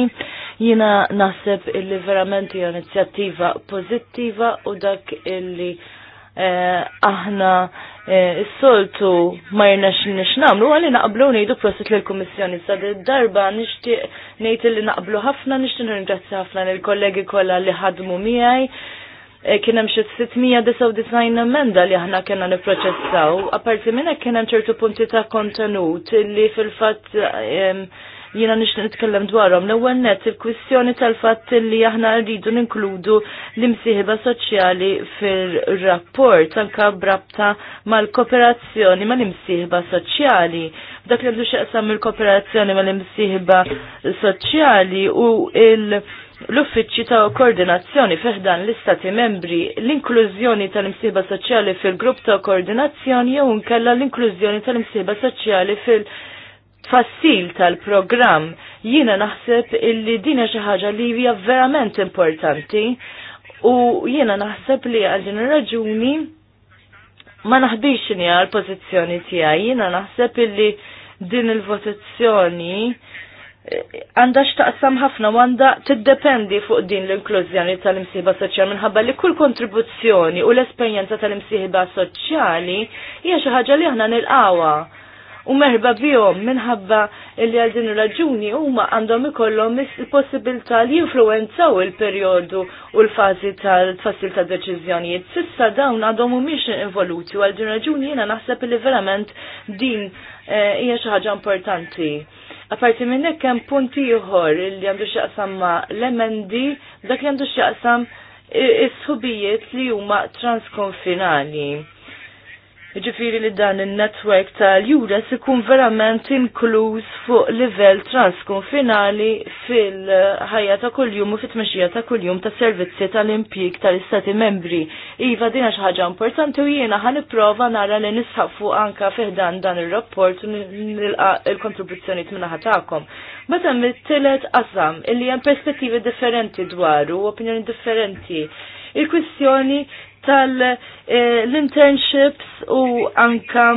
Jina naħseb illi verament hija inizjattiva pozittiva u dak illi Eh, aħna eh, s-soltu ma jirnax nix namlu, għalli naqblu nejdu prosit l-Komissjoni. Sad darba nishtiq nejt li naqblu ħafna, nishtiq nirgrazzi ħafna l-kollegi kolla li ħadmu miħaj. Eh, kien hemm xi 699 emenda li aħna kellna nipproċessaw. għaparti minn hekk kien hemm ċertu punti ta' kontenut li fil-fatt jiena nix nitkellem dwarhom. L-ewwel nett il-kwistjoni tal fat li aħna rridu ninkludu l-imsieħba soċjali fil rapport anka brabta mal-kooperazzjoni mal-imsieħba soċjali. Dak li għandu x'aqsam il-kooperazzjoni mal-imsieħba soċjali u il- l-uffiċċju ta' koordinazzjoni feħdan l-istati membri l-inklużjoni tal-imsiba soċjali fil-grupp ta' koordinazzjoni jew nkella l-inklużjoni tal-imsiba soċjali fil- tfassil tal-programm jiena naħseb illi din xi ħaġa li hija verament importanti u jiena naħseb li għal din raġuni ma naħbix inja l-pożizzjoni tiegħi jiena naħseb illi din il-votazzjoni eh, għandha xtaqsam ħafna u għandha tiddependi fuq din l-inklużjoni tal-imsiħba soċjali minħabba li kull kontribuzzjoni u l-esperjenza tal-imsiħba soċjali hija xi ħaġa li aħna nilqawha u meħba bihom minħabba li għal din raġuni huma għandhom ikollhom il-possibilità li influenzaw il-perjodu u l-fażi tal-tfassil ta' deċiżjonijiet. Sissa dawn għadhom mhumiex involuti u għal din raġuni jiena naħseb li verament din eh, hija xi ħaġa importanti. Aparti minn hekk hemm punti ieħor li għandu x'jaqsam ma' l-emendi dak li għandu x'jaqsam is-subijiet li huma transkonfinali Ġifiri li dan il-network tal-Juras ikun verament inkluż fuq livell transkonfinali fil-ħajja ta' kuljum u fit mexija ta' kuljum ta' servizzi tal-impjik tal-Istati membri. Iva dina xi ħaġa importanti u jiena ħa nipprova nara li nisħab fuq anka fiħdan dan ir-rapport u nilqa' il-kontribuzzjoni minnaħa tagħkom. Meta mit-tielet qasam illi hemm perspettivi differenti dwaru opinjoni differenti il-kwistjoni tal-internships eh, u anka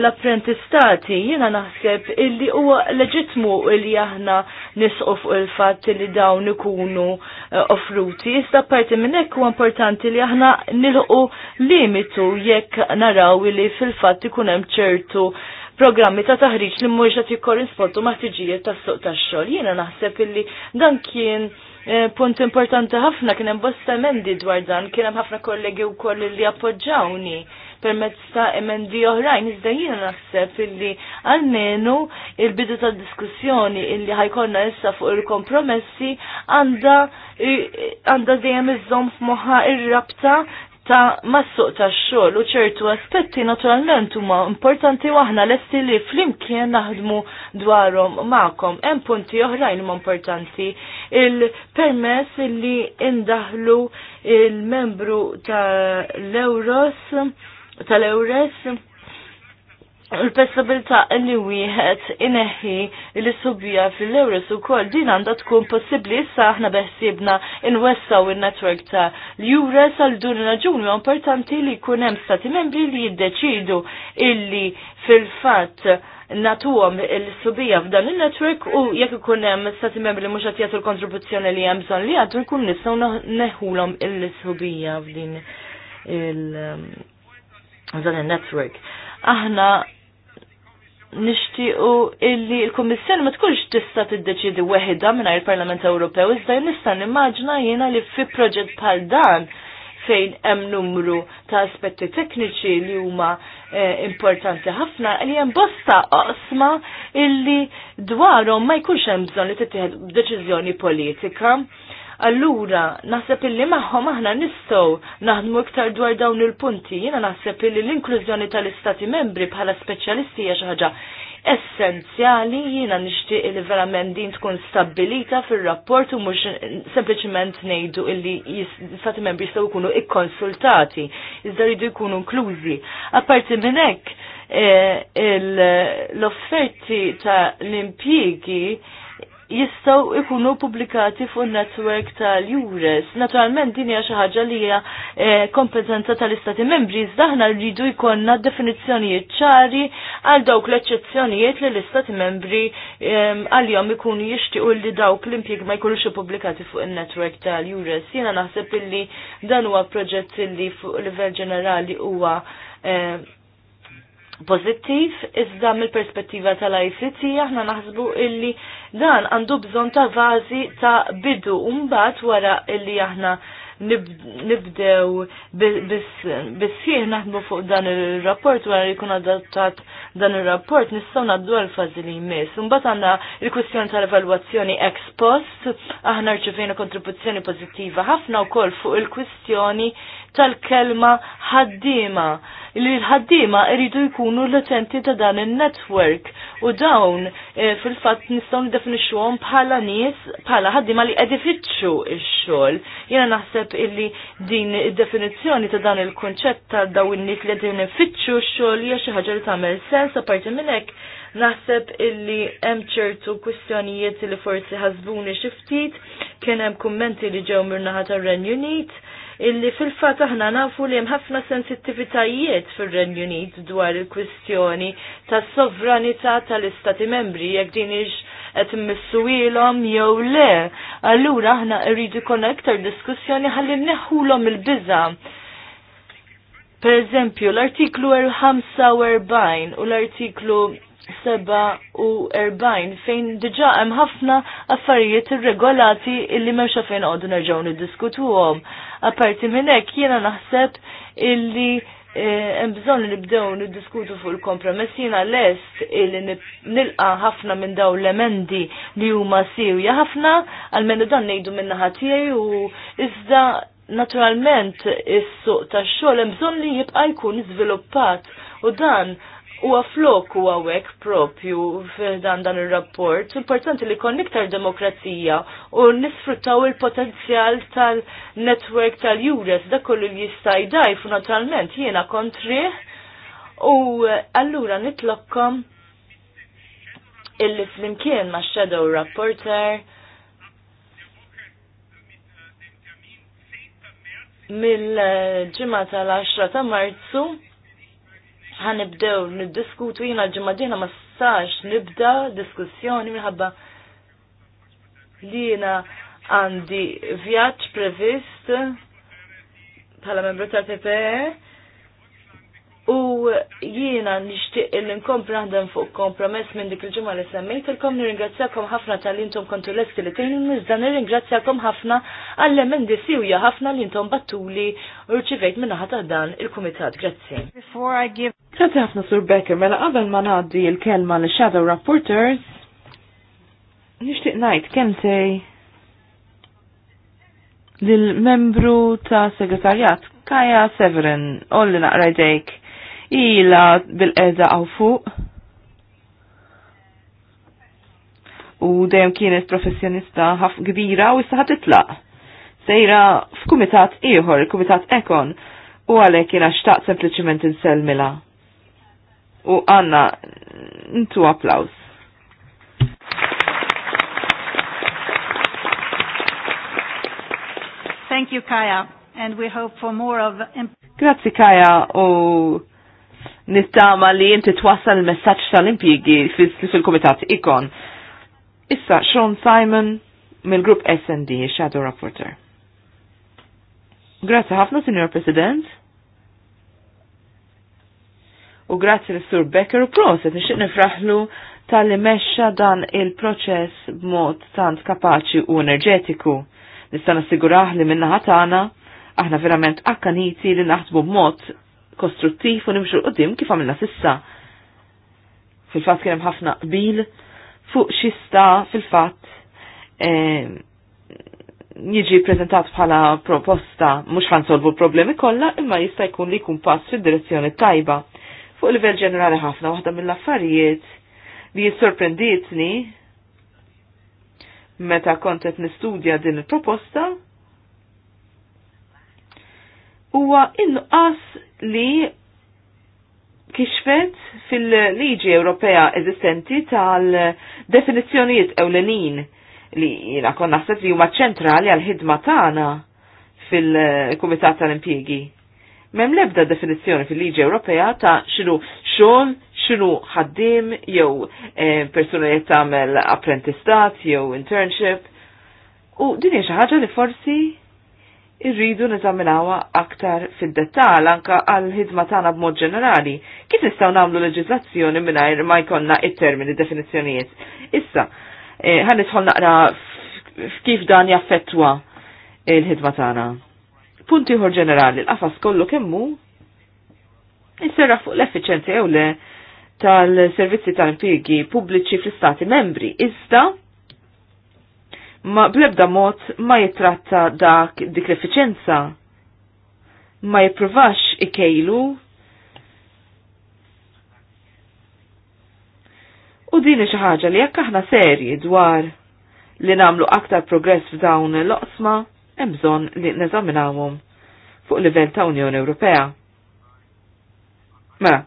l-apprentistati. Jena naħseb illi huwa leġitmu illi aħna nisqu fuq il-fatt li dawn ikunu eh, offruti. Issa parti minn hekk huwa importanti li aħna nilħu limitu jekk naraw li fil-fatt ikun hemm ċertu programmi ta' taħriġ li mhux qed jikkorrispondu ma' ħtiġijiet tas-suq tax-xogħol. Jiena naħseb illi dan kien Eh, punt importanti ħafna kien hemm bosta emendi dwar dan, kien hemm ħafna kollegi wkoll li appoġġawni permezz ta' emendi oħrajn, iżda jiena naħseb illi għalmenu il-bidu ta' diskussjoni illi ħajkonna issa fuq il-kompromessi għanda għandha dejjem iżżomm f'moħħa ir-rabta ta' massuq ta' xogħol u ċertu aspetti naturalment huma importanti waħna lesti li flimkien naħdmu dwarhom ma'kom. Hemm punti oħrajn huma importanti. Il-permess li indaħlu il-membru tal-Euros tal-Eures il-possibilità li wieħed ineħħi li subija fil-Ewres ukoll din għandha tkun possibbli issa aħna beħsiebna inwessaw in-netwerk ta' l-Ewres għal dun raġuni importanti li jkun hemm stati membri li jiddeċidu illi fil-fatt natuhom il-subija f'dan il-network u jekk ikun hemm stati membri li mhux qed jagħtu l-kontribuzzjoni li hemm bżonn li għadu jkun nistgħu neħulhom il-subija f'din il- um, dan il-network. Aħna nixtiequ illi l-Kummissjoni ma tkunx tista' tiddeċiedi weħida mingħajr il-Parlament Ewropew, iżda nista' nimmaġna jiena li fi proġett bħal dan fejn hemm numru ta' aspetti tekniċi li huma eh, importanti ħafna li hemm bosta oqsma illi dwarhom ma jkunx hemm bżonn li tittieħed deċiżjoni politika. Allura, naħseb illi magħhom aħna nistgħu naħdmu iktar dwar dawn il-punti. Jiena naħseb illi l-inklużjoni tal-istati membri bħala speċjalisti hija xi ħaġa essenzjali jiena nixtieq li verament din tkun stabilita fir-rapport u mhux sempliċement ngħidu illi l-istati membri jistgħu jkunu ikkonsultati, iżda rridu jkunu inklużi. Apparti minn hekk, eh, l-offerti ta' l-impjiegi jistaw ikunu publikati fuq netwerk tal-Jures. Naturalment din hija xi ħaġa li hija eh, kompetenza tal-Istati Membri, iżda rridu jkollna definizzjonijiet ċari għal dawk l-eċċezzjonijiet li l-Istati Membri ehm, għal-jom ikunu jixtiequ li dawk l-impjieg ma jkunux ippubblikati fuq in-netwerk tal-Jures. Jiena naħseb illi dan huwa proġett li fuq livell ġenerali huwa eh, pozittiv, iżda mill-perspettiva tal-ICT aħna naħsbu illi dan għandu bżon ta' vazi ta' bidu umbat wara illi aħna nibdew bis-sieħ naħdmu fuq dan il-rapport wara li jkun adattat dan ir-rapport nistgħu naddu għal fażi li jmiss. Imbagħad għandna l-kwistjoni tal-evalwazzjoni ex post, aħna rċevejna kontribuzzjoni pożittiva ħafna wkoll fuq il-kwistjoni tal-kelma ħaddiema li l-ħaddima iridu jkunu l-utenti ta' dan il-network u dawn e, fil-fat nistaw għom bħala nies bħala ħaddima li qed ifittxu xol xogħol Jiena naħseb illi din id-definizzjoni ta' dan il-kunċett ta' dawn in-nies li qegħdin ifittxu x-xogħol hija xi ħaġa li tagħmel sens sens, apparti minn hekk naħseb illi hemm ċertu kwistjonijiet li forsi ħasbuni xi ftit, kien hemm kummenti li ġew mirnaħa tar-Renju Unit illi fil-fat aħna nafu li hemm ħafna sensittivitajiet fir-Renju Unit dwar il-kwistjoni tas-sovranità tal-Istati Membri jekk din ix qed immissuilhom jew le. Allura aħna rridu jkollna iktar diskussjoni ħalli neħħulhom il-biża' Per eżempju, l-artiklu 45 u l-artiklu 47 fejn diġa hemm ħafna affarijiet irregolati illi m'hemmx fejn qogħdu nerġgħu niddiskutuhom. Apparti minn hekk jiena naħseb illi eh, hemm bżonn li nibdew niddiskutu fuq il-kompromess jiena lest illi nilqa' ħafna minn daw l-emendi li huma sirja ħafna għalmenu dan ngħidu minn naħa tiegħi u iżda naturalment is-suq tax-xogħol hemm bżonn li jibqa' jkun iżviluppat u dan huwa flok u għawek propju f'dan dan ir-rapport. Importanti li kon iktar demokrazija u nisfruttaw il-potenzjal tal-network tal-Jures da kollu li jista' jdajf naturalment jiena kontri u allura nitlokkom illi flimkien ma' Shadow Rapporter mill-ġimgħa tal-10 ta' Marzu ħanibdew niddiskutu jiena l-ġimgħa dina ma sax nibda diskussjoni minħabba li jiena għandi vjaġġ previst bħala membru tal-PPE U jiena nixtieq li nkompli naħdem fuq kompromess minn dik il-ġimgħa li semmejtilkom nirringrazzjakom ħafna tal-intom kontu lesti li tgħinu iżda nirringrazzjakom ħafna għall-emendi siwja ħafna li intom battuli u rċivejt minn ħata dan il-kumitat. Grazzi. Grazie ħafna Sur Becker, mela qabel ma ngħaddi l-kelma li Shadow Rapporters, nixtieq ngħid kemm lil lill-membru ta' segretarjat Kaja Severin, olli naqra jdejk ila bil eza għaw fuq. U dejjem kienet professjonista ħaf kbira u jistaħat titlaq. Sejra f'kumitat ieħor, kumitat ekon, u għalhekk kiena xtaq sempliċiment inselmila. U għanna ntu applaus. Thank you, Kaya, and we hope for more of... Grazzi, Kaya, Oh nittama li inti twassal il-messagġ tal-impjigi fil-komitat ikon. Issa, Sean Simon mill-grupp SD, Shadow Rapporteur. Grazie ħafna, Signor President. U grazie l-Sur Becker u proset, nixtieq nifraħlu tal-li mexxa dan il-proċess b'mod tant kapaċi u enerġetiku. Nista' nassigurah li minna ħatana, aħna verament akkaniti li naħdmu b'mod kostruttiv u nimxu l-qoddim kif għamilna sissa. Fil-fat kienem ħafna qbil fuq xista fil-fat jieġi eh, jiġi prezentat bħala proposta mux ħansolvu problemi kollha imma jista' jkun li jkun pass fil direzzjoni tajba. Fuq livell ġenerali ħafna waħda mill-affarijiet li jissorprenditni meta kontet nistudja din il-proposta huwa inqas li kixfet fil-liġi Ewropea eżistenti tal-definizzjonijiet ewlenin li jina kon naħseb li huma ċentrali għal ħidma tagħna fil-Kumitat tal-Impjiegi. Mem lebda definizzjoni fil-liġi Ewropea ta' xinu xogħol, xinu ħaddim jew e, persuna li tagħmel apprentistat jew internship. U din hija xi ħaġa li forsi irridu nizaminawa aktar fid-dettal anka għal ħidma tagħna b'mod ġenerali. Kif nistaw nagħmlu leġiżlazzjoni mingħajr ma jkollna il termini definizzjonijiet. Issa, għan eh, nidħol naqra f'kif dan jaffettwa il-ħidma tagħna. Punti ieħor ġenerali, l-qafas kollu kemmu jisserra fuq l-effiċenzi ewle le tal-servizzi tal-impjiegi pubbliċi fl-istati membri. issa ma blebda mod ma jitratta dak dik l-efficienza. Ma jippruvax ikejlu U din xi ħaġa li jekk aħna serji dwar li namlu aktar progress f'dawn l-oqsma, hemm bżonn li neżaminawhom fuq livell ta' Unjoni Ewropea. Mela,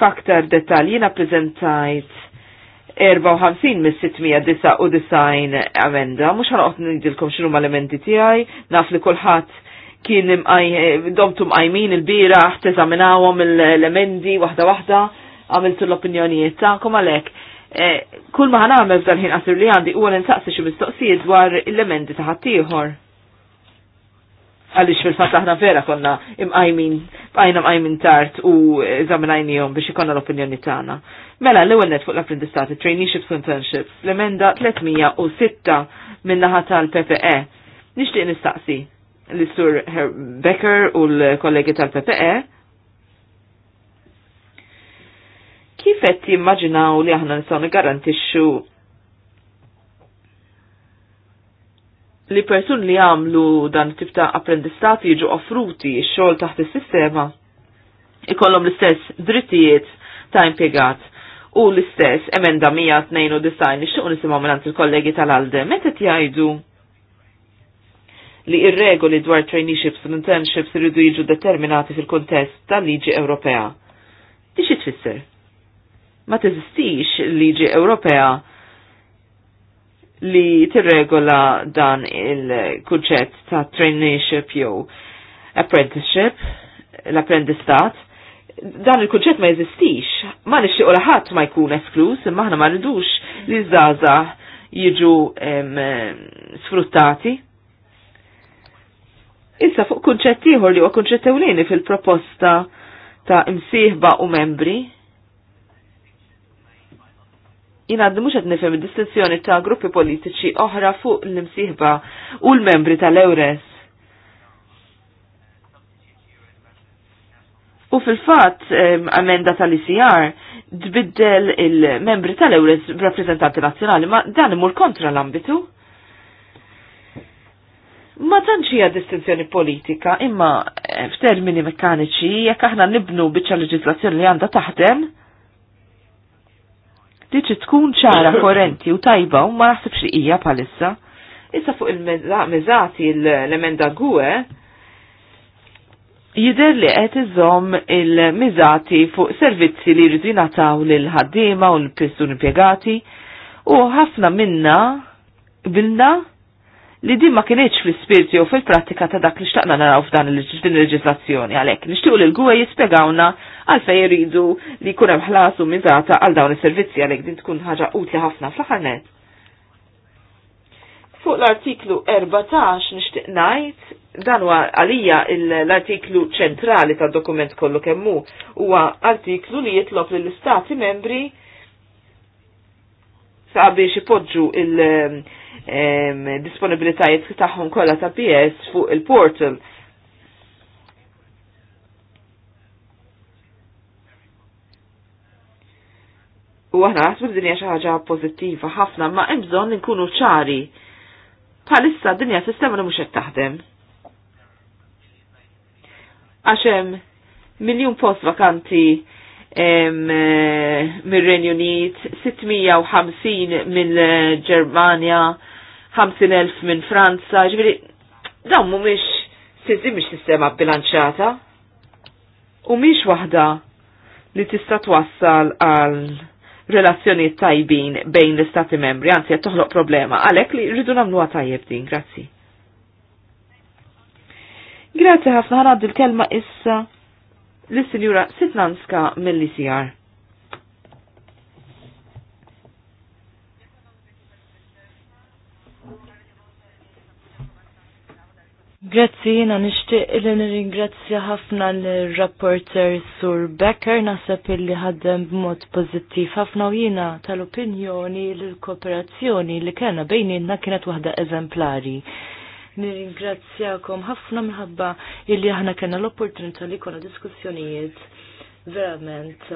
faktar dettalji na prezentajt 54 mis 699 amenda, mux ħanqot nidilkom xinu mal-elementi tijaj, naf li kullħat kien domtu mqajmin il-bira, teżaminawom l-elementi wahda wahda, għamiltu l-opinjonijiet ta'kom għalek. E, kull ma ħana għamil ħin għasir li għandi u għal-insaqsi xie mistoqsijiet dwar l-elementi taħat tiħor għalix fil-fat aħna vera konna imqajmin, bajna mqajmin tart u eżaminajnijom biex ikonna l-opinjoni tagħna. Mela l-ewwel net fuq l-apprendistati, traineeships u internships, l-emenda 306 minna ħata l ppe Nixtieq nistaqsi l-Sur Becker u l-kollegi tal-PPE. Kif qed jimmaġinaw li aħna nistgħu garantixxu li persun li għamlu dan tip ta' apprendistati jiġu offruti xogħol taħt is-sistema ikollhom l-istess drittijiet ta' impjegat u l-istess emenda 192 nixtieq nisimgħu minn il-kollegi tal-Alde meta jgħidu li ir-regoli dwar traineeships u internships iridu jiġu determinati fil-kontest tal-liġi Ewropea. Tixi tfisser? Ma teżistix liġi Ewropea li tirregola dan il kuċet ta' traineeship jew apprenticeship, l-apprendistat, dan il kuċet ma jeżistix, ma nixxie u laħat ma jkun esklus, imma aħna ma rridux li zaza jiġu sfruttati. Issa fuq kunċett ieħor li huwa kunċett ewlieni fil-proposta ta' imsieħba u membri jina għaddi mux għed nifem distinzjoni ta' gruppi politiċi oħra fuq l-imsiħba u l-membri tal-Eures. U fil-fat, amenda tal-ICR, tbiddel il-membri tal-Eures rappresentanti nazjonali, ma dan imur kontra l-ambitu. Ma tanċija distinzjoni politika, imma f'termini mekkaniċi, jekk aħna nibnu biċċa leġislazzjoni li għandha taħdem, Diċi tkun ċara, korenti u tajba u ma naħsibx li hija palissa. Issa fuq il-mezzati l-emenda gwe, jider li qed iżomm il-miżati fuq servizzi li jridu jingħataw lil ħaddiema u l-persuni impjegati u ħafna minna bilna li din ma kienieċ fl-ispirti u fil-prattika ta' dak li xtaqna naraw f'dan il-leġislazzjoni għalhekk. Nixtiequ li l-gwe jispjegawna għalfej jridu li jkun hemm ħlasu mizata għal dawn is-servizzi għalhekk din tkun ħaġa utli ħafna fl-aħħar net. Fuq l-artiklu 14 nixtieq ngħid dan huwa għalija l-artiklu ċentrali tad-dokument kollu kemm hu huwa artiklu li jitlob lill-istati membri sabiex ipoġġu il- disponibilitajiet tagħhom kollha ta' PS fuq il-portal U għasbu d dinja xi ħaġa pożittiva ħafna, ma hemm nkunu ċari. ċari. Bħalissa dinja sistema li mhux qed taħdem. Għax hemm post vakanti eh, mir-Renju Unit, 650 mill-Ġermanja, 50.000 minn Franza, ġifieri dawn mhumiex sizzi mhix sistema bilanċata u mhix waħda li tista' twassal għal relazzjoni tajbin bejn l-istati membri, għanzi għed toħloq problema, għalek li rridu namlu għatajjeb din, grazzi. Grazzi ħafna ħana il kelma issa l-Sinjura Sitnanska mill-ICR. Grazzi, jina nishtiq li nirringrazzja ħafna l-rapporter Sur Becker, nasab illi ħaddem b'mod pozittiv ħafna u jina tal-opinjoni l-kooperazzjoni li kena bejnietna kienet waħda eżemplari. Nirringrazzjakom ħafna minħabba illi aħna kena l-opportunità li kona diskussjonijiet verament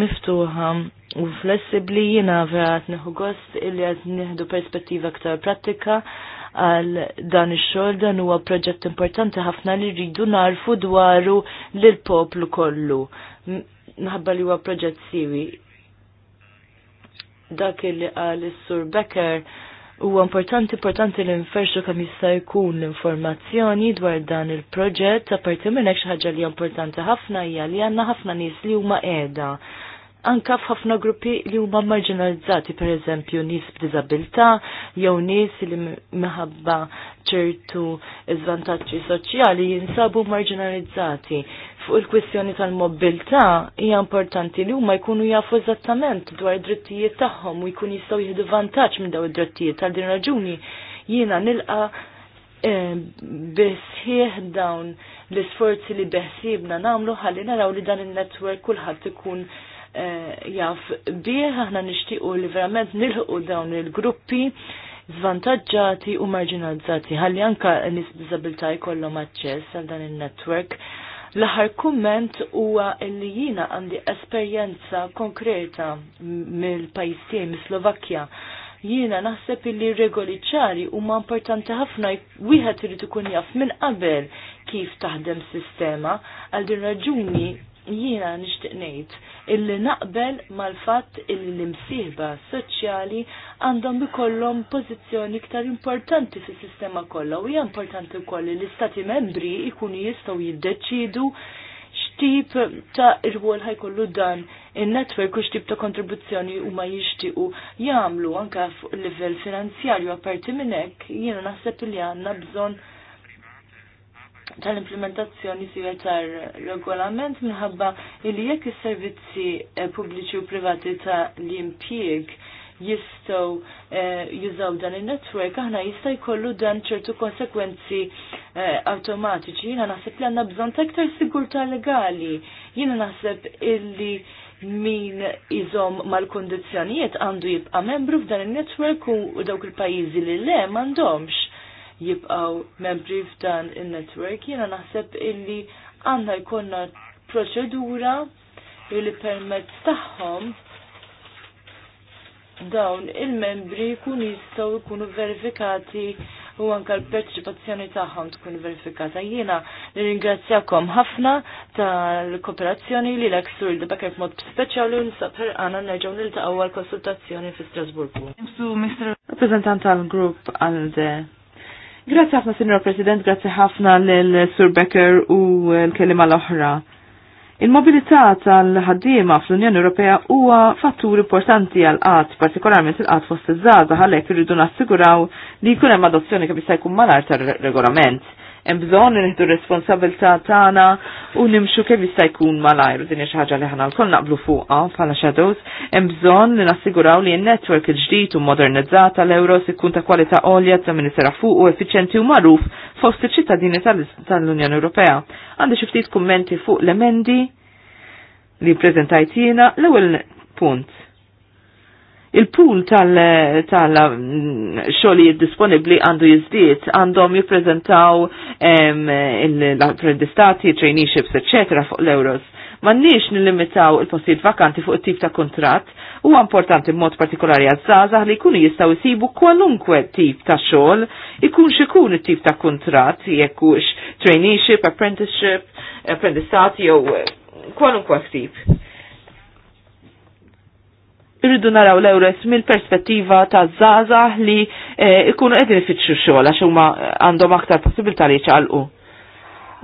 miftuħa u flessibli jina verat neħu gost illi għat neħdu perspettiva aktar pratika għal dan ix-xogħol dan huwa proġett importanti ħafna li rridu narfu dwaru lil poplu kollu. Nħabba li huwa proġett siwi. Dak li qal is-Sur Becker huwa importanti importanti li nferxu kemm jista' jkun l-informazzjoni dwar dan il-proġett apparti minn hekk xi ħaġa li importanti ħafna hija li għandna ħafna nies li huma qiegħda anka f'ħafna gruppi li huma marginalizzati, per eżempju nies b'diżabilità jew nies li minħabba ċertu żvantaġġi soċjali jinsabu marginalizzati. Fuq il-kwistjoni tal-mobilità hija importanti li huma jkunu jafu eżattament dwar id-drittijiet tagħhom u jkun jistgħu jieħdu vantaġġ minn daw id-drittijiet tal din raġuni jiena nilqa' eh, bisħieħ dawn l-isforzi li beħsibna namlu ħalli naraw li dan il netwerk kulħadd ikun Eh, jaf bieħ aħna nixtiequ li verament nilħu dawn il-gruppi zvantagġati u marginalizzati. Ħalli anka nis disabilta jkollhom aċċess għal dan il-network. L-aħħar kumment huwa li jiena għandi esperjenza konkreta mill-pajjiż mis-Slovakkja. Jiena naħseb li regoli ċari huma importanti ħafna wieħed irid ikun jaf minn qabel kif taħdem sistema għal din raġuni jiena nixtieq ngħid illi naqbel mal-fatt illi l-imsieħba soċjali għandhom ikollhom pożizzjoni iktar importanti fis-sistema kollha u hija importanti wkoll li l-istati membri jkunu jistgħu jiddeċidu x'tip ta' irwol ħajkollu dan in-netwerk u x'tip ta' kontribuzzjoni huma jixtiequ jagħmlu anke fuq livell finanzjarju apparti minn hekk jiena naħseb li għandna bżonn tal-implementazzjoni si tar-regolament minħabba li jekk is-servizzi eh, pubbliċi u privati ta' l-impjieg jistow eh, jużaw dan il-network, aħna jista' jkollu dan ċertu konsekwenzi eh, automatiċi. Jiena naħseb li għandna bżonn ta' iktar sigurtà legali. Jiena naħseb illi min iżom mal-kondizjonijiet għandu jibqa' membru f'dan il-network u dawk il-pajjiżi li le m'għandhomx jibqaw membri f'dan il-network, jena naħseb illi għanna jkonna proċedura illi permezz tagħhom dawn il-membri kun jistaw jkunu verifikati u anka l perċipazzjoni tagħhom tkun verifikata. Jiena nirringrazzjakom ħafna tal-kooperazzjoni li l-eksur li mod speċjali u nsabħer għana nerġgħu niltaqgħu għall-konsultazzjoni fi Strasburgu. Rappresentant tal-grupp għal de Grazzi ħafna, Sinjor President, grazzi ħafna l-Sur Becker u l-kelima l-oħra. Il-mobilità tal-ħaddiema fl-Unjoni Ewropea huwa fattur importanti għal qatt, partikolarment il-qatt fost iż-żgħażagħ għalhekk irridu nassiguraw li jkun hemm adozzjoni kif jista' jkun malar tar-regolament hemm bżonn nieħdu responsabilità tagħna u nimxu kemm jista' jkun malajr din xi ħaġa li ħana l naqblu fuqha bħala shadows, hemm bżonn li nassiguraw li n-netwerk il-ġdid u modernizzata l-Euros ikun ta' kwalità għolja ta' min isera fuq u effiċjenti u magħruf fost iċ-ċittadini tal-Unjoni Ewropea. Għandi xi ftit kummenti fuq l-emendi li prezentajtina l-ewwel punt il-pool tal-xogħlijiet disponibbli għandu jiżdied għandhom jippreżentaw l-apprendistati, traineeships, eċetera fuq l-euros. nil nillimitaw il-postijiet vakanti fuq it-tip ta' kontrat, huwa importanti b'mod partikolari għazzazah li jkunu jistgħu jsibu kwalunkwe tip ta' xogħol, ikun xikun it-tip ta' kontrat, jekk hux traineeship, apprenticeship, apprendistati jew eh, kwalunkwe tip irridu naraw l-ewres mill-perspettiva ta' zaza li eh, ikunu edin ifittxu xogħol għax huma għandhom aktar possibilità li ċalqu.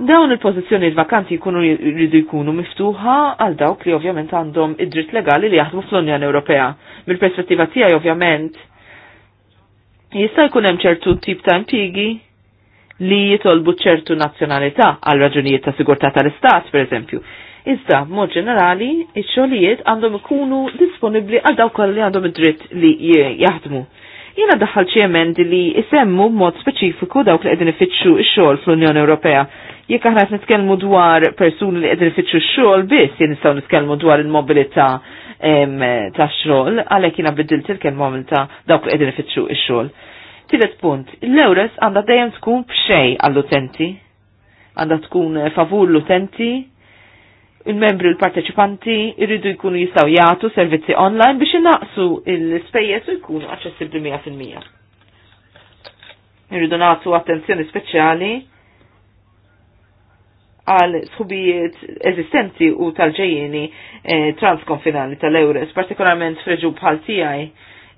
Dawn il-pożizzjoni vakanti jkunu jridu jkunu miftuħa għal dawk li ovvjament għandhom id-dritt legali li jaħdmu fl-Unjoni Ewropea. Mill-perspettiva tiegħi ovvjament jista' jkun hemm ċertu tip ta' impjigi li jitolbu ċertu nazzjonalità għal raġunijiet ta' sigurtà tal-istat, per eżempju. Iżda, mod ġenerali, iċ-xogħlijiet għandhom ikunu disponibbli għal dawk li għandhom id-dritt li jaħdmu. Jiena daħħal xi emendi li isemmu mod speċifiku dawk li qegħdin ifittxu x-xogħol fl-Unjoni Ewropea. Jekk aħna qed nitkellmu dwar persuni li qegħdin ifittxu x-xogħol biss jien nistgħu nitkellmu dwar il-mobilità tax-xogħol, għalhekk jiena biddilt il-kelma ta' dawk li qegħdin ifittxu x-xogħol. Tilet punt, l ewres għandha dejjem tkun b'xej għall-utenti. Għandha tkun favur l-utenti, il-membri l-parteċipanti irridu jkunu jistaw jgħatu servizzi online biex innaqsu l spejjes u jkunu aċċessibbli 100%. Irridu nagħtu attenzjoni speċjali għal sħubijiet eżistenti u tal-ġejjeni e, eh, transkonfinali tal-Eures, partikolarment freġu bħal tiegħi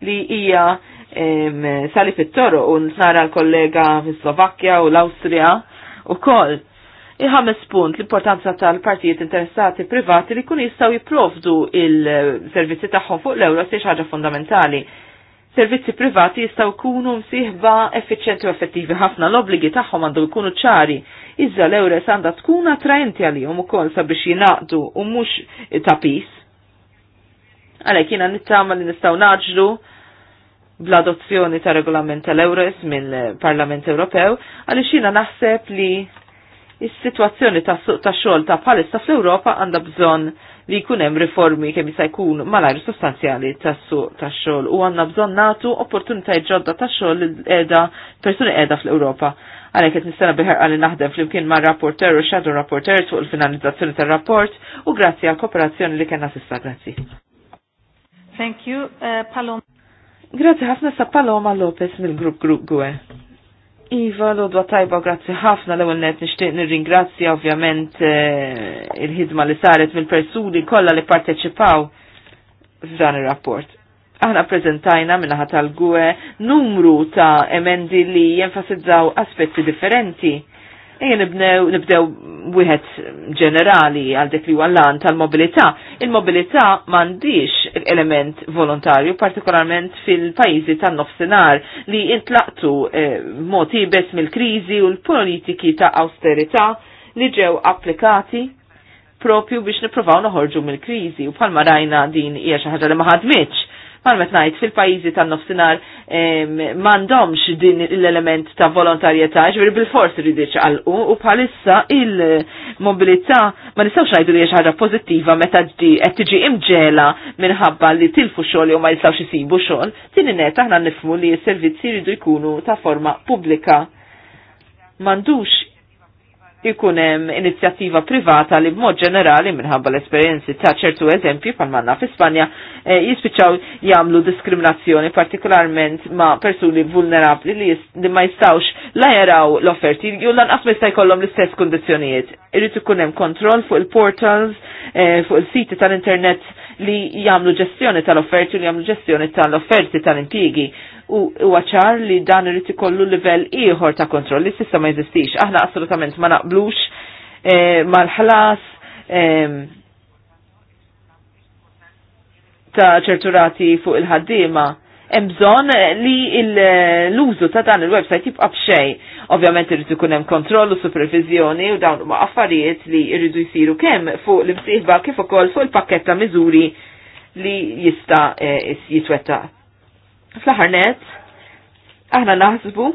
li hija sali fit-toro u nara l-kollega fis-Slovakkja u l-Awstrija u koll Il-ħames punt l-importanza tal-partijiet interessati privati li kun jistaw jiprofdu il-servizzi tagħhom fuq l-ewro se ħaġa fundamentali. Servizzi privati jistaw kunu msiħba effiċenti u effettivi ħafna l-obligi tagħhom għandu jkunu ċari. Iżda l-ewro għandha tkun attrajenti għalihom ukoll sabiex jingħaqdu u mhux ta' Għalhekk jiena nittama li nistgħu naġlu bl-adozzjoni ta' regolament tal-Eures mill-Parlament Ewropew, għaliex jiena naħseb li Is-sitwazzjoni ta' suq ta' xogħol ta' bħalissa fl-Ewropa għandha bżonn li jkun hemm riformi kemm jista' jkun malajr sostanzjali tas-suq tax-xogħol u għandna bżonn nagħtu opportunitajiet ġodda tax-xogħol li qiegħda persuni qiegħda fl-Ewropa. Għalhekk qed nistenna biħerqa li naħdem flimkien ma' rapporter u shadow rapporter fuq il-finalizzazzjoni tar-rapport u grazzi għal kooperazzjoni li kellna s'issa grazzi. Thank you, uh, Paloma. Grazzi ħafna sa Paloma Lopez mill-grupp Grupp Gwe. Iva, l tajba, grazzi ħafna l-ewel net nishtiq nir ovvjament eh, il-ħidma li saret mill-persuni kollha li parteċipaw f'dan ir-rapport. Aħna prezentajna minna ħat gwe numru ta' emendi li jenfasizzaw aspetti differenti Ejja nibdew wieħed ġenerali għal dik li għallan tal-mobilità. Il-mobilità m'għandix element volontarju, partikolarment fil-pajjiżi tan-nofsinhar li intlaqtu eh, mod ibes mill-kriżi u l-politiki ta' austerità li ġew applikati propju biex nipprovaw noħorġu mill-kriżi u bħalma rajna din hija xi ħaġa li ma ħadmitx Marmet najt, fil-pajizi tan nofsinar mandomx din l-element ta' volontarjetà, ġveri bil forsi ridiċ għalqu u bħalissa il-mobilità ma nistawx najdu li ħaġa pozittiva meta ġdi tiġi imġela minħabba li tilfu xogħol u ma jistawx jisibu xogħol, tini net aħna nifmu li s-servizzi jridu jkunu ta' forma pubblika. Mandux ikun hemm inizjattiva privata li b'mod ġenerali minħabba l-esperjenzi ta' ċertu eżempji pal manna fi Spanja e, eh, jispiċċaw jagħmlu diskriminazzjoni partikolarment ma' persuni vulnerabbli li, li ma jistawx la jaraw l-offerti ju lanqas ma jista' jkollhom l-istess kundizzjonijiet. Irid ikun hemm kontroll fuq il-portals, eh, fuq il-siti tal-internet li jagħmlu ġestjoni tal-offerti u li jagħmlu ġestjoni tal-offerti tal-impjiegi u għacħar li dan irrit ikollu livell ieħor ta' kontrolli li sissa ma jeżistix. Aħna assolutament ma naqblux eh, mal-ħlas eh, ta' ċerturati fuq il-ħaddiema hemm bżonn li l-użu ta' dan il-website jibqa' b'xejn. Ovvjament irid ikun hemm kontroll u supervizjoni u dawn huma affarijiet li jridu jsiru kemm fuq l-imsieħba kif ukoll fuq il-pakket ta' miżuri li jista' e, jitwettaq. Fl-aħħar net, aħna naħsbu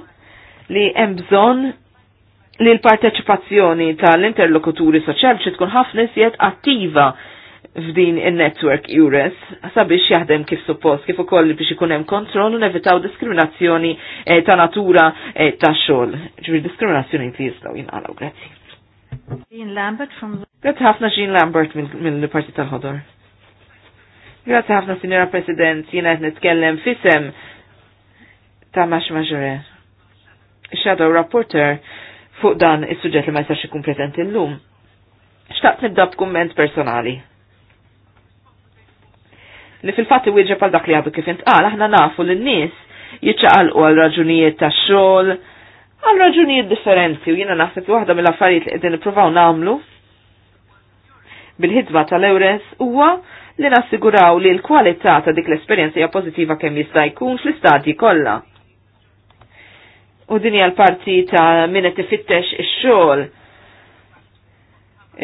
li hemm bżonn li l-parteċipazzjoni tal-interlokuturi soċjali tkun ħafna iżjed attiva f'din in-network Jures sabiex jaħdem kif suppost kif ukoll biex ikun hemm kontroll u nevitaw diskriminazzjoni eh, ta' natura eh, ta' xogħol. Ġifieri diskriminazzjoni li jistgħu jinqalgħu, grazzi. Jean Lambert from Grazzi ħafna Jean Lambert mill-Parti tal-Ħodor. Grazzi ħafna Sinjora President, jiena qed nitkellem fisem ta' Max Majore. Shadow Rapporter fuq dan is-suġġett li ma jistax ikun preżenti llum. Xtaqt nibda b'kumment personali li fil-fatt iwieġeb għal dak li għadu kif intqal, aħna nafu li n-nies jiċċaqalqu għal raġunijiet ta' xogħol, għal raġunijiet differenti u jiena naħseb li waħda mill-affarijiet li qegħdin nippruvaw nagħmlu bil-ħidma tal-Ewres huwa li nassiguraw li l-kwalità ta' dik l-esperjenza hija pożittiva kemm jista' jkun fl-istadji kollha. U din hija l-parti ta' min qed tifittex ix-xogħol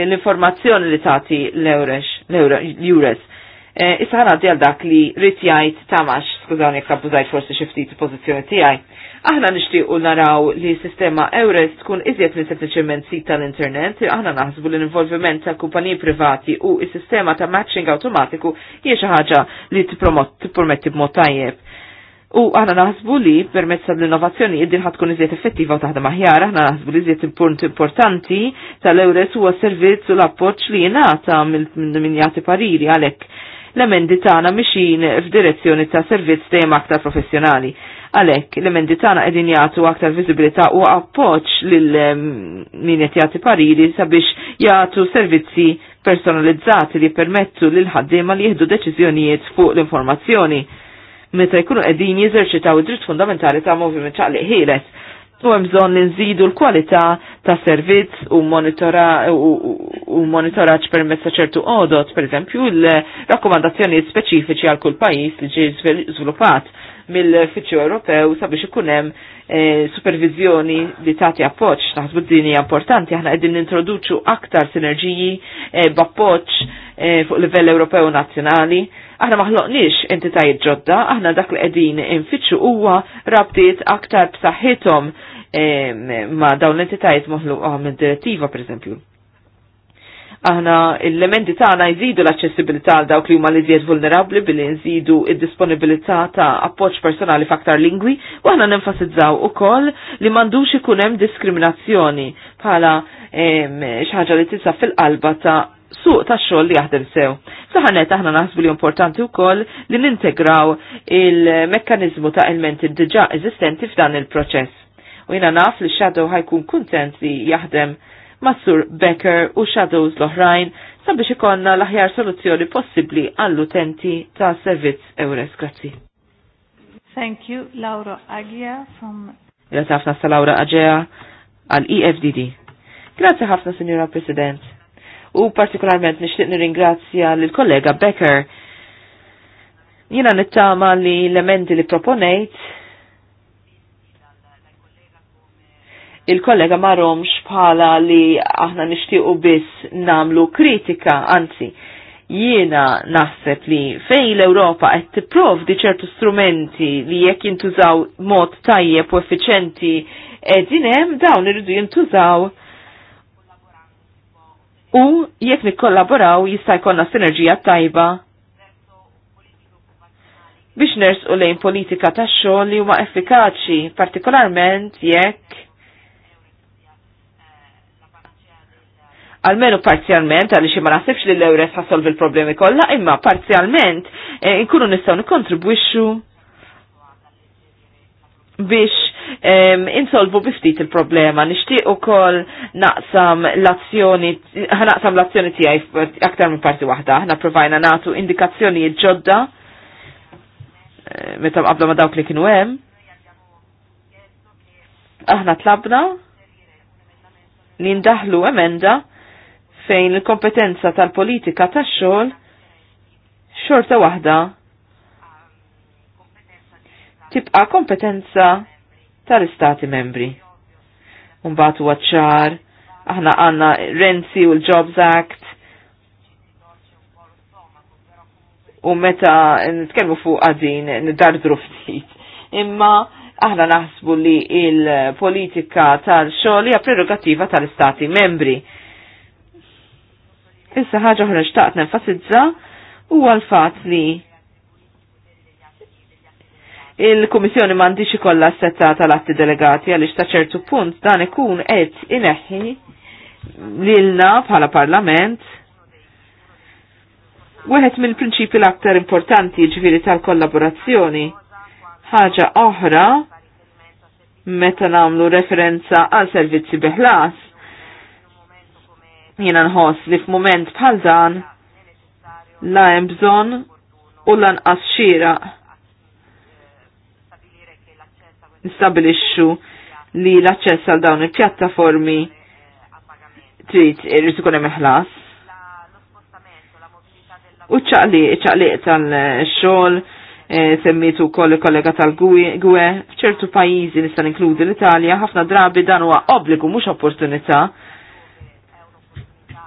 l-informazzjoni li tagħti l-Ewres Eh, issa ħanaddi għal dak li rritjajt jgħid tamax, skużawni jekk abbużajt forsi xi ftit il-pożizzjoni tiegħi. Aħna nixtiequ naraw li sistema Eures tkun iżjed minn sempliċement sit tal-internet, aħna naħsbu l-involviment ta' kumpaniji privati u s-sistema ta' matching automatiku hija xi ħaġa li tippermetti b'mod tajjeb. U aħna naħsbu li permezz l-innovazzjoni id-din ħatkun effettiva u taħdem aħjar, aħna naħsbu li iżjed punt importanti tal-Eures huwa servizz u l-appoċ li jingħata minn jagħti pariri għalhekk l-emendi tagħna mixin f'direzzjoni ta' servizz dejjem aktar professjonali. Għalhekk l-emendi tagħna qegħdin jagħtu aktar viżibilità u appoġġ lil ehm, min qed jagħti pariri sabiex jagħtu servizzi personalizzati li permettu lil ħaddiema li jieħdu deċiżjonijiet fuq l-informazzjoni meta jkunu qegħdin jeżerċitaw id-dritt fundamentali ta' moviment ċaqliq ħieles u hemm bżonn li nżidu l-kwalità ta' servizz u monitora u monitoraġġ permezz ta' ċertu għodot, pereżempju l-rakkomandazzjonijiet speċifiċi għal kull pajjiż li ġie żviluppat mill-Fiċċju Ewropew sabiex ikun hemm eh, supervizjoni li tagħti appoġġ naħsbu din hija importanti aħna qegħdin nintroduċu aktar sinerġiji eh, b'appoġġ eh, fuq livell Ewropew nazzjonali. Aħna maħloqniex entitajiet ġodda, aħna dak li qegħdin infittxu huwa rabtiet aktar b'saħħithom E, ma dawn l-entitajiet maħluqa minn direttiva per esempio. Aħna l-elementi tagħna jżidu l-aċċessibilità għal dawk li huma li żjed vulnerabbli billi nżidu id-disponibilità ta' appoġġ personali f'aktar lingwi u aħna nenfasizzaw ukoll li m'għandux ikun hemm diskriminazzjoni bħala xi ħaġa li tinsa fil-qalba ta' suq ta' xogħol li jaħdem sew. Saħanet aħna naħsbu li importanti wkoll li nintegraw il-mekkaniżmu ta' elementi diġà eżistenti f'dan il-proċess u jina naf li Shadow ħajkun kontent li jaħdem Massur Becker u Shadows l-oħrajn sabiex ikonna l-aħjar soluzzjoni possibli għall-utenti ta' servizz Eures. Grazzi. Thank you, Laura Agia from... Grazie ħafna sa' Laura Agia għal EFDD. Grazie ħafna, Signora President. U partikolarment nixtieq nirringrazzja lill-kollega Becker. Jiena nittama li l-emendi li proponejt il-kollega ma bħala li aħna nixtiequ biss namlu kritika, anzi, jiena naħseb li fej l-Europa qed tipprovdi ċertu strumenti li jekk jintużaw mod tajjeb u effiċenti qegħdin hemm dawn irridu jintużaw u jekk nikkollaboraw jista' jkollna sinerġija tajba biex nersqu lejn politika tax xogħol li huma effikaċi, partikolarment jekk almenu parzjalment, għaliex ma naħsibx li l-ewres ħasolvi l-problemi kollha, imma parzjalment eh, nkunu nistgħu nikkontribwixxu biex insolvu biftit il-problema. Nishtiq u kol naqsam l-azzjoni, naqsam l-azzjoni tijaj aktar minn parti wahda. Ħna provajna natu indikazzjoni ġodda, eh, meta qabla ma dawk li kienu hemm. Aħna tlabna li ndaħlu emenda fejn il-kompetenza tal-politika tax-xogħol xorta waħda tibqa kompetenza tal-istati membri. huwa ċar aħna għandna Renzi u l-Jobs Act, u meta nitkellmu fuq għadin nidardru ftit. Imma aħna naħsbu li il-politika tal-xogħol hija prerogativa tal-istati membri Issa ħaġa oħra xtaqt nenfasizza huwa l-fatt li il-Kummissjoni m'għandix ikollha setta tal-atti delegati għaliex ta' ċertu punt dan ikun qed ineħħi lilna bħala Parlament Weħed mill-prinċipi l-aktar importanti ġviri jiġifieri tal-kollaborazzjoni. ħaġa oħra meta namlu referenza għal servizzi beħlas. Jiena nħoss li f'mument bħal dan la hemm bżonn u lanqas xira nistabilixxu li l-aċċess għal dawn il-pjattaformi trid irid ikun hemm iħlas. U ċaqli, ċaqli tal-xogħol, eh, semmitu koll kollega tal-gwe, fċertu pajizi nista' inkludi l-Italja, ħafna drabi dan huwa obbligu mhux opportunità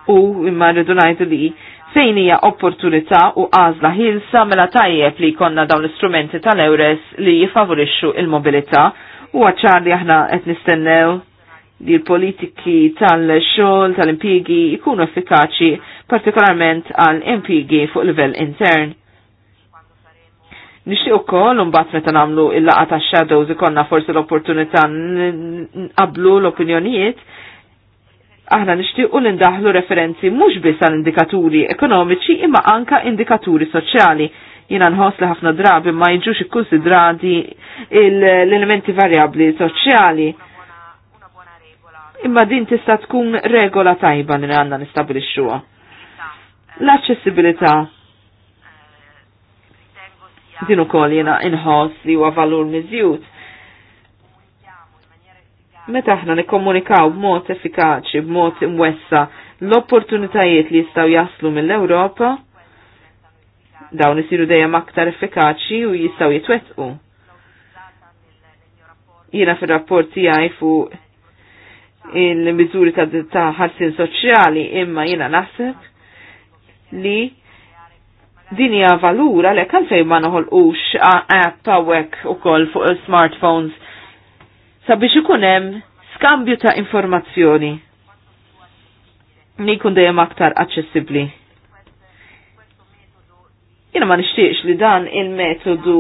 u imma rridu ngħidu li fejn hija opportunità u għażla ħilsa mela tajjeb li jkollna dawn l-istrumenti tal-Ewres li jifavorixxu il-mobilità u għacċar li aħna qed nistennew li l-politiki tal-xogħol tal-impjigi jkunu effikaċi partikolarment għal impjigi fuq livell intern. Nixtieq ukoll mbagħad meta nagħmlu il-laqgħa tax-shadows ikollna forsi l-opportunità nqablu l-opinjonijiet Aħna nixtiequ li ndaħlu referenzi mhux biss għal indikaturi ekonomiċi imma anka indikaturi soċjali jina nħos li ħafna drabi ma jġux ikkonsidrati l-elementi varjabli soċjali. Imma din tista' tkun regola tajba li għandna nistabilixxuha. L-aċċessibilità din ukoll jiena inħoss li huwa valur miżjud Meta aħna nikkomunikaw b'mod effikaċi, b'mod imwessa l-opportunitajiet li jistgħu jaslu mill-Ewropa, dawn isiru dejjem aktar effikaċi u jistgħu jitwettqu. Jiena fir-rapport tiegħi fuq il-miżuri ta' ħarsin soċjali imma jiena naħseb li hija valura li għalfejn ma noħolqux app hawnhekk ukoll fuq il smartphones sabiex ikun hemm skambju ta' informazzjoni li jkun dejjem aktar aċċessibbli. Jiena ma nixtiex li dan il-metodu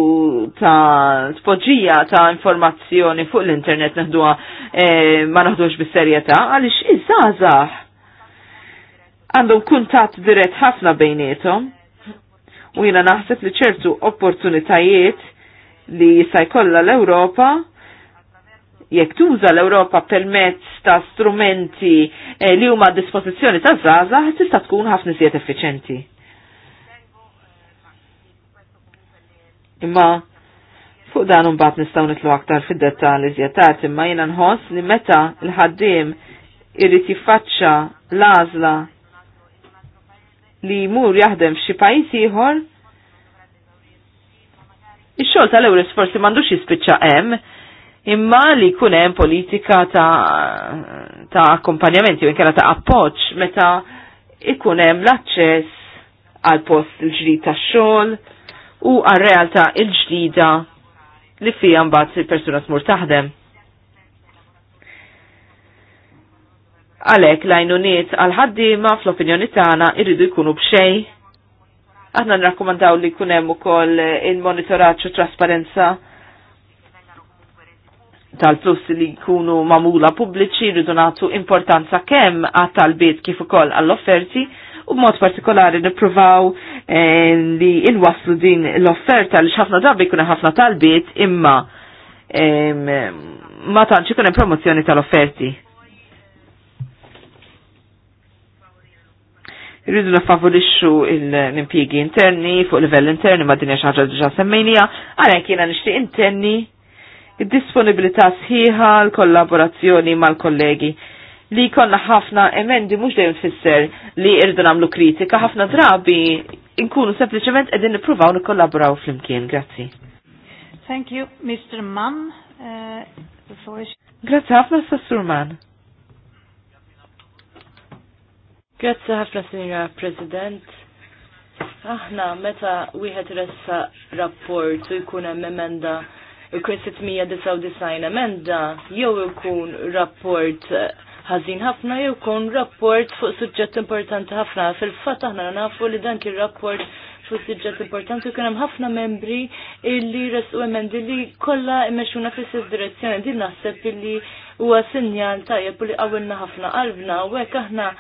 ta' tpoġġija ta' informazzjoni fuq l-internet naħduha eh, ma naħduhx bis-serjetà għaliex iż għandhom kuntatt dirett ħafna bejniethom u jiena naħseb li ċertu opportunitajiet li jista' jkollha l-Ewropa jekk tuża l-Ewropa permezz ta' strumenti eh, li huma a dispożizzjoni ta' żgħażagħ tista' tkun ħafna iżjed effiċenti. Imma fuq dan imbagħad nistgħu nitlu aktar fid-dettall iżjed tard imma jiena nħoss li meta l-ħaddiem irid jiffaċċa l-għażla li jmur jaħdem f'xi pajjiż ieħor, ix-xogħol tal-Ewres forsi m'għandux jispiċċa hemm, imma li jkun hemm politika ta' ta' akkompanjamenti u ta' appoġġ meta ikunem hemm l-aċċess għal post il-ġdid tax-xogħol u għal realtà il-ġdida li fija mbagħad il-persuna tmur taħdem. Għalhekk l-għajnuniet għal ħaddiema fl-opinjoni tagħna irridu jkunu b'xejn aħna nrakkomandaw li kunem u koll il-monitoraċ u trasparenza tal-flussi li jkunu mamula pubbliċi rridu nagħtu importanza kemm għat talbiet kif ukoll għall-offerti u b'mod partikolari nippruvaw eh, li inwaslu din l-offerta li ħafna drabi kuna ħafna talbiet imma ma tantx ikun hemm promozzjoni tal-offerti. Irridu nafavorixxu l-impjiegi interni fuq livell interni ma dinja xi ħaġa diġà semmejnija, għalhekk jiena nixtieq interni id-disponibilità sħiħa l-kollaborazzjoni mal-kollegi li konna ħafna emendi mux dejjem fisser li irdu namlu kritika, ħafna drabi inkunu sempliciment edin niprufaw nikollaboraw fl-imkien. Grazzi. Thank you, Mr. Mann. Uh, Grazzi ħafna, Sassur Mann. Grazzi ħafna, Signora President. Aħna, meta wieħed ressa rapport u jkun hemm emenda ikun 699 emenda jew ikun rapport ħażin ħafna jew rapport fuq suġġett importanti ħafna. Fil-fatt aħna nafu li dan kien rapport fuq suġġett importanti u kien hemm ħafna membri illi resu emendi li kollha imexxuna fis istess direzzjoni. Din naħseb illi huwa sinjal tajjeb li qawilna ħafna qalbna u hekk aħna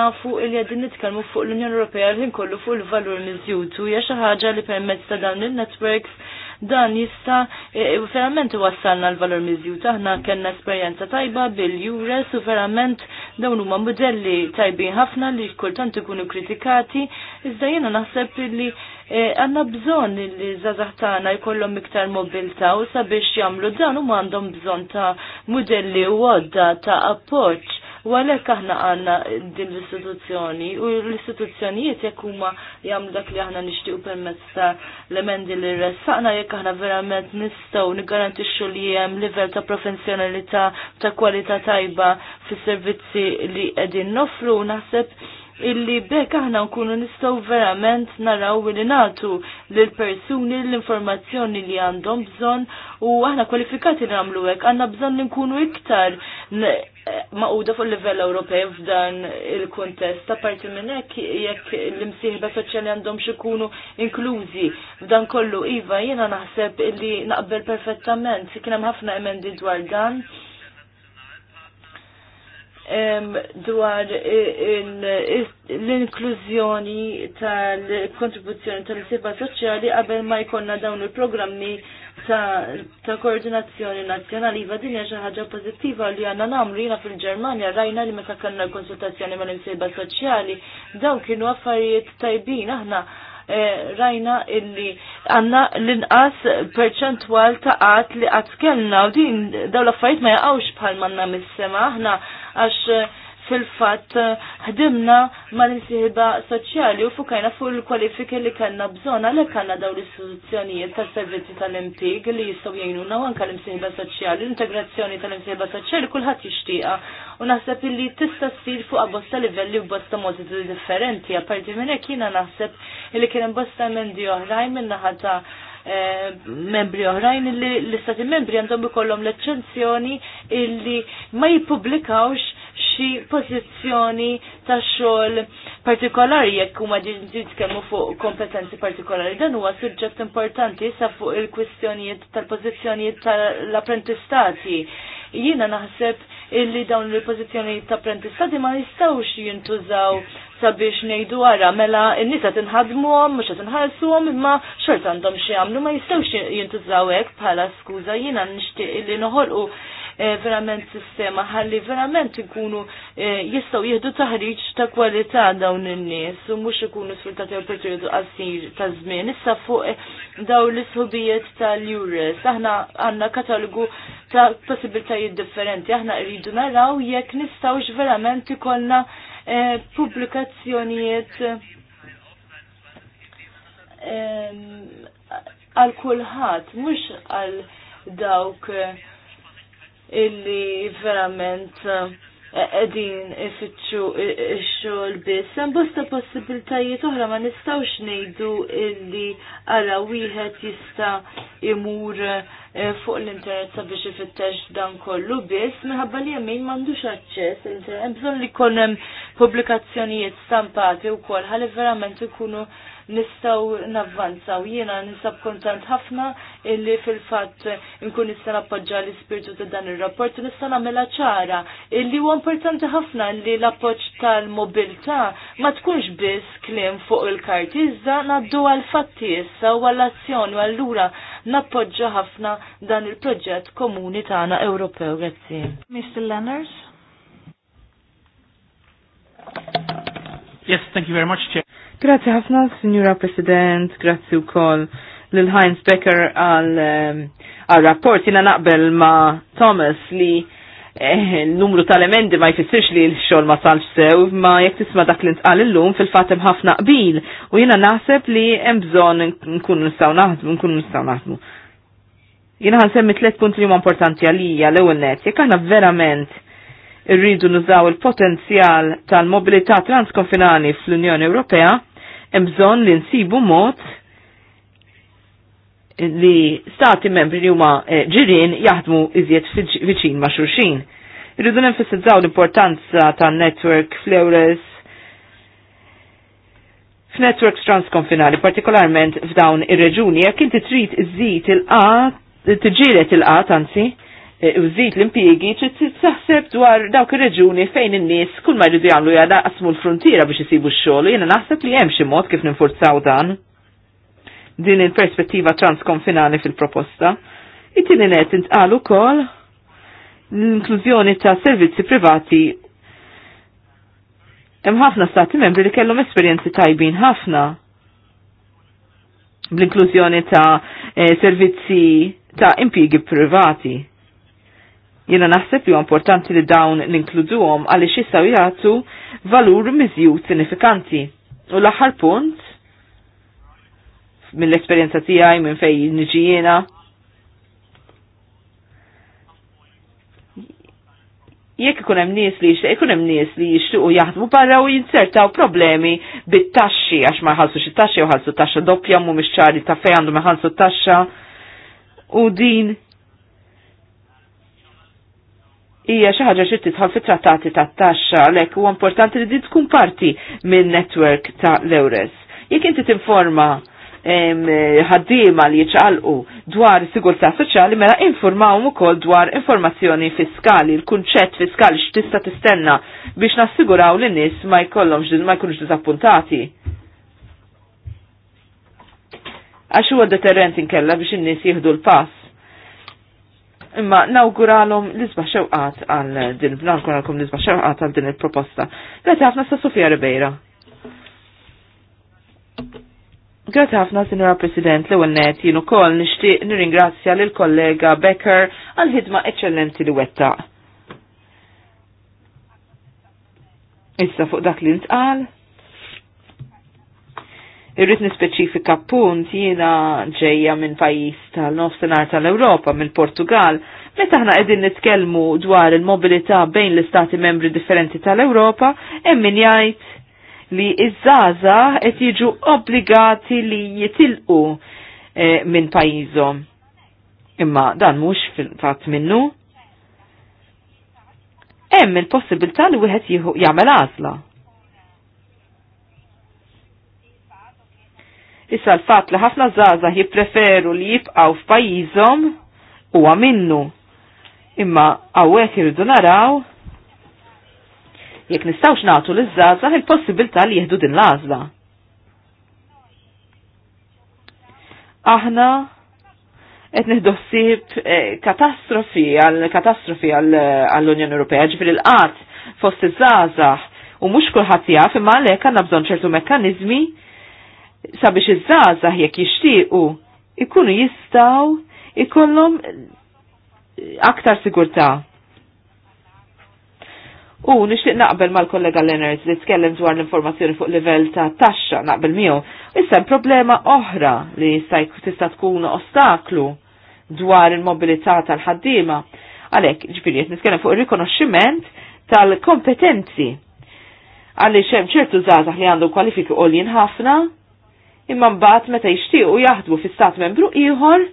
nafu illi għadin nitkellmu fuq l-Unjoni Ewropea l-ħin kollu fuq il-valur mizjutu, jaxa hija xi ħaġa li permezz ta' dawn il-networks dan jista e, e, verament wassalna l-valur mizju taħna kellna esperjenza tajba bil-jures u verament dawn huma modelli tajbin ħafna li kultant ikunu kritikati iżda jiena naħseb li e, għanna bżon li zazahtana jkollhom iktar mobilta u sabiex jagħmlu dan u għandhom bżon ta' modelli u għodda ta' appoġġ U għalhekk aħna għandna din l-istituzzjoni u l-istituzzjonijiet jekk huma jagħmlu dak li aħna nixtiequ permezz ta' l-emendi li ressaqna jekk aħna verament nistgħu niggarantixxu li hemm livell ta' professjonalità ta' kwalità tajba fis-servizzi li qegħdin nofru naħseb illi bekk aħna nkunu nistgħu verament naraw li nagħtu lil persuni l-informazzjoni li għandhom bżonn u aħna kwalifikati li nagħmlu hekk għandna bżonn li nkunu iktar maquda fuq livell Ewropej f'dan il-kuntest. Apparti minn hekk jekk l-imsieħba soċjali għandhom xikunu inklużi f'dan kollu iva jiena naħseb illi naqbel perfettament kien hemm ħafna emendi dwar dan dwar e, e, l-inklużjoni tal-kontribuzzjoni tal-siba soċjali qabel ma jkollna dawn il-programmi ta' koordinazzjoni nazjonali. iva din hija xi ħaġa pożittiva li għandna nagħmlu jiena fil-Ġermanja rajna li meta kellna l-konsultazzjoni mal-imsejba soċjali dawn kienu affarijiet tajbin aħna e, rajna illi għanna l-inqas perċentwal ta' għat li għat kellna u din daw l-affarijiet ma jaqawx bħal manna mis-sema aħna għax eh, fil-fatt eh, ħdimna ma' l-insieħba soċjali u fukajna fuq il-kwalifiki li kellna bżonn għalhekk għandna dawn l-istituzzjonijiet tas-servizzi tal impieg li jistgħu jgħinuna u anke l-imsieħba soċjali, l-integrazzjoni tal-imsieħba soċjali kulħadd jixtieqha u naħseb illi tista' ssir fuq bosta livelli u bosta modi differenti, apparti minn hekk jiena naħseb illi kien hemm bosta emendi oħrajn minn naħa ta' Eh, membri oħrajn li l-istati membri għandhom ikollhom l-eċċenzjoni illi ma jippubblikawx xi pożizzjoni ta' xogħol partikolari jekk huma jitkellmu fuq kompetenzi partikolari. Dan huwa suġġett importanti sa fuq il-kwistjonijiet tal-pożizzjonijiet tal-apprentistati. Jiena naħseb illi dawn il-pozizjoni ta' apprentistati ma jistawx jintużaw sabiex nejdu għara, mela n-nisa għom, mux għom, imma xort għandhom xi għamlu ma jistawx jintużaw hekk bħala skuża jiena nixtieq illi noħolqu Eh, verament sistema ħalli verament ikunu eh, jistgħu jieħdu taħriġ ta' kwalità dawn in-nies u mhux ikunu sfruttati għal periodu qasir ta' żmien. Issa fuq eh, daw l-isħubijiet tal-Jures, aħna għandna katalogu ta' possibiltajiet differenti, aħna rridu naraw jekk nistgħux verament ikollna pubblikazzjonijiet għal kulħadd mhux għal dawk illi verament edin eh, ifittxu xol biss. Bosta possibiltajiet oħra ma nistawx nejdu illi għara wieħed jista imur eh, fuq l-internet sabiex ifittex dan kollu biss minħabba li jemmin mandux aċċess l-internet. Bżon li konem publikazzjonijiet stampati u kol ħalli verament ikunu nistgħu navvanzaw. Jiena nisab kontant ħafna illi fil-fatt nkun nista' nappoġġa l-ispirtu ta' dan ir-rapport u nista' nagħmilha ċara illi huwa importanti ħafna li l-appoġġ tal-mobilità ma tkunx biss klim fuq il kartizza iżda għal fatti issa u għall azzjoni u allura nappoġġa ħafna dan il-proġett komuni tagħna Ewropew. Grazzi. Mr. Lenners? Yes, thank you very much, Chair. Grazzi ħafna, Signora President, grazzi u koll l-Heinz Becker għal-rapport. Ehm, jina naqbel ma Thomas li l-numru eh, tal-emendi ma jfissirx li l-xol ma salx sew, ma jek tisma dak li ntqal illum fil-fatem ħafna qbil u jina naħseb li hemm bżonn nkunu nistgħu naħdmu, nkunu nistgħu naħdmu. Jina ħansemmi tliet punti li huma importanti għalija l-ewwel net, jekk aħna verament irridu nużaw il-potenzjal tal-mobilità transkonfinali fl-Unjoni Ewropea, emżon li nsibu mod li stati membri li huma eh, ġirien jaħdmu iżjed viċin ma' xurxin. Irridu nenfisizzaw l-importanza ta' network flewless f'networks transkonfinali, partikolarment f'dawn ir-reġuni, jekk inti trid iżid il qa tiġiret il qa anzi, u l-impiegi trid saħseb dwar dawk ir-reġuni fejn in-nies kull ma jridu jagħmlu jaqsmu l-frontiera biex isibu x-xogħol, jiena naħseb li hemm xi mod kif ninfurzaw dan din il-perspettiva transkonfinali fil-proposta. It-tieni net intqal kol l-inklużjoni ta' servizzi privati Hemm ħafna stati membri li kellhom esperjenzi tajbin ħafna bl-inklużjoni ta' eh, servizzi ta' impjiegi privati. Jena naħseb li importanti li dawn l-inkluduhom għaliex jistgħu jagħtu valur miżjud sinifikanti. U l-aħħar punt mill-esperjenza tiegħi minn fejn niġi jiena jekk ikun hemm nies li jixtieq ikun hemm nies li jixtiequ jaħdmu barra u jinsertaw problemi bit-taxxi għax ma ħalsu xi taxxi u ħalsu taxxa doppja mhumiex ċari ta' fejn għandhom ħalsu taxxa. U din hija xi ħaġa xi tidħol fit-trattati tat-taxxa għalhekk huwa importanti li din tkun parti minn netwerk ta' l-Ewres. Jekk inti tinforma ħaddiema li jiċċalqu dwar sigurtà soċjali mela infurmawhom ukoll dwar informazzjoni fiskali, l-kunċett fiskali x'tista' tistenna biex nassiguraw li nies ma jkollhomx ma jkunux diżappuntati. Għax huwa deterrent inkella biex in-nies jieħdu l-pass imma nawguralom l izba xewqat għal din nawguralkom l izba xewqat għal din il-proposta. Grazie ħafna sa Sofija Ribeira. Grazie ħafna Sinjora President l-ewwel net jien ukoll nixtieq nirringrazzja l kollega Becker għal ħidma eċċellenti li wettaq. Issa fuq dak li ntqal, Irrit nispeċifika punt jiena ġejja minn pajjiż tal-nofsinhar tal-Ewropa, minn Portugal, meta aħna qegħdin nitkellmu dwar il-mobilità bejn l-istati membri differenti tal-Ewropa, hemm min jgħid li iż żaza qed jiġu obbligati li jitilqu e, minn pajjiżhom. Imma dan mhux fatt minnu. Hemm il-possibilità li wieħed jagħmel għażla Issa l-fat li ħafna zaza jippreferu li jibqaw f'pajjiżhom huwa minnu. Imma għawek irridu naraw jekk nistawx nagħtu liż zaza il-possibilità li jieħdu din l-għażla. Aħna qed nieħdu ħsieb eh, katastrofi għal katastrofi għall-Unjoni Ewropea, ġifir il qat fost iż-żgħażagħ u mhux kulħadd jaf imma għalhekk għandna bżonn ċertu mekkaniżmi sabiex iż-żgħażagħ jekk jixtiequ ikunu jistgħu ikollhom eh, aktar sigurtà. U nixtieq naqbel mal-kollega Lenners li tkellem dwar l-informazzjoni fuq livell ta' taxxa naqbel miegħu. Issa hemm problema oħra li tista' tkun ostaklu dwar il-mobilità tal-ħaddiema. Għalhekk, ġifieri qed nitkellem fuq ir-rikonoxximent tal-kompetenzi għalli xem ċertu zazax li għandu kwalifiku għolin ħafna imma mbagħad meta jixtiequ jaħdmu fi stat membru ieħor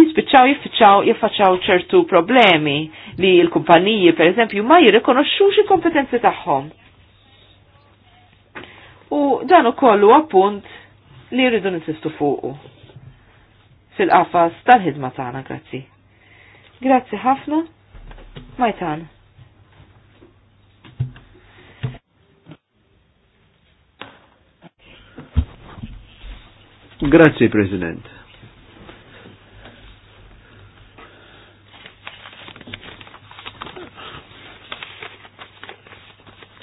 jispiċċaw jiffiċċaw jiffaċċaw ċertu problemi li l-kumpaniji pereżempju ma jirrikonoxxux il-kompetenzi tagħhom. U dan ukoll huwa punt li jridu nisistu fuqu fil-qafas tal-ħidma tagħna, grazzi. Grazzi ħafna, Majtan. Grazzi, President.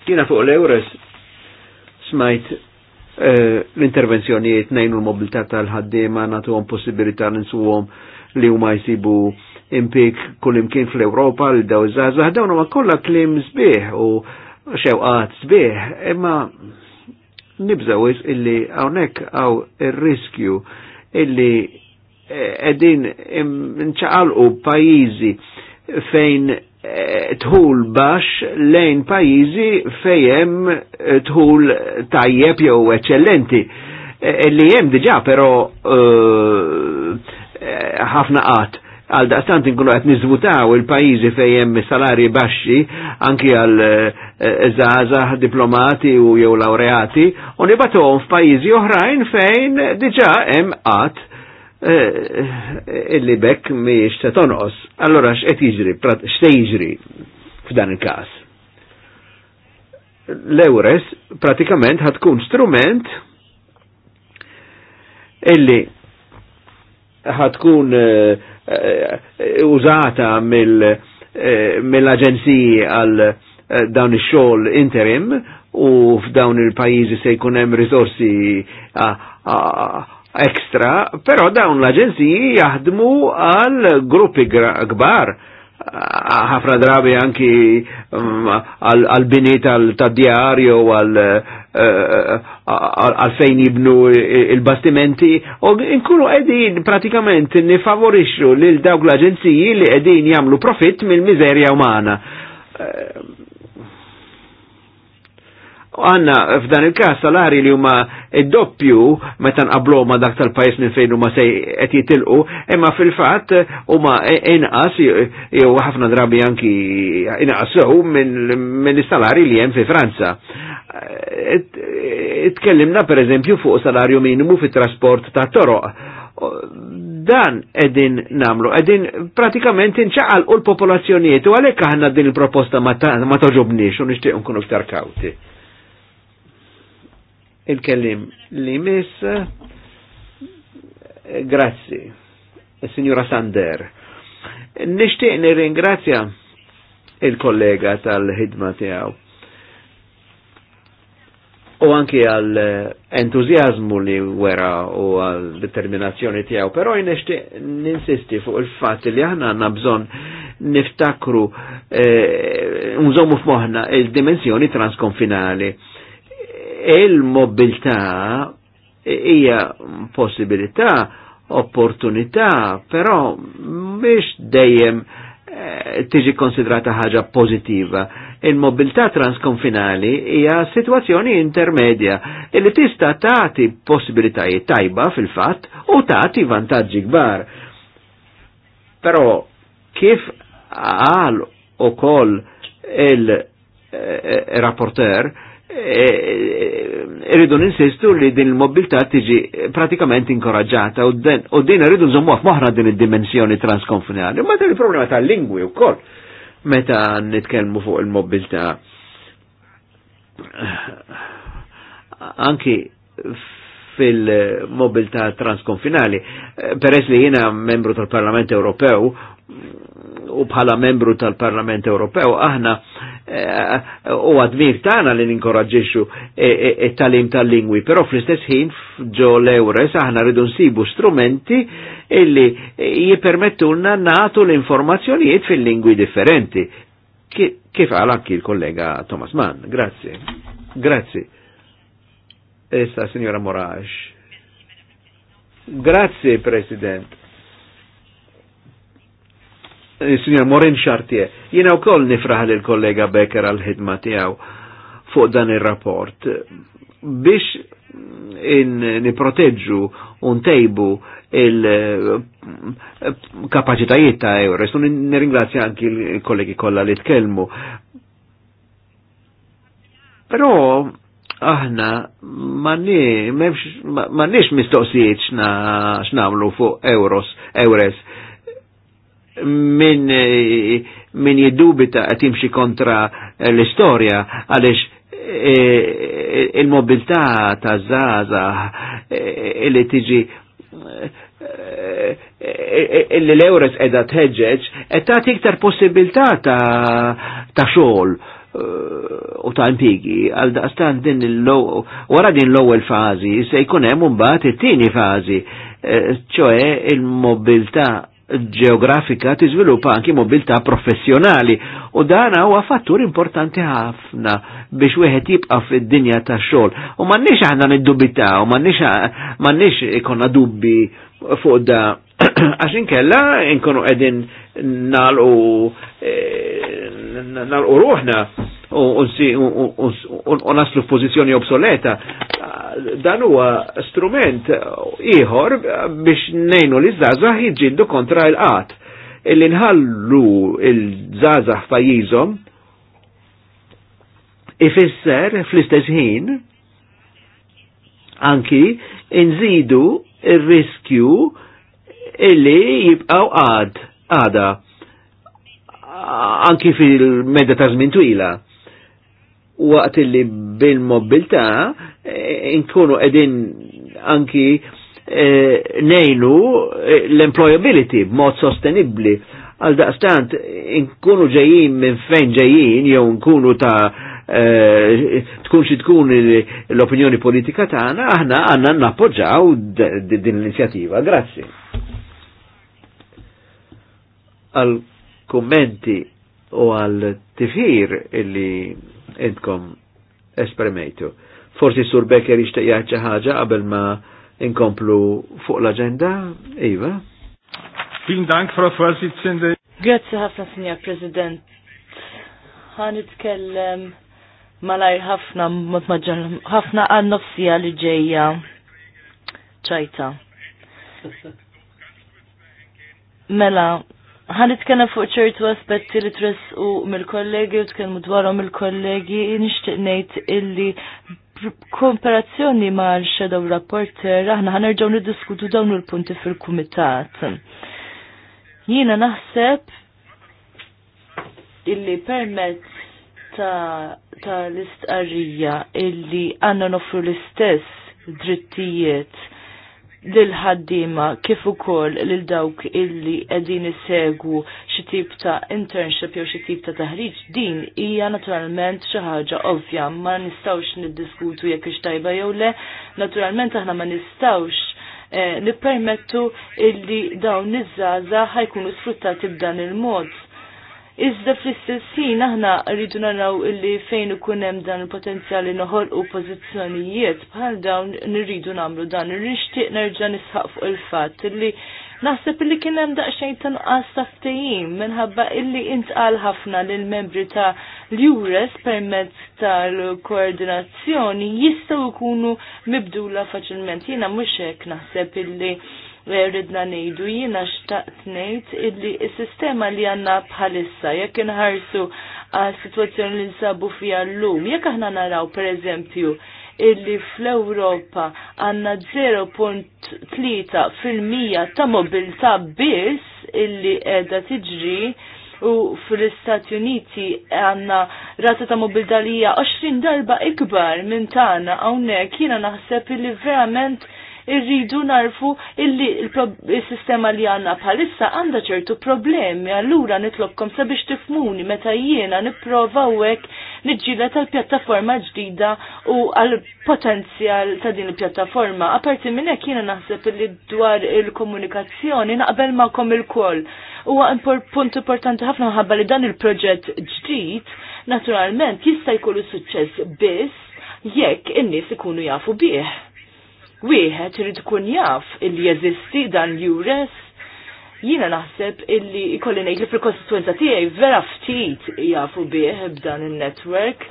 Jina fuq l-Eures smajt uh, l-intervenzjonijiet nejnu l-mobilità tal-ħaddima natuhom possibilità ninsuhom li huma jsibu impik kien fl europa l daw żgħażagħ dawn huma kollha klim sbieħ u xewqat sbieħ, imma is illi għawnek għaw il-riskju illi edin eh, nċaqalqu pajizi fejn eh, tħul bax lejn pajizi fejem eh, tħul tajjeb jew eccellenti. Illi jem diġa pero ħafna uh, Uh, għal daqstant nkunu għet nizvutaw il-pajizi fejjem salari baxxi anki għal eh, eh, zazah diplomati u jew laureati u nibatuhom f'pajjiżi oħrajn fejn diġà hemm qatt eh, illi bekk miex se tonqos. Allora x'qed jiġri, x'se jiġri f'dan il-każ. L-Eures pratikament ħatkun strument illi ħatkun uh, Eh, użata eh, mill-aġenziji għal eh, dawn ix-xogħol interim u f'dawn il-pajjiżi se jkun hemm risorsi ekstra, però dawn l-aġenziji jaħdmu għal gruppi kbar ħafna drabi anki mm, għal-bini tal-djar jew għal għalfejn jibnu il-bastimenti u nkunu qegħdin pratikament nifavorixxu lil dawk l-aġenziji li qegħdin jagħmlu profitt mill-miżerja umana għanna f'dan il-kas salari li huma id-doppju meta qablu ma dak tal-pajis minn fejn huma se qed jitilqu, imma fil-fatt huma inqas jew ħafna drabi anki inqas minn is-salari li hemm fi Franza. Itkellimna pereżempju fuq salarju minimu fit-trasport ta' toroq. Dan edin namlu, edin pratikament inċaqal u l-popolazzjoniet u għalek aħna din il-proposta ma toġobniex u nishtiq nkunu ktar kawti il-kellim li mis, grazzi, signora Sander. Nishtiq nirringrazzja il-kollega tal-ħidma tiegħu. U anki għal entuzjazmu li wera u għal determinazzjoni tiegħu, però nixtieq ninsisti fuq il fat li aħna għandna bżonn niftakru eh, f f'moħħna il-dimensjoni transkonfinali il-mobilità hija possibilità, opportunità, però mhix dejjem eh, tiġi konsidrata ħaġa pozitiva. Il-mobilità transkonfinali hija situazzjoni intermedja li tista' tagħti possibilitajiet tajba fil-fatt u tagħti vantaġġi kbar. Però kif qal ukoll il-rapporter, eh, eh irridu eh, eh, ninsistu li din il-mobilità tiġi pratikament inkoraġġata u din irridu għaf moħra din id-dimensjoni transkonfinali. Ma dan il-problema tal-lingwi wkoll meta nitkellmu fuq il-mobilità. Anki fil-mobilità transkonfinali, eh, peress li jiena membru tal-Parlament Ewropew u bħala membru tal-Parlament Ewropew aħna u għadmir tana li ninkoraġġixxu it-talim e, e, e, tal-lingwi, però fl-istess ħin ġo l ewre saħna rridu nsibu strumenti illi jipermettulna natu l-informazzjonijiet fil-lingwi differenti. Kif għal anki il-kollega Thomas Mann, grazie. Grazie. Issa, signora Morax. Grazie, President. Eh, signor Morin Moren Chartier. jina u koll nifraħ l-kollega Becker għal-ħidma tijaw fuq dan il-rapport. Biex niproteġu un tejbu il-kapacitajiet eh, ta' Eures. Nirringrazzja anki l-kollegi kolla li tkelmu. Pero aħna m'għandniex mistoqsijiet x'nagħmlu fuq Euros, Eures min, min jiddubita qed jimxi kontra l-istorja għaliex e, il-mobilità ta' zaza e, li tiġi e, illi l-Eures edha tħeġġeġ, et ta' iktar possibilità ta' xogħol u ta' impigi, għal daqstan din l-low, wara din l-ewwel fazi se jkun hemm mbagħad it tini fazi ċoħe il-mobilità ġeografika tiżviluppa anki mobilità professjonali u dan huwa fattur importanti ħafna biex wieħed jibqa' fid-dinja tax-xogħol. U m'għandniex aħna niddubita u m'għandniex m'għandniex ikonna dubbi fuq da <clears throat> għax inkella nkunu qegħdin nagħlqu eh, nagħlqu ruħna u naslu f'pożizzjoni obsoleta. Dan huwa strument ieħor biex nejnu li zaza jiġġieldu kontra l qat Illi nħallu l-żgħażagħ fajizom ifisser fl-istess ħin anki nżidu il riskju illi jibqaw għad għada anki fil-medda ta' żmien twila waqt li bil mobilta eh, inkunu edin anki eh, nejnu eh, l-employability b'mod sostenibli għal daqstant inkunu ġejjin minn fejn ġejjin jew nkunu ta' eh, tkun xi tkun l-opinjoni politika tagħna aħna għandna nappoġġaw din l-inizjattiva. Grazzi. Għal kummenti u għal tifir illi intkom esprimejtu. Forsi sur Becker jixtieq jgħid xi ħaġa qabel ma inkomplu fuq l agenda Iva. Fin Dank, fra Frau Vorsitzende. Grazie ħafna, Signor President. Ħan itkellem malajr ħafna mod maġġar ħafna għan nofsija li ġeja ċajta. <laughs> Mela, ħan itkellem fuq ċertu aspetti li tress u mill-kollegi u tkellmu dwarhom mill-kollegi nixtieq ngħid illi komparazzjoni ma' shadow rapporter aħna ħan nerġgħu niddiskutu dawn il-punti fil-kumitat. Jiena naħseb illi permezz ta', ta l-istqarrija illi għanna nofru l-istess drittijiet lil-ħaddima kif ukoll lil dawk illi qegħdin isegwu xi tip ta' internship jew xi tip ta' taħriġ din hija naturalment xi ħaġa ovvja ma nistgħux niddiskutu jekk ix tajba jew le, naturalment aħna ma nistgħux eh, nippermettu illi dawn iż żgħażagħ ħajkunu sfruttati b'dan il-mod. Iżda fl-istess ħin aħna rridu naraw illi fejn ikun hemm dan il-potenzjali noħolqu pożizzjonijiet bħal dawn nirridu nagħmlu dan. Irrixtieq nerġa' nisħaq fuq il-fatt illi naħseb illi kien hemm daqsxejn tanqas ta' ftehim minħabba illi intqal ħafna lil membri ta' l-Jures permezz tal-koordinazzjoni jistgħu jkunu mibdula faċilment. Jiena mhux hekk naħseb illi Eh, ridna nejdu jina xtaqt nejt illi il-sistema li għanna bħalissa jekk inħarsu situazzjoni li nsabu fija l-lum jekk aħna naraw per eżempju illi fl-Europa għanna 0.3 mija ta' mobilta biss illi edha tiġri u fl-Istati Uniti għanna rata ta' mobilta li 20 darba ikbar minn tagħna hawnhekk jiena naħseb illi verament irridu narfu illi il-sistema li għanna bħalissa għanda ċertu problemi, allura nitlobkom sabiex tifmuni meta jiena niprofa għek nġila tal-pjattaforma ġdida u għal-potenzjal ta' din il-pjattaforma. Aparti minn hekk jiena naħseb li dwar il-komunikazzjoni naqbel kom il-koll. Huwa punt importanti ħafna ħabba li dan il-proġett ġdid naturalment jista' jkollu suċċess biss jekk in-nies ikunu jafu bih wieħed irid ikun jaf illi jeżisti dan l-jures jiena naħseb illi ikolli ngħid li fil-kostituenza tiegħi vera ftit jafu bih b'dan in network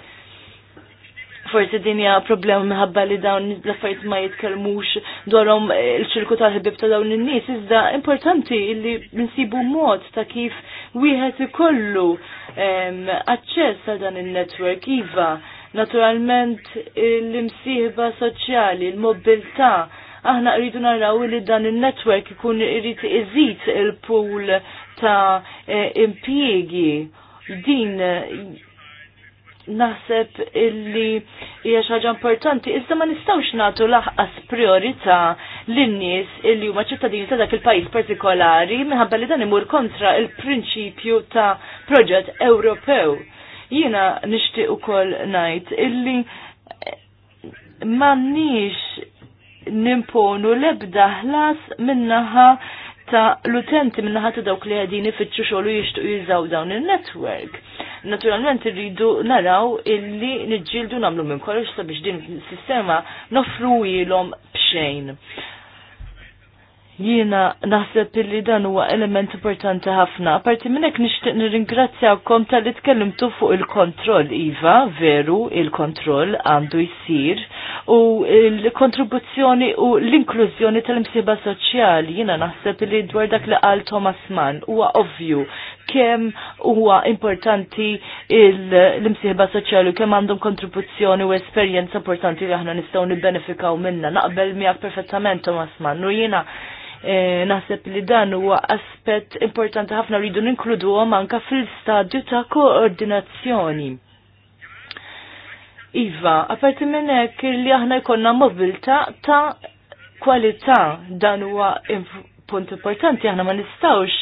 Forsi din hija problema minħabba li dawn l-affarijiet ma jitkellmux dwarhom il-ċirku tal-ħbib ta' dawn in-nies, iżda importanti illi nsibu mod ta' kif wieħed ikollu ehm, aċċess għal dan in network iva Naturalment l-imsieħba soċjali, l-mobilità, aħna rridu naraw li dan il-netwerk ikun irid iżid il-pool ta' eh, impjiegi. Din naħseb illi hija xi ħaġa importanti, iżda ma nistgħux nagħtu laħqas priorità lin-nies illi huma ċittadini ta' dak il-pajjiż partikolari minħabba li dan imur kontra il-prinċipju ta' proġett Ewropew. Jiena nixtieq ukoll ngħid illi m'għandniex nimponu l-ebda ħlas minnaħa ta' l-utenti minnaħa ta' dawk li għadini fitxu xogħol jishtu jużaw dawn il-network. Naturalment irridu naraw illi niġġieldu nagħmlu minn kollox sabiex din is-sistema nofru ilhom b'xejn. Jiena naħseb illi dan huwa element importanti ħafna. Parti minn hekk nixtieq nirringrazzjawkom tal-li tkellimtu fuq il-kontroll iva, veru, il-kontroll għandu jsir u l-kontribuzzjoni u l-inklużjoni tal-imsiba soċjali. Jiena naħseb illi dwar dak li qal Thomas Mann huwa ovvju kemm huwa importanti l-imsieħba soċjali u kemm għandhom kontribuzzjoni u esperjenza importanti li aħna nistgħu nibbenefikaw minnha. Naqbel miegħek perfettament Thomas Mann u jiena Eh, naħseb li dan huwa aspett importanti ħafna rridu ninkluduhom anke fil-stadju ta' koordinazzjoni. Iva, apparti minn hekk li aħna jkollna mobilta ta' kwalità dan huwa punt importanti aħna ma nistgħux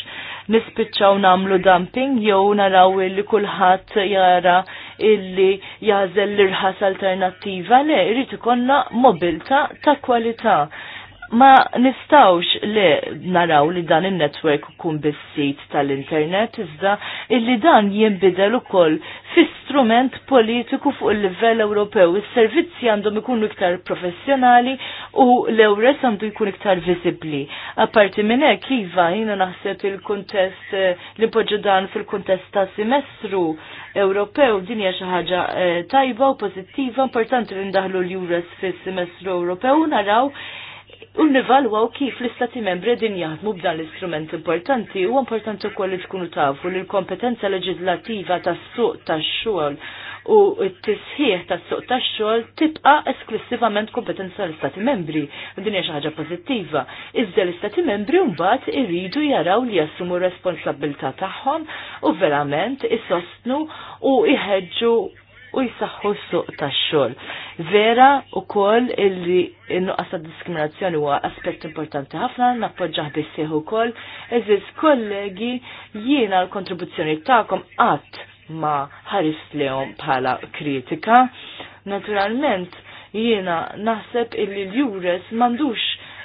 nispiċċaw nagħmlu dumping jew naraw li kulħadd jara illi jażel l-irħas alternattiva le, irrid ikollna mobilta ta' kwalità Ma nistawx li naraw li dan il-network kun bis-sit tal-internet, iżda illi dan jimbidel ukoll fi strument politiku fuq il-livell Ewropew. Is-servizzi għandhom ikunu iktar professjonali u l-Ewres għandu jkun iktar viżibbli. Apparti minn hekk iva jiena naħseb il-kuntest eh, li poġġu dan fil-kuntest ta' semestru Ewropew din hija xi ħaġa eh, tajba u pożittiva importanti li ndaħlu l ewres fis-semestru Ewropew naraw u nivalwaw kif l-istati membri din jaħdmu b'dan l-istrument importanti u importanti wkoll li tkunu tafu li l-kompetenza leġislativa tas-suq tax-xogħol u t-tisħiħ ta' suq tax-xogħol tibqa' esklusivament kompetenza l-istati membri. Din hija xi ħaġa pożittiva. Iżda l-istati membri mbagħad irridu jaraw li jassumu responsabilità tagħhom u verament isostnu u iħedġu u jisaxħu suq tax-xogħol. Vera kol illi n-nuqqas ta' diskriminazzjoni huwa aspett importanti ħafna nappoġġaħ bissieħ ukoll. eżiz kollegi jiena l-kontribuzzjoni tagħkom qatt ma ħaris lehom bħala kritika. Naturalment jiena naħseb illi l-jures mandux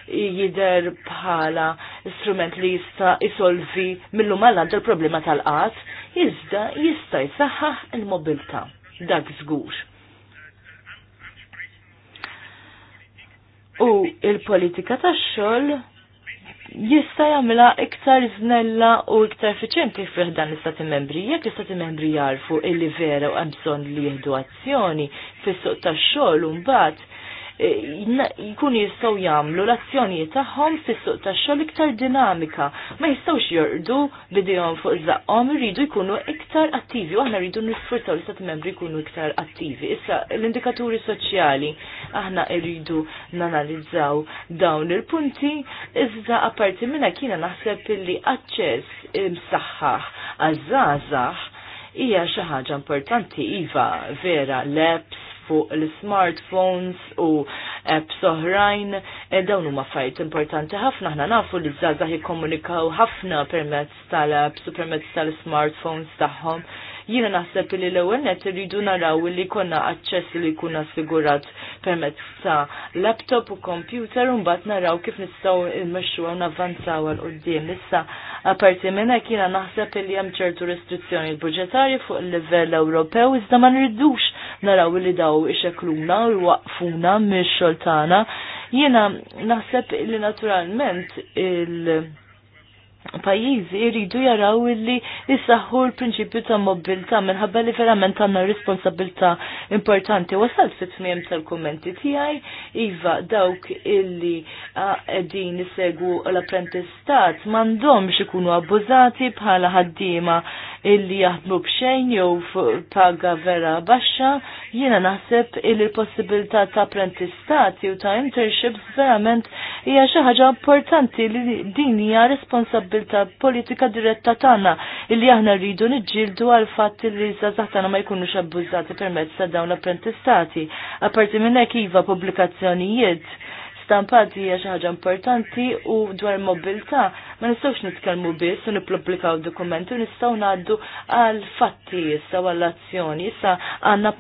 jider bħala strument li jista isolvi mill mal-għand problema tal-qat, iżda jista jisaxħaħ il-mobilta dak żgur. U il-politika tax-xogħol jista' jagħmilha iktar żnella u iktar effiċenti fih dan l-istati membri. Jekk l-istati membri jarfu illi vera u hemm bżonn li jieħdu azzjoni fis-suq tax-xogħol u mbagħad jkunu jistgħu jagħmlu l-azzjonijiet tagħhom fis-suq tax-xogħol iktar dinamika. Ma jistgħux jorqdu bidejhom fuq żaqhom iridu jkunu iktar attivi u aħna rridu nisfurzaw li stati membri jkunu iktar attivi. Issa l-indikaturi soċjali aħna rridu nanalizzaw dawn il-punti iżda apparti minna kiena naħseb li aċċess imsaħħaħ għaż-żgħażagħ hija xi ħaġa importanti iva vera leps fuq l-smartphones u apps oħrajn, e, dawn huma fajt importanti ħafna, aħna nafu li żgħażagħ jikkomunikaw ħafna permezz tal-apps u permezz tal-smartphones tagħhom. Ta Jiena naħseb li l-ewwel net irridu naraw li konna aċċess li jkun assigurat permezz ta' laptop u kompjuter u mbagħad naraw kif nistgħu nmexxuha u navvanzaw għal qudiem. Issa apparti minn hekk jiena naħseb li hemm ċertu restrizzjoni budġetarji fuq il-livell Ewropew iżda ma nridux naraw li daw ixekluna u waqfuna mix-xoltana. Jiena naħseb li naturalment il- pajjiżi jridu jaraw illi jissaħħu l-prinċipju ta' mobilità minħabba li verament għandna responsabilità importanti. Wasalt fit tmiem tal-kummenti tiegħi iva dawk illi qegħdin isegwu l-apprentistat m'għandhomx ikunu abbużati bħala ħaddiema illi jaħdmu bxejn jew paga vera baxxa, jiena naħseb illi l-possibilità ta' apprentistati u ta' internships verament hija xi ħaġa importanti li din hija responsabilità politika diretta tagħna illi aħna rridu niġġieldu għal fatt li żgħażagħ tagħna ma jkunux abbużati permezz ta' dawn l-apprentistati. Apparti minn hekk iva pubblikazzjonijiet stampati hija xi ħaġa importanti u dwar mobilità ma nistgħux nitkellmu biss u nippubblikaw dokumenti u nistgħu ngħaddu għal fatti issa għall azzjoni issa għandna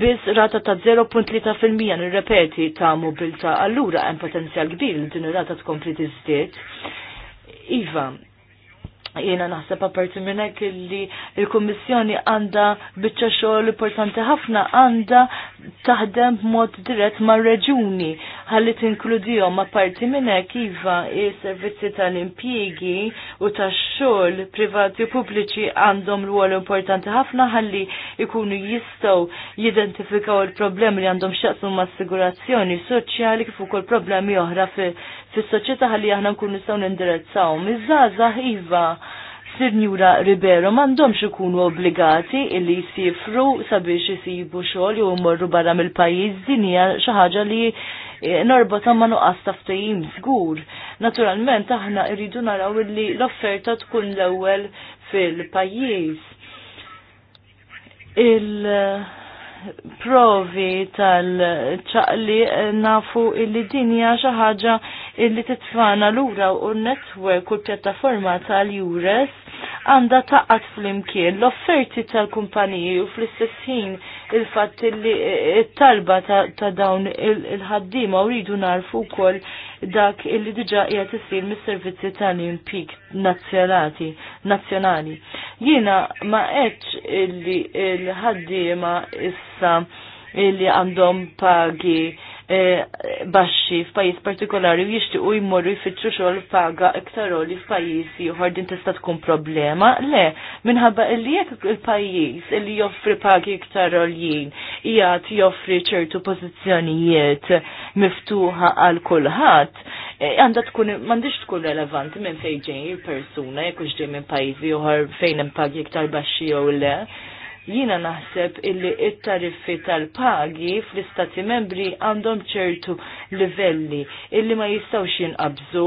biss rata ta' 0.3% nirrepeti ta' mobilità allura hemm potenzjal kbir li din ir-rata tkompli tiżdied. Iva, Jiena naħseb apparti minn hekk li l-Kummissjoni għandha biċċa xogħol importanti ħafna għandha taħdem b'mod dirett mar-reġuni ħalli tinkludihom apparti minn hekk iva s-servizzi tal-impjiegi u tax-xogħol privati u pubbliċi għandhom rwol importanti ħafna ħalli ikunu jistgħu jidentifikaw il-problemi li għandhom x'jaqsmu mas-sigurazzjoni soċjali kif ukoll problemi oħra fis-soċjetà li aħna nkun nistgħu nindirizzaw. Miż-żgħażagħ iva Sinjura Ribero m'għandhomx ikunu obbligati illi jsifru sabiex isibu xogħol jew imorru barra mill-pajjiż din hija xi ħaġa li eh, norbota ma nuqqas ftehim żgur. Naturalment aħna rridu naraw illi l-offerta tkun l-ewwel fil-pajjiż. Il- provi tal-ċaqli nafu illi dinja xaħġa illi titfana l-ura u n-network u l-pjattaforma tal-Jures għanda taqqat fl-imkien l-offerti tal-kumpaniji u fl-istess ħin il-fatt illi talba ta' dawn il-ħaddima u rridu narfu kol dak illi diġa qiegħed isir mis-servizzi tal-impik nazzjonali Jiena ma eċ illi l-ħaddiema issa illi għandhom pagi E, baxxi f'pajjiż partikolari u jixtiequ jmorru jfittxu xogħol paga iktar oli f'pajjiż ieħor din tista' tkun problema. Le, minħabba li jekk il-pajjiż li joffri pagi iktar oljin jgħat joffri ċertu pożizzjonijiet miftuħa għal kulħadd, e, għandha tkun m'għandix tkun relevanti minn fejn ġej il-persuna jekk hux ġej minn pajjiżi ieħor fejn hemm pagi iktar baxxi jew le Jina naħseb illi it-tariffi tal-pagi fl-istati membri għandhom ċertu livelli illi ma jistawx jinqabżu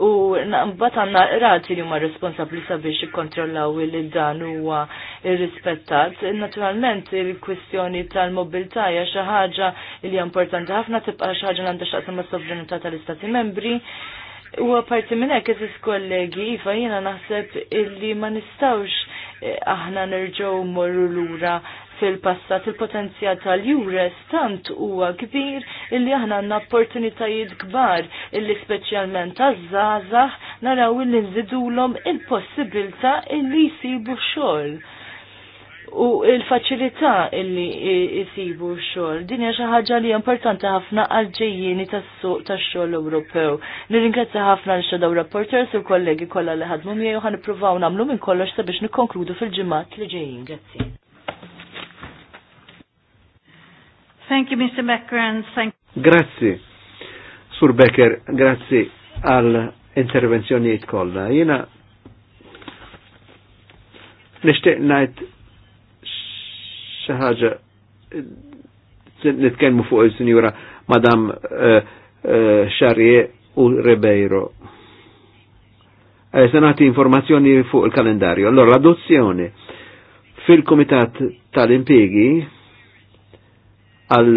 u mbagħad għandna rati li huma responsabbli sabiex ikkontrollaw li dan huwa rispettat. Naturalment il-kwistjoni tal mobilta hija xi ħaġa li hija importanti ħafna tibqa' xi ħaġa għandha x'taqsam mas-sovranità tal-Istati Membri. U għaparti minn hekk eżis kollegi, jiva jiena naħseb illi ma nistawx aħna nerġgħu morru lura fil-passat il-potenzjal tal-jures tant huwa kbir illi aħna għandna opportunitajiet kbar illi speċjalment għaż-żgħażagħ naraw illi nżidulhom il-possibilità illi jsibu xogħol u il-faċilità illi jisibu xogħol. Din hija xi ħaġa li importanti ħafna għal ġejjieni tas-suq tax-xogħol Ewropew. Nirringrazzja ħafna l xadaw rapporters u kollegi kollha li ħadmu miegħu ħan nippruvaw nagħmlu minn kollox sabiex nikkonkludu fil-ġimgħat li ġejjin. Grazzi. Thank you, Mr. Becker, thank Grazzi. Sur Becker, grazzi għal intervenzjonijiet kollha. Jiena nixtieq ngħid xi ħaġa nitkellmu fuq il-Sinjura Madam Xarie eh, eh, u Ribeiro. Eh, se nagħti informazzjoni fuq il-kalendarju. Allora l-adozzjoni fil-Kumitat tal-Impjegi għal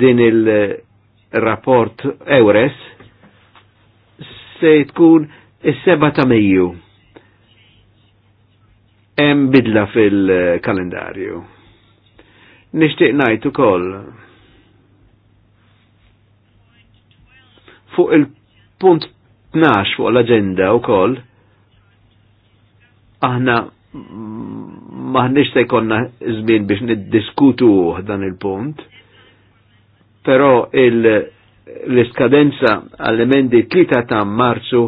din il-rapport Eures se tkun is-seba ta' Mejju. Hemm bidla fil-kalendarju. Nishtiq najt ukoll fuq il-punt 12 fuq l-agenda koll, aħna maħnix se jkollna żmien biex niddiskutu dan il-punt, però l-iskadenza għall-emendi 3 ta' marzu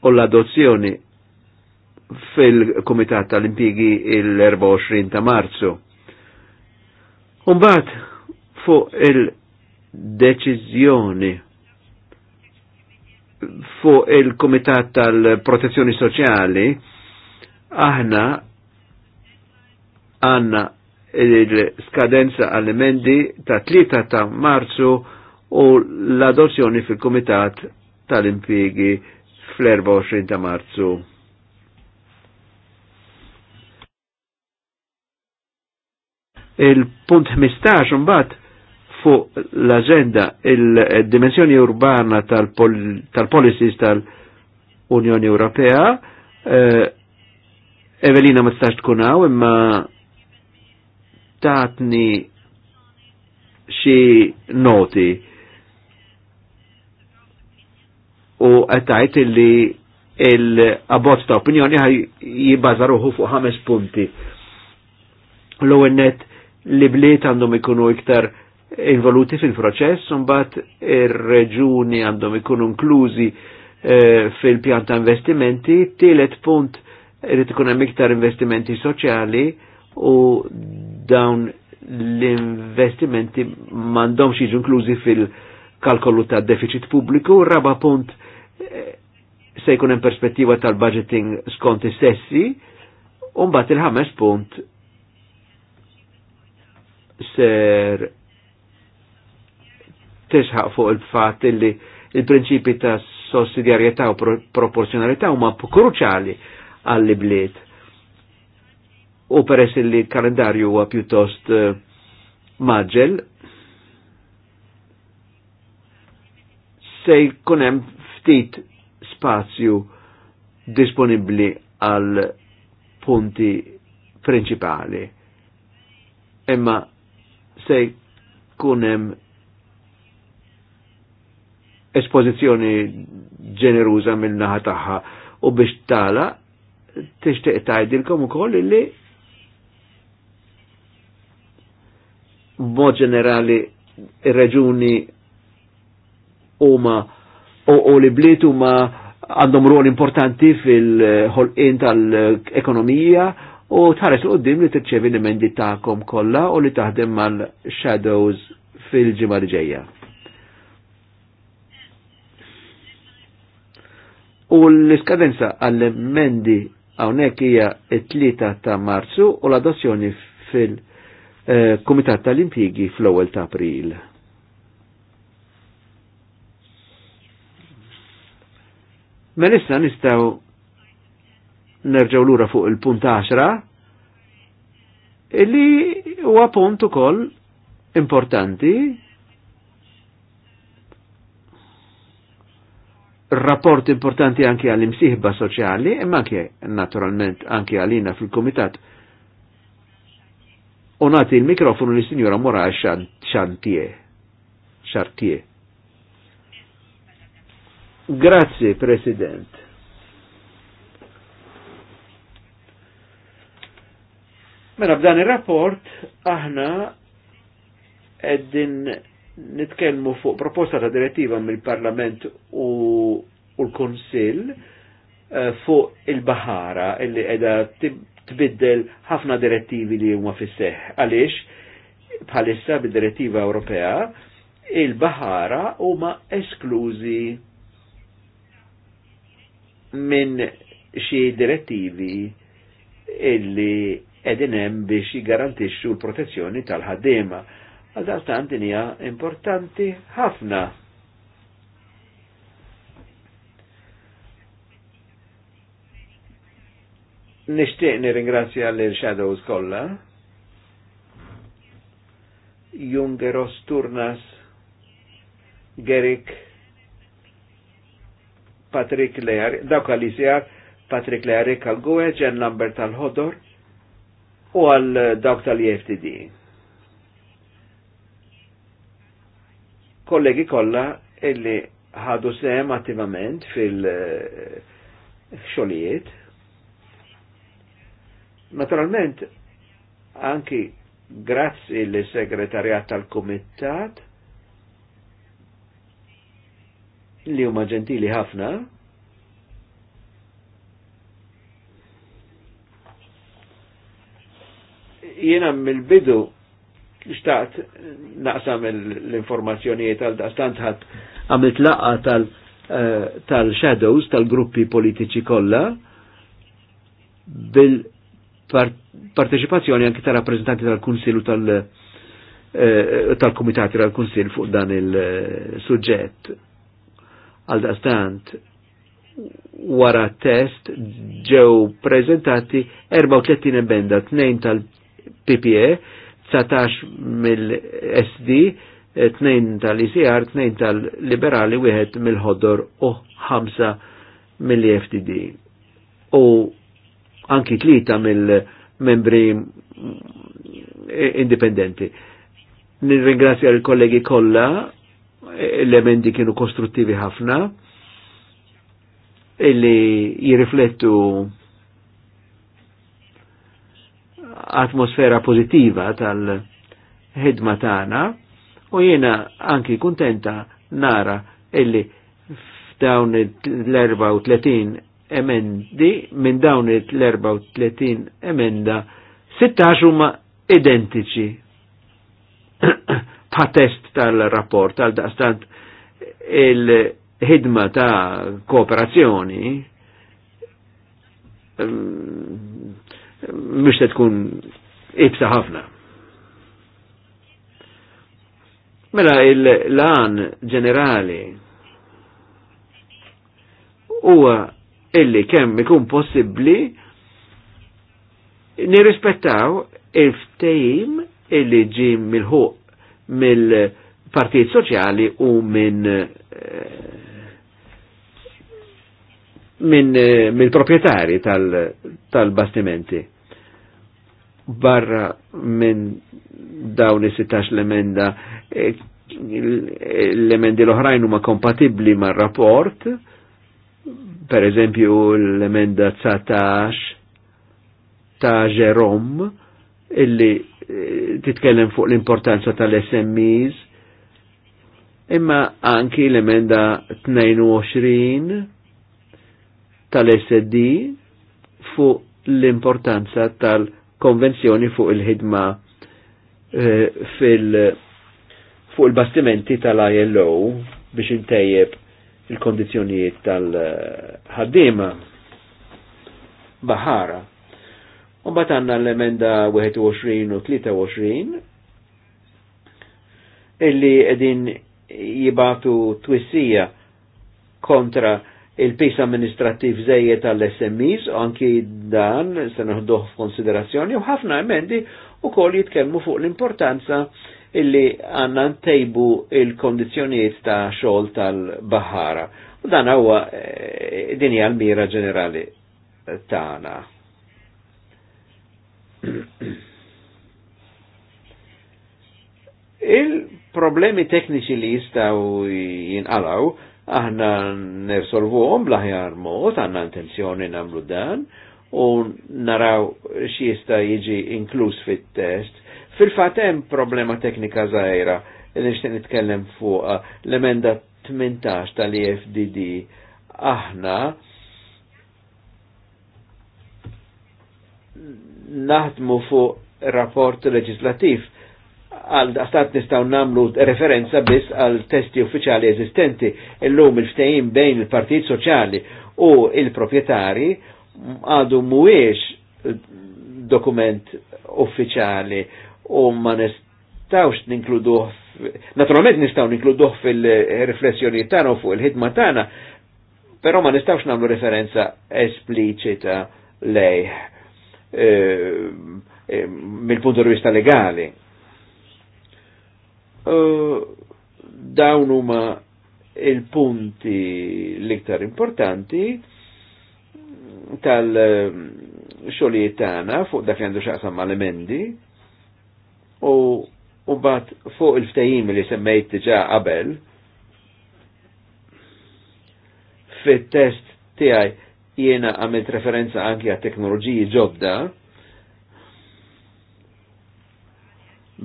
u l-adozzjoni fil-Komitat tal-Impigi il-24 ta' marzu. Umbat fuq il-deċizjoni fuq il-Komitat tal-Protezzjoni Soċjali aħna għanna il-skadenza għall-emendi ta' 3 ta' marzu u l-adozzjoni fil-Komitat tal impiegi fl-24 ta' marzu. Il-punt 15 mbagħad fuq l-agenda il-dimensjoni urbana tal-policies tal tal-Unjoni Ewropea. Eh, Evelina ma tistax tkun hawn imma tatni xi noti u għetajt li il-abbozz ta' opinjoni ħaj jibbaza ruħu fuq ħames punti. L-għennet li bliet għandhom ikunu iktar involuti fil-proċess, mbagħad ir-reġuni għandhom ikunu inklużi eh, fil-pjan ta' investimenti, tielet punt irid ikun hemm iktar investimenti soċjali u dawn l-investimenti m'għandhomx jiġu inklużi fil-kalkolu ta' deficit pubbliku, raba punt eh, se jkun hemm perspettiva tal-budgeting skont is-sessi, u mbagħad il-ħames punt ser tisħaq fuq il-fat li il-prinċipi ta' sussidjarjetà u proporzjonalità huma kruċali għall-ibliet. U peress li kalendarju huwa pjuttost eh, maġġel, se jkun hemm ftit spazju disponibbli għal punti principali. Emma se kunem espozizjoni ġeneruża mill-naħa tagħha u biex tala tixtieq tgħidilkom ukoll illi mod ġenerali reġuni huma u li bliet huma għandhom rol importanti fil-ħolqien tal-ekonomija u tħares l-qoddim li tirċevi l-emendi ta'kom kolla u li taħdem mal-shadows fil-ġimma li U l-iskadenza għall-emendi għawnek hija it tlita ta' marzu u l-adozzjoni fil-Kumitat eh, tal-Impjigi fl-ewwel ta' april. Melissa nistaw nerġaw lura fuq il-punt 10, illi huwa punt ukoll importanti rapport importanti anki għall-imsiħba soċjali, imma anki naturalment anki għalina fil-komitat. Unati il-mikrofonu li signora Mora Xantie. Xartie. Grazie, President. Mela b'dan ir-rapport aħna qegħdin nitkellmu fuq proposta ta' direttiva mill-Parlament u, u l-Kunsill eh, fuq il-Bahara illi qiegħda tbiddel ħafna direttivi li huma fis-seħħ. Għaliex bħalissa bid-direttiva Ewropea il-Bahara huma esklużi minn xi direttivi illi edin hemm biex jgarantixxu l-protezzjoni tal-ħaddiema. Għal dastant hija importanti ħafna. Nishtiq nirringrazzja l-Shadows kollha. Jungeros Turnas, Gerik, Patrick Lear, dawk għal Patrick Lear, għal Jen Lambert tal Hodor, u għal dawk tal-EFTD. Kollegi kolla illi ħadu sem attivament fil-xolijiet. Eh, Naturalment, anki grazzi l-segretarjat tal kumittat li huma ġentili ħafna, Jiena mill-bidu xtaqt naqsam l-informazzjonijiet għal daqstant ħadd għamilt laqqa tal- eh, shadows tal-gruppi politiċi kollha bil-parteċipazzjoni anke ta' rappresentanti tal u eh, tal-Kumitati tal-Kunsil fuq dan il-suġġett. Eh, għal daqstant wara test ġew prezentati 34 emenda, 2 tal- PPE, 19 mill-SD, 2 tal-ICR, 2 tal-Liberali, 1 mill hodor u 5 mill ftd U anki tlita mill-membri indipendenti. Nirringrazzja l-kollegi kollha, l-emendi kienu kostruttivi ħafna, illi jirriflettu atmosfera pozittiva tal-ħidma tagħna u jiena anki kuntenta nara illi f'dawn l-34 emendi minn dawn l-34 emenda 16 huma identiċi pa' <clears throat> test tal-rapport tal-daqstant il-ħidma ta' kooperazzjoni ehm, mux se tkun ibsa ħafna. Mela il-lan ġenerali huwa illi kemm ikun possibbli nirrispettaw il-ftejim illi ġi mill-ħuq mill-partijiet soċjali u minn eh, minn eh, mill-proprietari tal-bastimenti. Tal barra minn dawni 16 l-emenda e, l-emendi l-oħrajn huma kompatibbli ma' rapport per eżempju l-emenda 19 ta' Jerom illi e, titkellem fuq l-importanza tal-SMEs imma anki l-emenda 22 tal-SD fuq l-importanza tal-SMEs konvenzjoni fuq il-ħidma eh, fil fuq il-bastimenti tal-ILO biex intejjeb il-kondizjonijiet tal-ħaddima Bahara. Umbat għanna l-emenda 21 u 23 illi edin jibatu twissija kontra il-pis amministrativ għall tal-SMEs, anki dan se naħduh f'konsiderazzjoni, u ħafna emendi u kol jitkellmu fuq l-importanza illi għanna ntejbu il-kondizjonijiet ta' xogħol tal-Bahara. U dan huwa e, din hija mira ġenerali tagħna. Il-problemi tekniċi li jistaw jinqalaw aħna nersolvuhom bl-aħjar mod, għandna intenzjoni nagħmlu dan u naraw xista jiġi inkluż fit-test. Fil-fatt hemm problema teknika żgħira li nixtieq nitkellem fuq eh, l-emenda 18 tal ifdd aħna naħdmu fuq rapport leġislativ għal għastat nistaw namlu referenza biss għal testi uffiċali eżistenti illum il-ftejim bejn il-Partit Soċjali u il-propietari għadu muwiex dokument uffiċali u ma nistawx ninkluduh naturalment nistaw ninkludu fil-riflessjoni tagħna fuq il-ħidma tagħna, però ma nistawx namlu referenza esplicita lej eh, eh, mill-punt di vista legali dawn huma il-punti l-iktar importanti tal-xogħlijiet ehm, tagħna fuq dak li għandu x'aqsam mal-emendi u u bat fuq il-ftajim li semmejt diġa qabel fit-test tiegħi jiena għamilt referenza anki għat teknoloġiji ġodda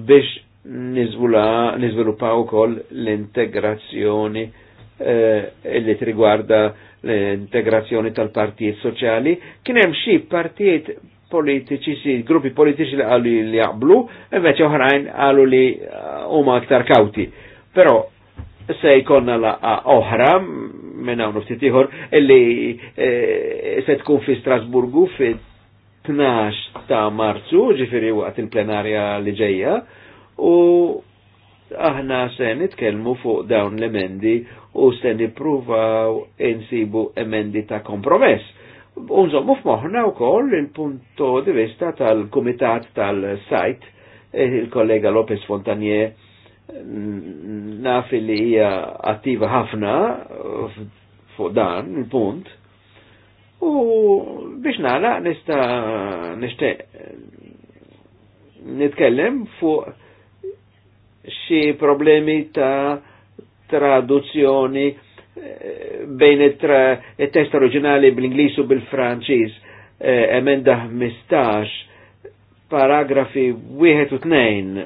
biex nizvilupaw ukoll l-integrazzjoni eh, li trigwarda l-integrazzjoni tal-partijiet soċjali. Kien hemm xi partijiet politiċi, si gruppi politiċi li għallu li jaqblu, invece oħrajn għallu li eh, huma aktar kawti. Però se jkonna laqa oħra minn hawn ftit ieħor illi eh, se tkun fi Strasburgu fit 12 ta' Marzu, ġifieri waqt il-plenarja li ġejja, u aħna se nitkellmu fuq dawn l-emendi u se nippruvaw insibu emendi ta' kompromess. Unżommu f'moħna u koll il-punto di vista tal-Kumitat tal-Sajt, e, il-kollega Lopez Fontanier naf li hija attiva ħafna fuq dan il-punt. U biex nagħlaq nista' nixtieq nitkellem fuq xi problemi ta' traduzzjoni eh, bejn it-test oriġinali bl-Ingliż u bil-Franċiż. Eh, emenda 15, paragrafi 1 u 2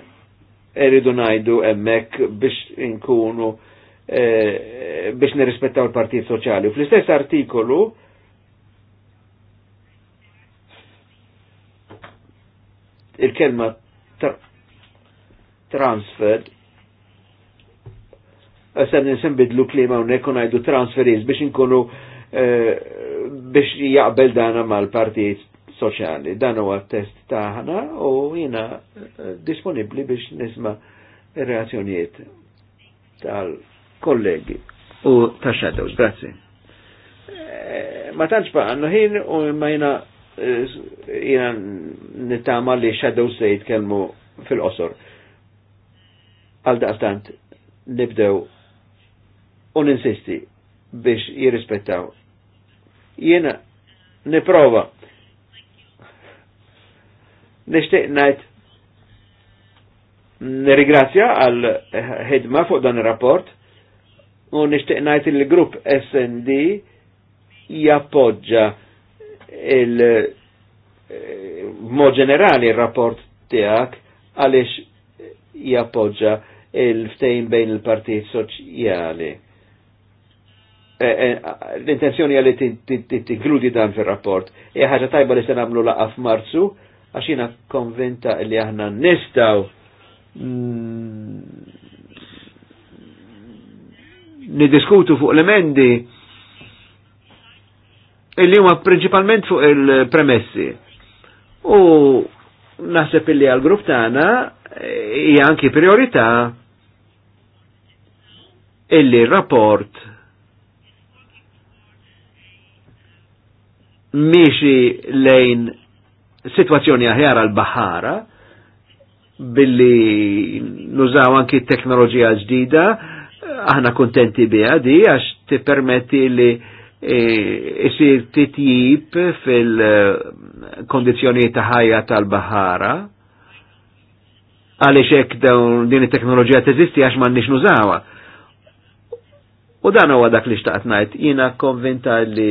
eridu najdu emmek biex inkunu eh, biex nirrispettaw il-Partit Soċjali. U fl-istess artikolu il-kelma transferred Għasem nisem bidlu klima u nekun transferiz biex nkunu eh, biex jaqbel dana mal partijiet soċjali. Dan huwa test taħna u jina eh, disponibli biex nisma reazzjonijiet tal-kollegi u ta' shadows. Grazie. Eh, ma tantx għannu ħin u ma jina jina nittama li shadows se jitkellmu fil-qosor. Għal daqstant nibdew un insisti biex jirrispettaw. Jena niprova nishtiq najt nirigrazzja għal ħidma fuq dan ir-rapport u nishtiq najt il-grupp SND jappoġġa il eh, mod ġenerali il-rapport tiegħek għaliex jappoġġa il-ftejn bejn il-partijiet soċjali. E, e, l-intenzjoni għalli t-inkludi dan fil-rapport. E, ħaġa tajba li se nagħmlu laqa f'Marzu, għax jiena konvinta li aħna nistaw mm, nidiskutu fuq l-emendi illi huma prinċipalment fuq il-premessi. U naħseb illi għal-grupp tagħna hija anki priorità illi rapport miexi lejn situazzjoni aħjar għal bahara billi nużaw anki teknoloġija ġdida, aħna kontenti biha di għax tippermetti li e, isir titjib fil-kondizjoni ta' ħajja tal-bahara għaliex hekk din it-teknoloġija teżisti għax m'għandniex nużawha U dan huwa dak li xtaqt ngħid, jiena konvinta li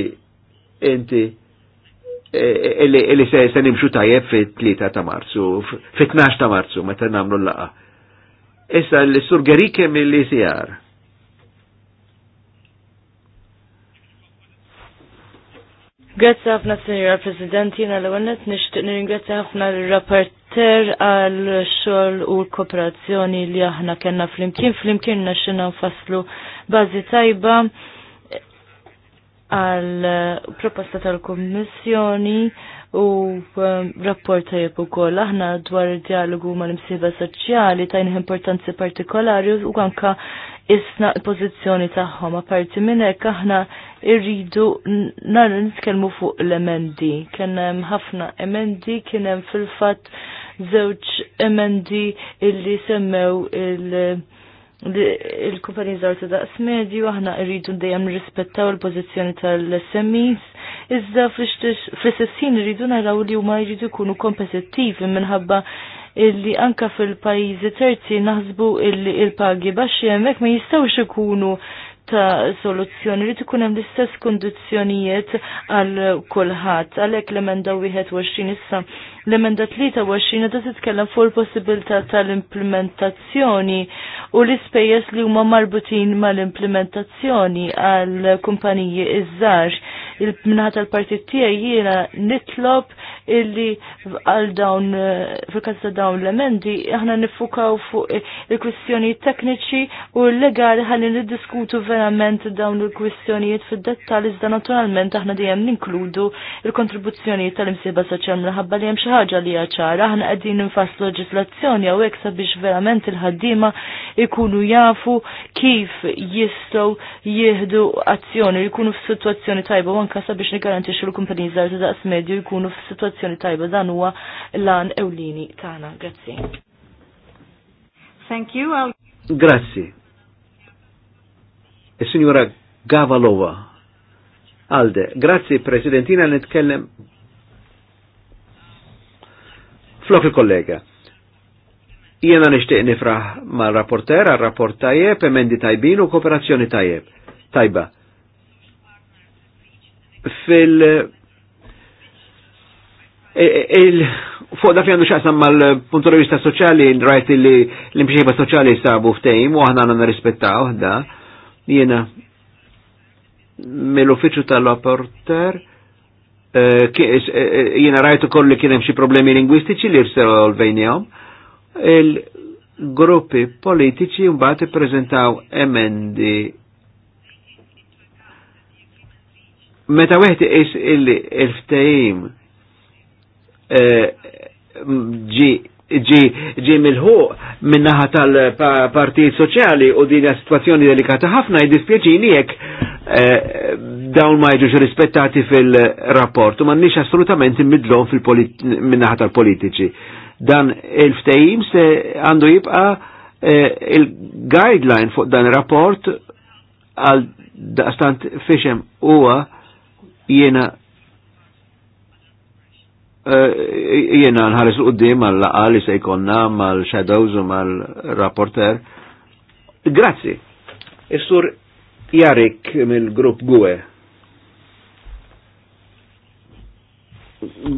inti e, e, li se nimxu tajjeb fit-3 ta' Marzu, fit-12 ta' Marzu meta nagħmlu l-laqa. Issa l-sur Gerike mill-ICR. Grazie ħafna Sinjora President, jiena l-għannet nixtieq nirringrazzja ħafna l rapporter għal xol u l-kooperazzjoni li aħna kena flimkien, flimkien naxina nfasslu bażi tajba għal proposta tal-Kommissjoni u um, rapport jepu ukoll aħna dwar id ma mal imsiba soċjali tajn importanzi partikolari u għanka isna l-pozizjoni tagħhom apparti minn hekk aħna irridu nar nitkellmu fuq l-emendi. Kien hemm ħafna emendi, kien hemm fil-fatt żewġ emendi illi semmew il- il-kumpanija żgħar daqs medju aħna rridu dejjem nirrispettaw il-pożizzjoni tal-SMEs, iżda fl istessin rridu naraw li huma jridu jkunu kompetittivi minħabba illi anka fil-pajjiżi terzi naħsbu il-pagi baxx hemmhekk ma jistgħux ikunu ta' soluzzjoni li tkun hemm l-istess kondizzjonijiet għal kulħadd. Għalhekk l-emenda 21 issa l-emenda 23 qed titkellem fuq il-possibilità tal-implementazzjoni u l-ispejjeż li huma marbutin mal-implementazzjoni għal kumpaniji iż-żgħar. Il-minħat tal-partit tiegħi jiena nitlob illi għal dawn fil kazza ta' dawn l-emendi aħna nifukaw fuq il-kwistjoni tekniċi u l-legali ħalli niddiskutu verament dawn il-kwistjonijiet fid dettal iżda naturalment aħna dejjem ninkludu il-kontribuzzjoni tal-imsiba soċjal mal-ħabba li hemm xi ħaġa li hija ċara aħna qegħdin nfasslu leġislazzjoni hawnhekk sabiex verament il-ħaddiema ikunu jafu kif jistgħu jieħdu azzjoni jkunu f'sitwazzjoni tajba u anke sabiex nigarantixxu l kumpanizzar t ta' daqs medju f-situazzjoni soluzzjoni tajba dan huwa lan ewlini tagħna. Grazzi. Thank you. I'll... Grazzi. Is-Sinjura e, Gavalova. Alde, grazzi Presidentina nitkellem flok il-kollega. Jena nishtiq nifraħ ma' rapporter, rapport tajjeb, emendi tajbin u kooperazzjoni tajjeb. Tajba. Fil- E, e, fuq da li għandu xaqsam mal-puntu vista soċjali, rajt li l-imxieħba soċjali sabu ftejm, u għahna għanna rispettaw, da, jena mill-uffiċu tal-apporter, e, jena rajtu kolli kien hemm xi problemi lingwistiċi li rsolvejnihom, il-gruppi politiċi mbagħad ippreżentaw emendi meta wieħed is il-ftehim il ftehim il ġi ġi ġi milħu minnaħa tal-Partit Soċjali u din situazzjoni delikata ħafna jdispjaċini jekk eh, dawn ma jġuġ rispettati fil-rapport u m'għandniex assolutament immidlhom minnaħa tal-politiċi. Dan il ftejim se għandu jibqa eh, il-guideline fuq dan ir-rapport għal dastant fiexem huwa jiena Eh, jiena u d-dim għal-laqa li se jkonna mal-shadows u għal rapporter Grazzi. Istur Jarik mill-grupp GUE.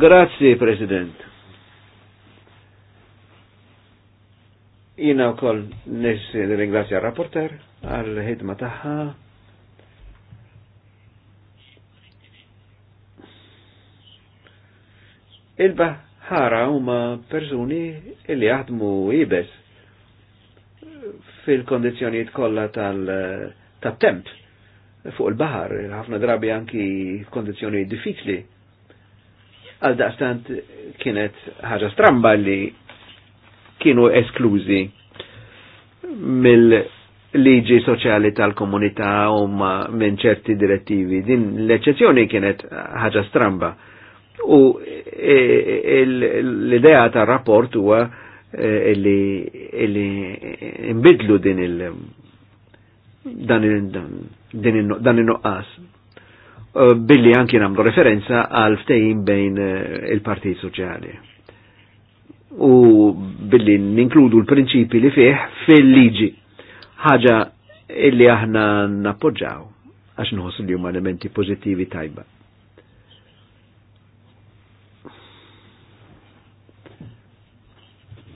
Grazzi, President. Jina u koll nis ringrazzja rapporter għal-ħidma taħħa Il-Bahara huma persuni li jaħdmu ibes fil-kondizjonijiet kollha tal-temp fuq il-bahar, ħafna drabi anki kondizjoni diffiċli. Għal daqstant kienet ħaġa stramba li kienu esklużi mill-liġi soċjali tal-komunità u minn ċerti direttivi. Din l-eċezzjoni kienet ħaġa stramba U e, e, l-idea ta' rapport huwa e, li imbidlu din il- dan il-nuqqas billi anki namlu referenza għal ftejn bejn il-Partit Soċjali. U billi ninkludu l-prinċipi li fih fil-liġi, ħaġa illi aħna nappoġġaw għax nħossu li huma elementi pożittivi tajba.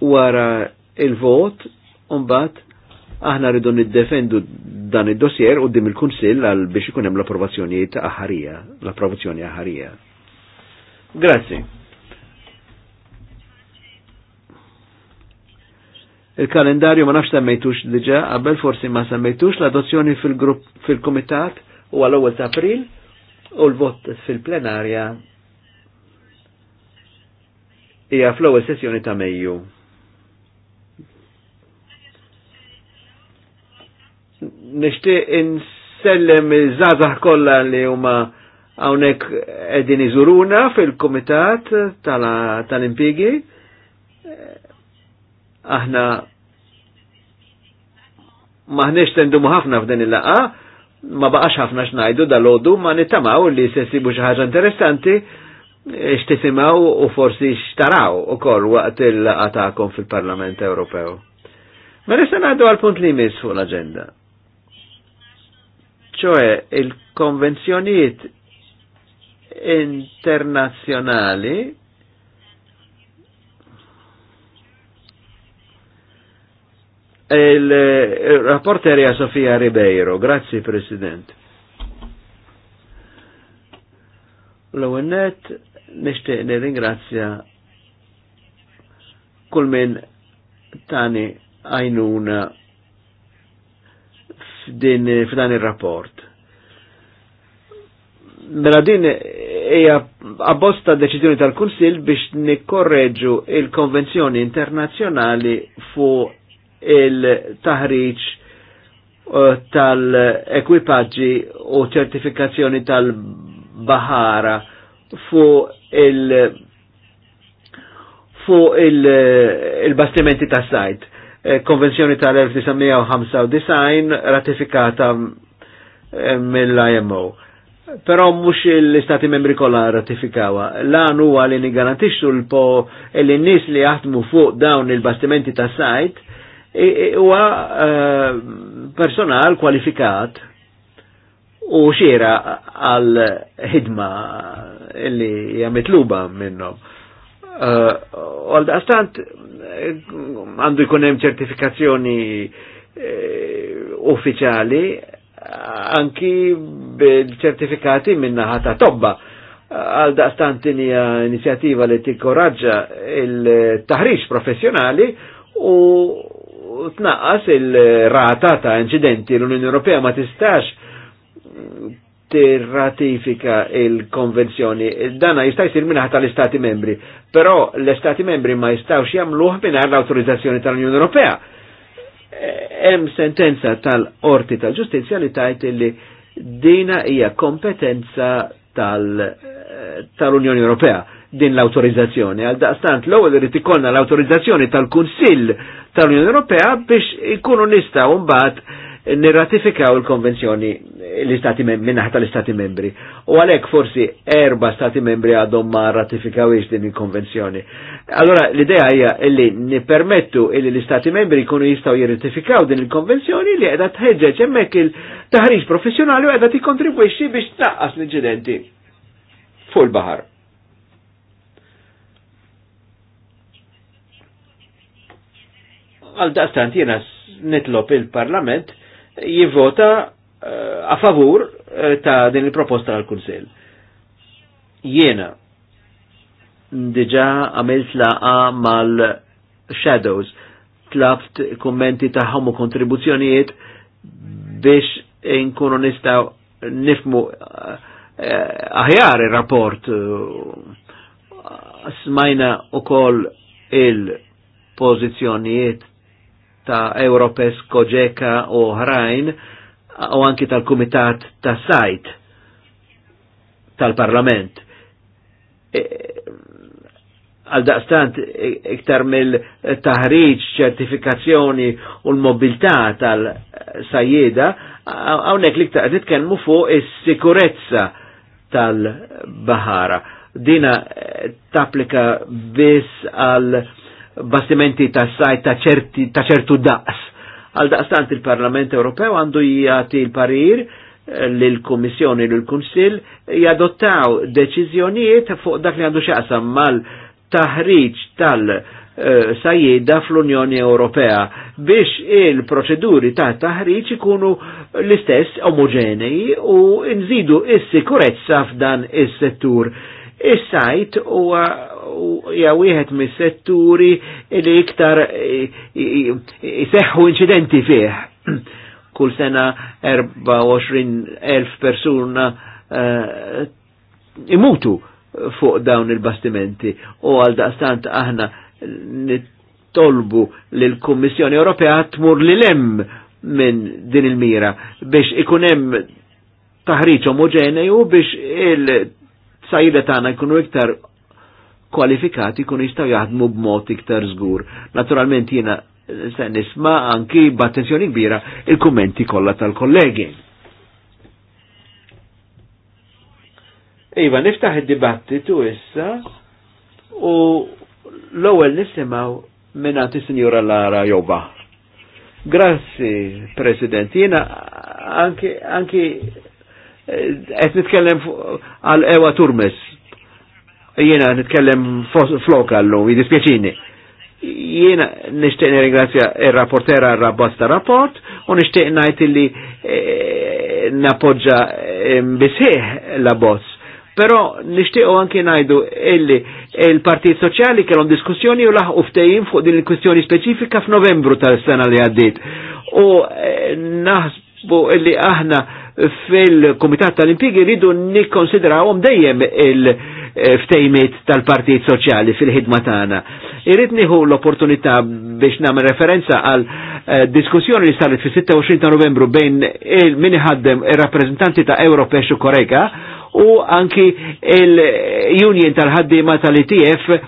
wara il-vot umbat aħna rridu niddefendu dan id-dossier u dim il-Kunsill għal biex ikun hemm l-approvazzjoni ta' aħarija, l-approvazzjoni aħarija. Grazzi. Il-kalendarju ma nafx semmejtux diġa, qabel forsi ma semmejtux l-adozzjoni fil-grupp fil-komitat u għal ewwel ta' April u l-vot fil-plenarja hija fl-ewwel sessjoni ta' Mejju. nishtiq insellem il żazah kollha li huma hawnhekk qegħdin iżuruna fil-kumitat tal impigi Aħna maħniex tendumu ħafna f'din il-laqa, ma baqax ħafna xnajdu dal-ħodu, ma nittamaw li se sibu xaħġa interessanti, x-tisimaw u forsi x-taraw u kol waqt il laqa fil-Parlament Ewropew. Ma mela nista għaddu għal-punt li jmiss fuq l-agenda. Cioè il-konvenzjonijiet Internazionali. il-rapporterja Sofia Ribeiro, Grazie President. L-għennet nishtiq nir-ingrazzja kull min tani għajnuna f'din f'dan ir-rapport. Mela din hija abbosta deċiżjoni tal-Kunsill biex nikkorreġu il-Konvenzjoni Internazzjonali fuq il-taħriġ uh, tal-ekwipaġġi u ċertifikazzjoni tal-bahara fuq il- il-bastimenti il, il, tas sajt konvenzjoni tal-1995 ratifikata eh, mill-IMO. Però mux l-istati membri kolla ratifikawa. Lan huwa li nigarantixxu l-po l-nis li jaħdmu fuq dawn il-bastimenti ta' sajt huwa eh, personal kwalifikat u xira għal ħidma li hija mitluba minnhom. Eh, għal daqstant għandu jkun hemm ċertifikazzjoni eh, uffiċjali anki bil-ċertifikati minna ħata tobba għal daqstantin hija inizjattiva li tikkoraġġa il-taħriġ professjonali u tnaqqas il-rata ta' incidenti l-Unjoni Ewropea ma tistax ratifika il-konvenzjoni. Dana jista' jsir minnaħ tal-Istati membri, però l-Istati membri ma jistawx jagħmluh mingħajr l-awtorizzazzjoni tal-Unjoni Ewropea. Hemm sentenza tal-Qorti tal-Ġustizzja li tajt li dina hija kompetenza tal-Unjoni tal Ewropea din l-autorizzazzjoni. Għal daqstant l-ewwel irid ikollna l-autorizzazzjoni tal-Kunsill tal-Unjoni Ewropea biex ikunu nistgħu mbagħad nirratifikaw il-konvenzjoni l-istati minnaħta tal-istati membri. U għalek forsi erba stati membri għadhom ma ratifikaw din il-konvenzjoni. Allora l-idea hija li nipermettu illi l-istati membri jkunu jistaw jirratifikaw din il-konvenzjoni li qiegħda tħeġġeġ hemmhekk il-taħriġ professjonali u qiegħda tikkontribwixxi biex tnaqqas l-inċidenti fuq bahar baħar Għal daqstant jena nitlop il-parlament jivvota eh, a favur eh, ta' din il-proposta għal kunsel Jena, diġa għamilt laqa mal-shadows tlaft kommenti ta' u kontribuzzjonijiet biex inkunu nistaw nifmu eh, aħjar il-rapport smajna u koll il-pozizjonijiet ta' Europes, Kogeka u oħrajn u anki tal-Kumitat ta' Sajt tal-Parlament. E, Għaldaqstant e, iktar mill-taħriġ, ċertifikazzjoni u l-mobilità tal-sajjeda, għawnek li ktar nitkenmu fuq is-sikurezza tal-Bahara. Dina e, tapplika biss għal bastimenti ta' sajt ta' ta' ċertu daqs. Għal daqstant il-Parlament Ewropew għandu jgħati l-parir eh, l-Kummissjoni l kunsill jadottaw deċiżjonijiet fuq dak li għandu xaqsam mal taħriġ tal- eh, sajjeda fl-Unjoni Ewropea biex il-proċeduri ta' taħriġ ikunu l-istess omogenei u nżidu is-sikurezza f'dan is-settur. Is-sajt huwa ja wieħed mis-setturi li iktar iseħħu inċidenti fih. <clears throat> Kull sena 24,000 persuna eh, imutu fuq dawn il-bastimenti u għal daqstant aħna nittolbu l-Kommissjoni Ewropea tmur li lem minn din il-mira biex ikunem taħriċ u biex il-sajda tagħna jkunu iktar kwalifikati kun jistaw jaħdmu b'mod iktar żgur. Naturalment jiena eh, se nisma' anki b'attenzjoni kbira il-kummenti kollha tal-kollegi. Iva, niftaħ id-dibattitu issa u l-ewwel nisimgħu mingħand is-Sinjura Lara Jova. Grazzi, President. Jiena anki anki eh, qed nitkellem għal Ewa Turmes Jiena nitkellem floka allu, jidispieċini. Jiena nishtiq ringrazzja il-rapportera għal-rabbasta rapport u nishtiq najt illi eh, napoġġa ehm, bisħieħ la boss. Pero nishtiqo anki najdu illi il-Partit Soċjali kellhom diskussjoni u laħ uftejim fuq din il-kwistjoni speċifika f'Novembru tal-sena li għaddit. U eh, naħsbu illi aħna fil-Kumitat tal impigi rridu nikkonsidrawhom dejjem il- Eh, f'tejmit tal-Partit Soċjali fil-ħidma tagħna. Irrid nieħu l-opportunità biex nagħmel referenza għal eh, diskussjoni li saret fis-26 ta' Novembru bejn min iħaddem ir-rappreżentanti ta' Ewropex u Korega u anki l union tal ħaddiema tal-ITF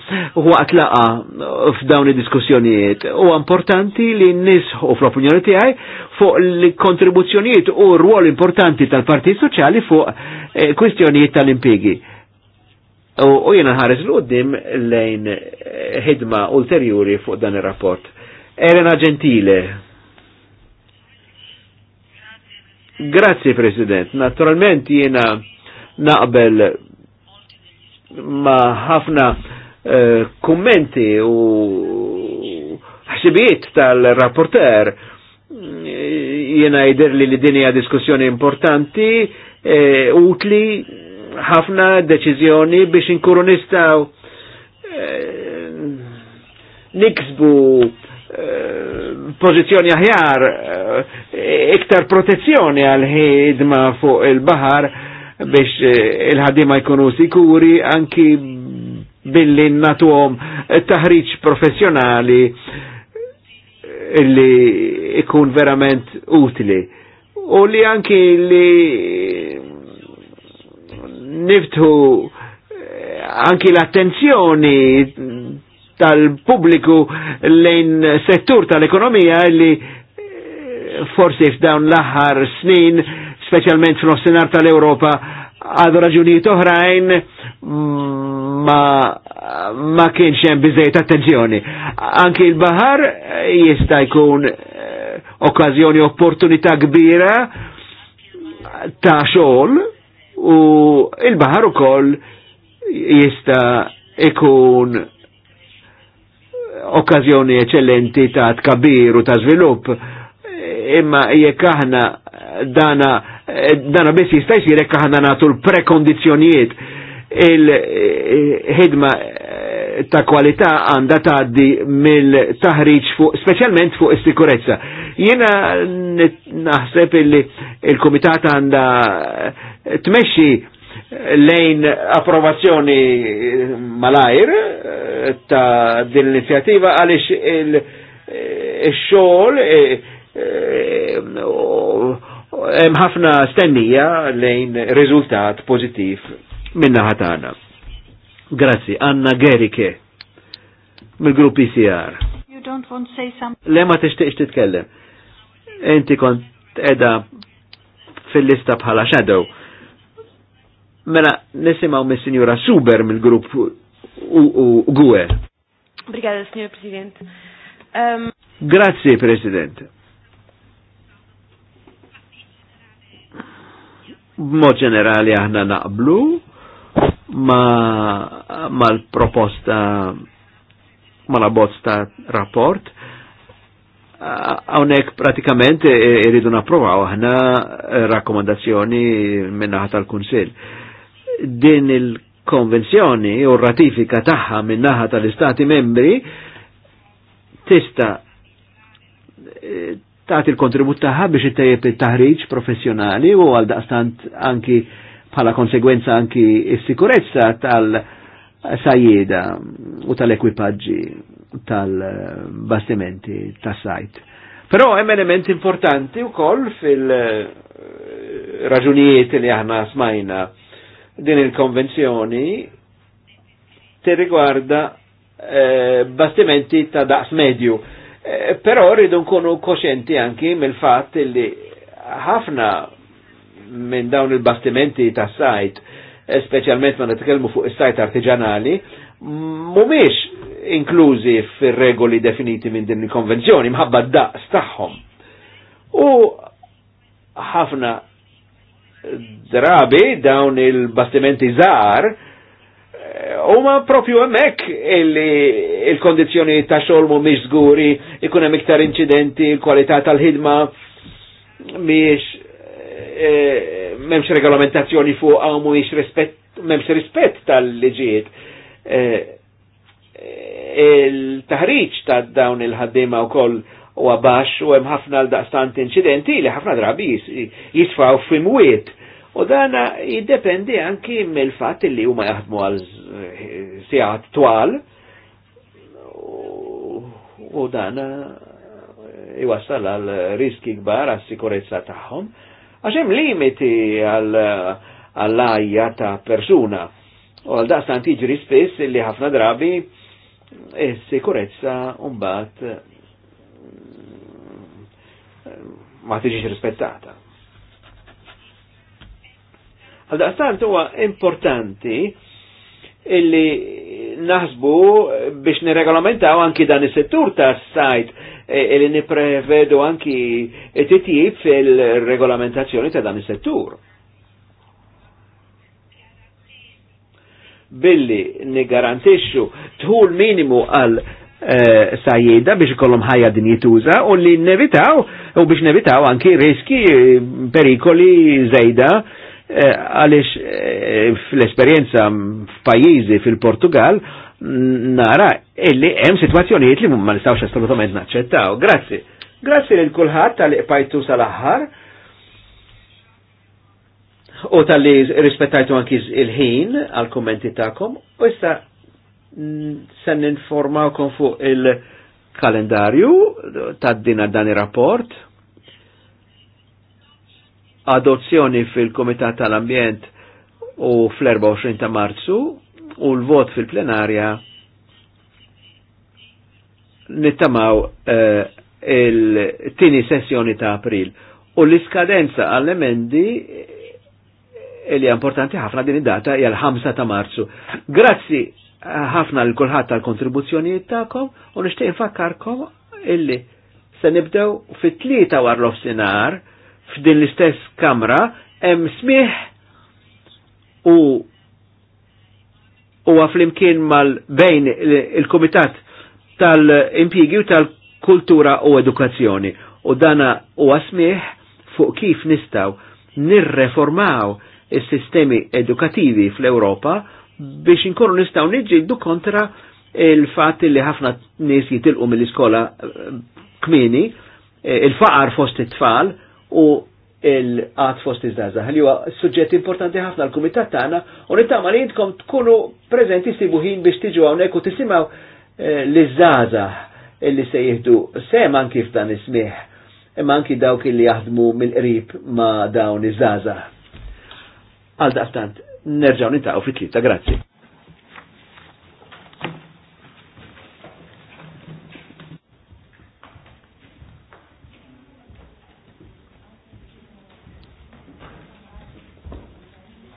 huwa atlaqa f'dawn id-diskussjonijiet. U importanti li n-nis u fl-opinjoni tiegħi fuq l-kontribuzzjonijiet u r-ruol importanti tal-Partit Soċjali fuq eh, kwistjonijiet tal-impigi. U jena ħares l-qoddim lejn eh, ħidma ulterjuri fuq dan il-rapport. Elena Gentile. Grazzi, President. Naturalment jena naqbel ma ħafna eh, kummenti u ħsibijiet tal-rapporter jena jider li l-dinja diskussjoni importanti, eh, utli ħafna deċiżjoni biex inkuru nistaw eh, niksbu eh, pozizjoni aħjar, eh, iktar protezzjoni għal-ħidma fuq il-bahar biex il-ħadima jkunu sikuri anki billi natuħom taħriġ professjonali illi ikun verament utli. U li anki li niftu eh, anki l-attenzjoni tal publiku lejn settur tal-ekonomija li eh, forsi f'dawn l-aħħar snin, specialment f'nofsinhar tal-Europa, għadu raġunijiet oħrajn mm, ma, ma kienx hemm biżejjed attenzjoni. Anki l-baħar jista' jkun eh, okkażjoni opportunità kbira ta' xogħol u il-bahar ukoll jista' ikun okkazjoni eccellenti ta' u ta' svilup imma jekk aħna dana dana biss jista' jsir jekk aħna nagħtu l-prekondizzjonijiet il-ħidma eh, ta' kwalità għandha tgħaddi mill-taħriġ fuq speċjalment fuq is-sikurezza. Jiena naħseb illi il-kumitat għandha tmexxi lejn approvazzjoni malajr eh, ta' din l-inizjativa għalix eh, il-xol eh, hemm ħafna stennija lejn riżultat pozittiv minna ħatana. Grazzi, Anna Gerike, mill-grupp ICR. E you don't want to say something. Le ma tixtieqx titkellem. Inti kont edha fil-lista bħala shadow Mela, nisimaw me sinjura Suber mill-grupp u Gwe. Brigada, signor President. Um... Ehm, Grazie, President. Mo ġenerali aħna naqblu ma mal-proposta ma la bozza rapport għonek pratikament irridu e, e, napprovaw aħna eh, rakkomandazzjoni minnaħat tal-Kunsil din il-konvenzjoni u ratifika taħħa minnaħa tal-istati membri tista eh, taħt il-kontribut taħħa biex it tajjeb il-taħriġ professjonali u għal daqstant anki bħala konsegwenza anki s-sikurezza tal-sajjeda u tal-ekwipaġġi tal-bastimenti tas-sajt. Però hemm element importanti wkoll fil-raġunijiet eh, li aħna smajna din il-konvenzjoni ti rigwarda eh, bastimenti ta' daqs medju. Eh, però rridu nkunu koscienti anki mill-fatt li ħafna minn dawn il-bastimenti ta' sajt, eh, specialment ma nitkellmu fuq is-sajt artiġanali, mhumiex inklużi fir-regoli definiti minn din il-konvenzjoni mħabba daqs tagħhom. U ħafna drabi dawn il-bastimenti zar eh, huma propju hemmhekk il-kondizzjoni ta' xogħol miex zguri, ikun hemm iktar incidenti, il-kwalità tal-ħidma miex memx eh, m'hemmx regolamentazzjoni fuq u mhuwiex rispett memx rispett tal-liġijiet. Eh, il-taħriġ ta' dawn il-ħaddiema wkoll u għabax u hemm ħafna l-daqstant incidenti li ħafna drabi jisfaw fimwiet U dana jiddependi anki mill fat li huma jaħdmu għal sigħat twal u dana iwassal għal riski kbar għal sikurezza tagħhom għax hemm limiti għall-ajja ta' persuna. U għal daqstan tiġri spiss li ħafna drabi is-sikurezza mbagħad ma tiġix rispettata. Għalda għastant huwa importanti illi naħsbu biex niregolamentaw anki dan is-settur tas sajt e, illi niprevedu anki titjib fil-regolamentazzjoni ta' dan is-settur. Billi nigarantixxu tħul minimu għal eh, sajjida biex ikollhom ħajja din jituża u li nevitaw u biex nevitaw anki riski perikoli zejda Eh, għalix eh, fl-esperienza f'pajjiżi fil-Portugal nara illi hemm situazzjonijiet li ma nistgħux assolutament naċċettaw. Grazzi. Grazzi lil kulħadd tal pajtu sal-aħħar u tal-li rispettajtu anki il-ħin għal kommenti tagħkom u issa se ninformawkom fuq il-kalendarju tad-dina dan ir-rapport adozzjoni fil-Komitat tal-Ambjent u fl-24 ta' Marzu u l-vot fil-plenarja nittamaw eh, il-tini sessjoni ta' april. U l-iskadenza għall-emendi eh, li importanti ħafna din id-data hija l-5 ta' Marzu. Grazzi eh, ħafna l kulħadd tal-kontribuzzjonijiet tagħkom u nixtieq infakkarkom illi se nibdew fit-tlieta l ofsinar f'din l-istess kamra hemm smih u u flimkien mal bejn il-Kumitat tal-Impjigi u tal-Kultura u Edukazzjoni u dana huwa smih fuq kif nistaw nirreformaw is-sistemi edukativi fl-Ewropa biex inkunu nistaw niġġieldu kontra il fat li ħafna nies jitilqu mill-iskola eh, kmini, eh, il-faqar fost it-tfal, u il għat fost iż-żaza. Għalli huwa suġġett importanti ħafna l-kumitat tagħna u nittama li jintkom tkunu preżenti sibu ħin biex tiġu hawnhekk u tisimgħu eh, l-żaza illi se jieħdu sem anki f'dan ismiħ imma anki dawk illi jaħdmu mill-qrib ma' dawn iż-żaza. Għal daqstant, nerġaw nintaqgħu fit-tlieta, grazzi.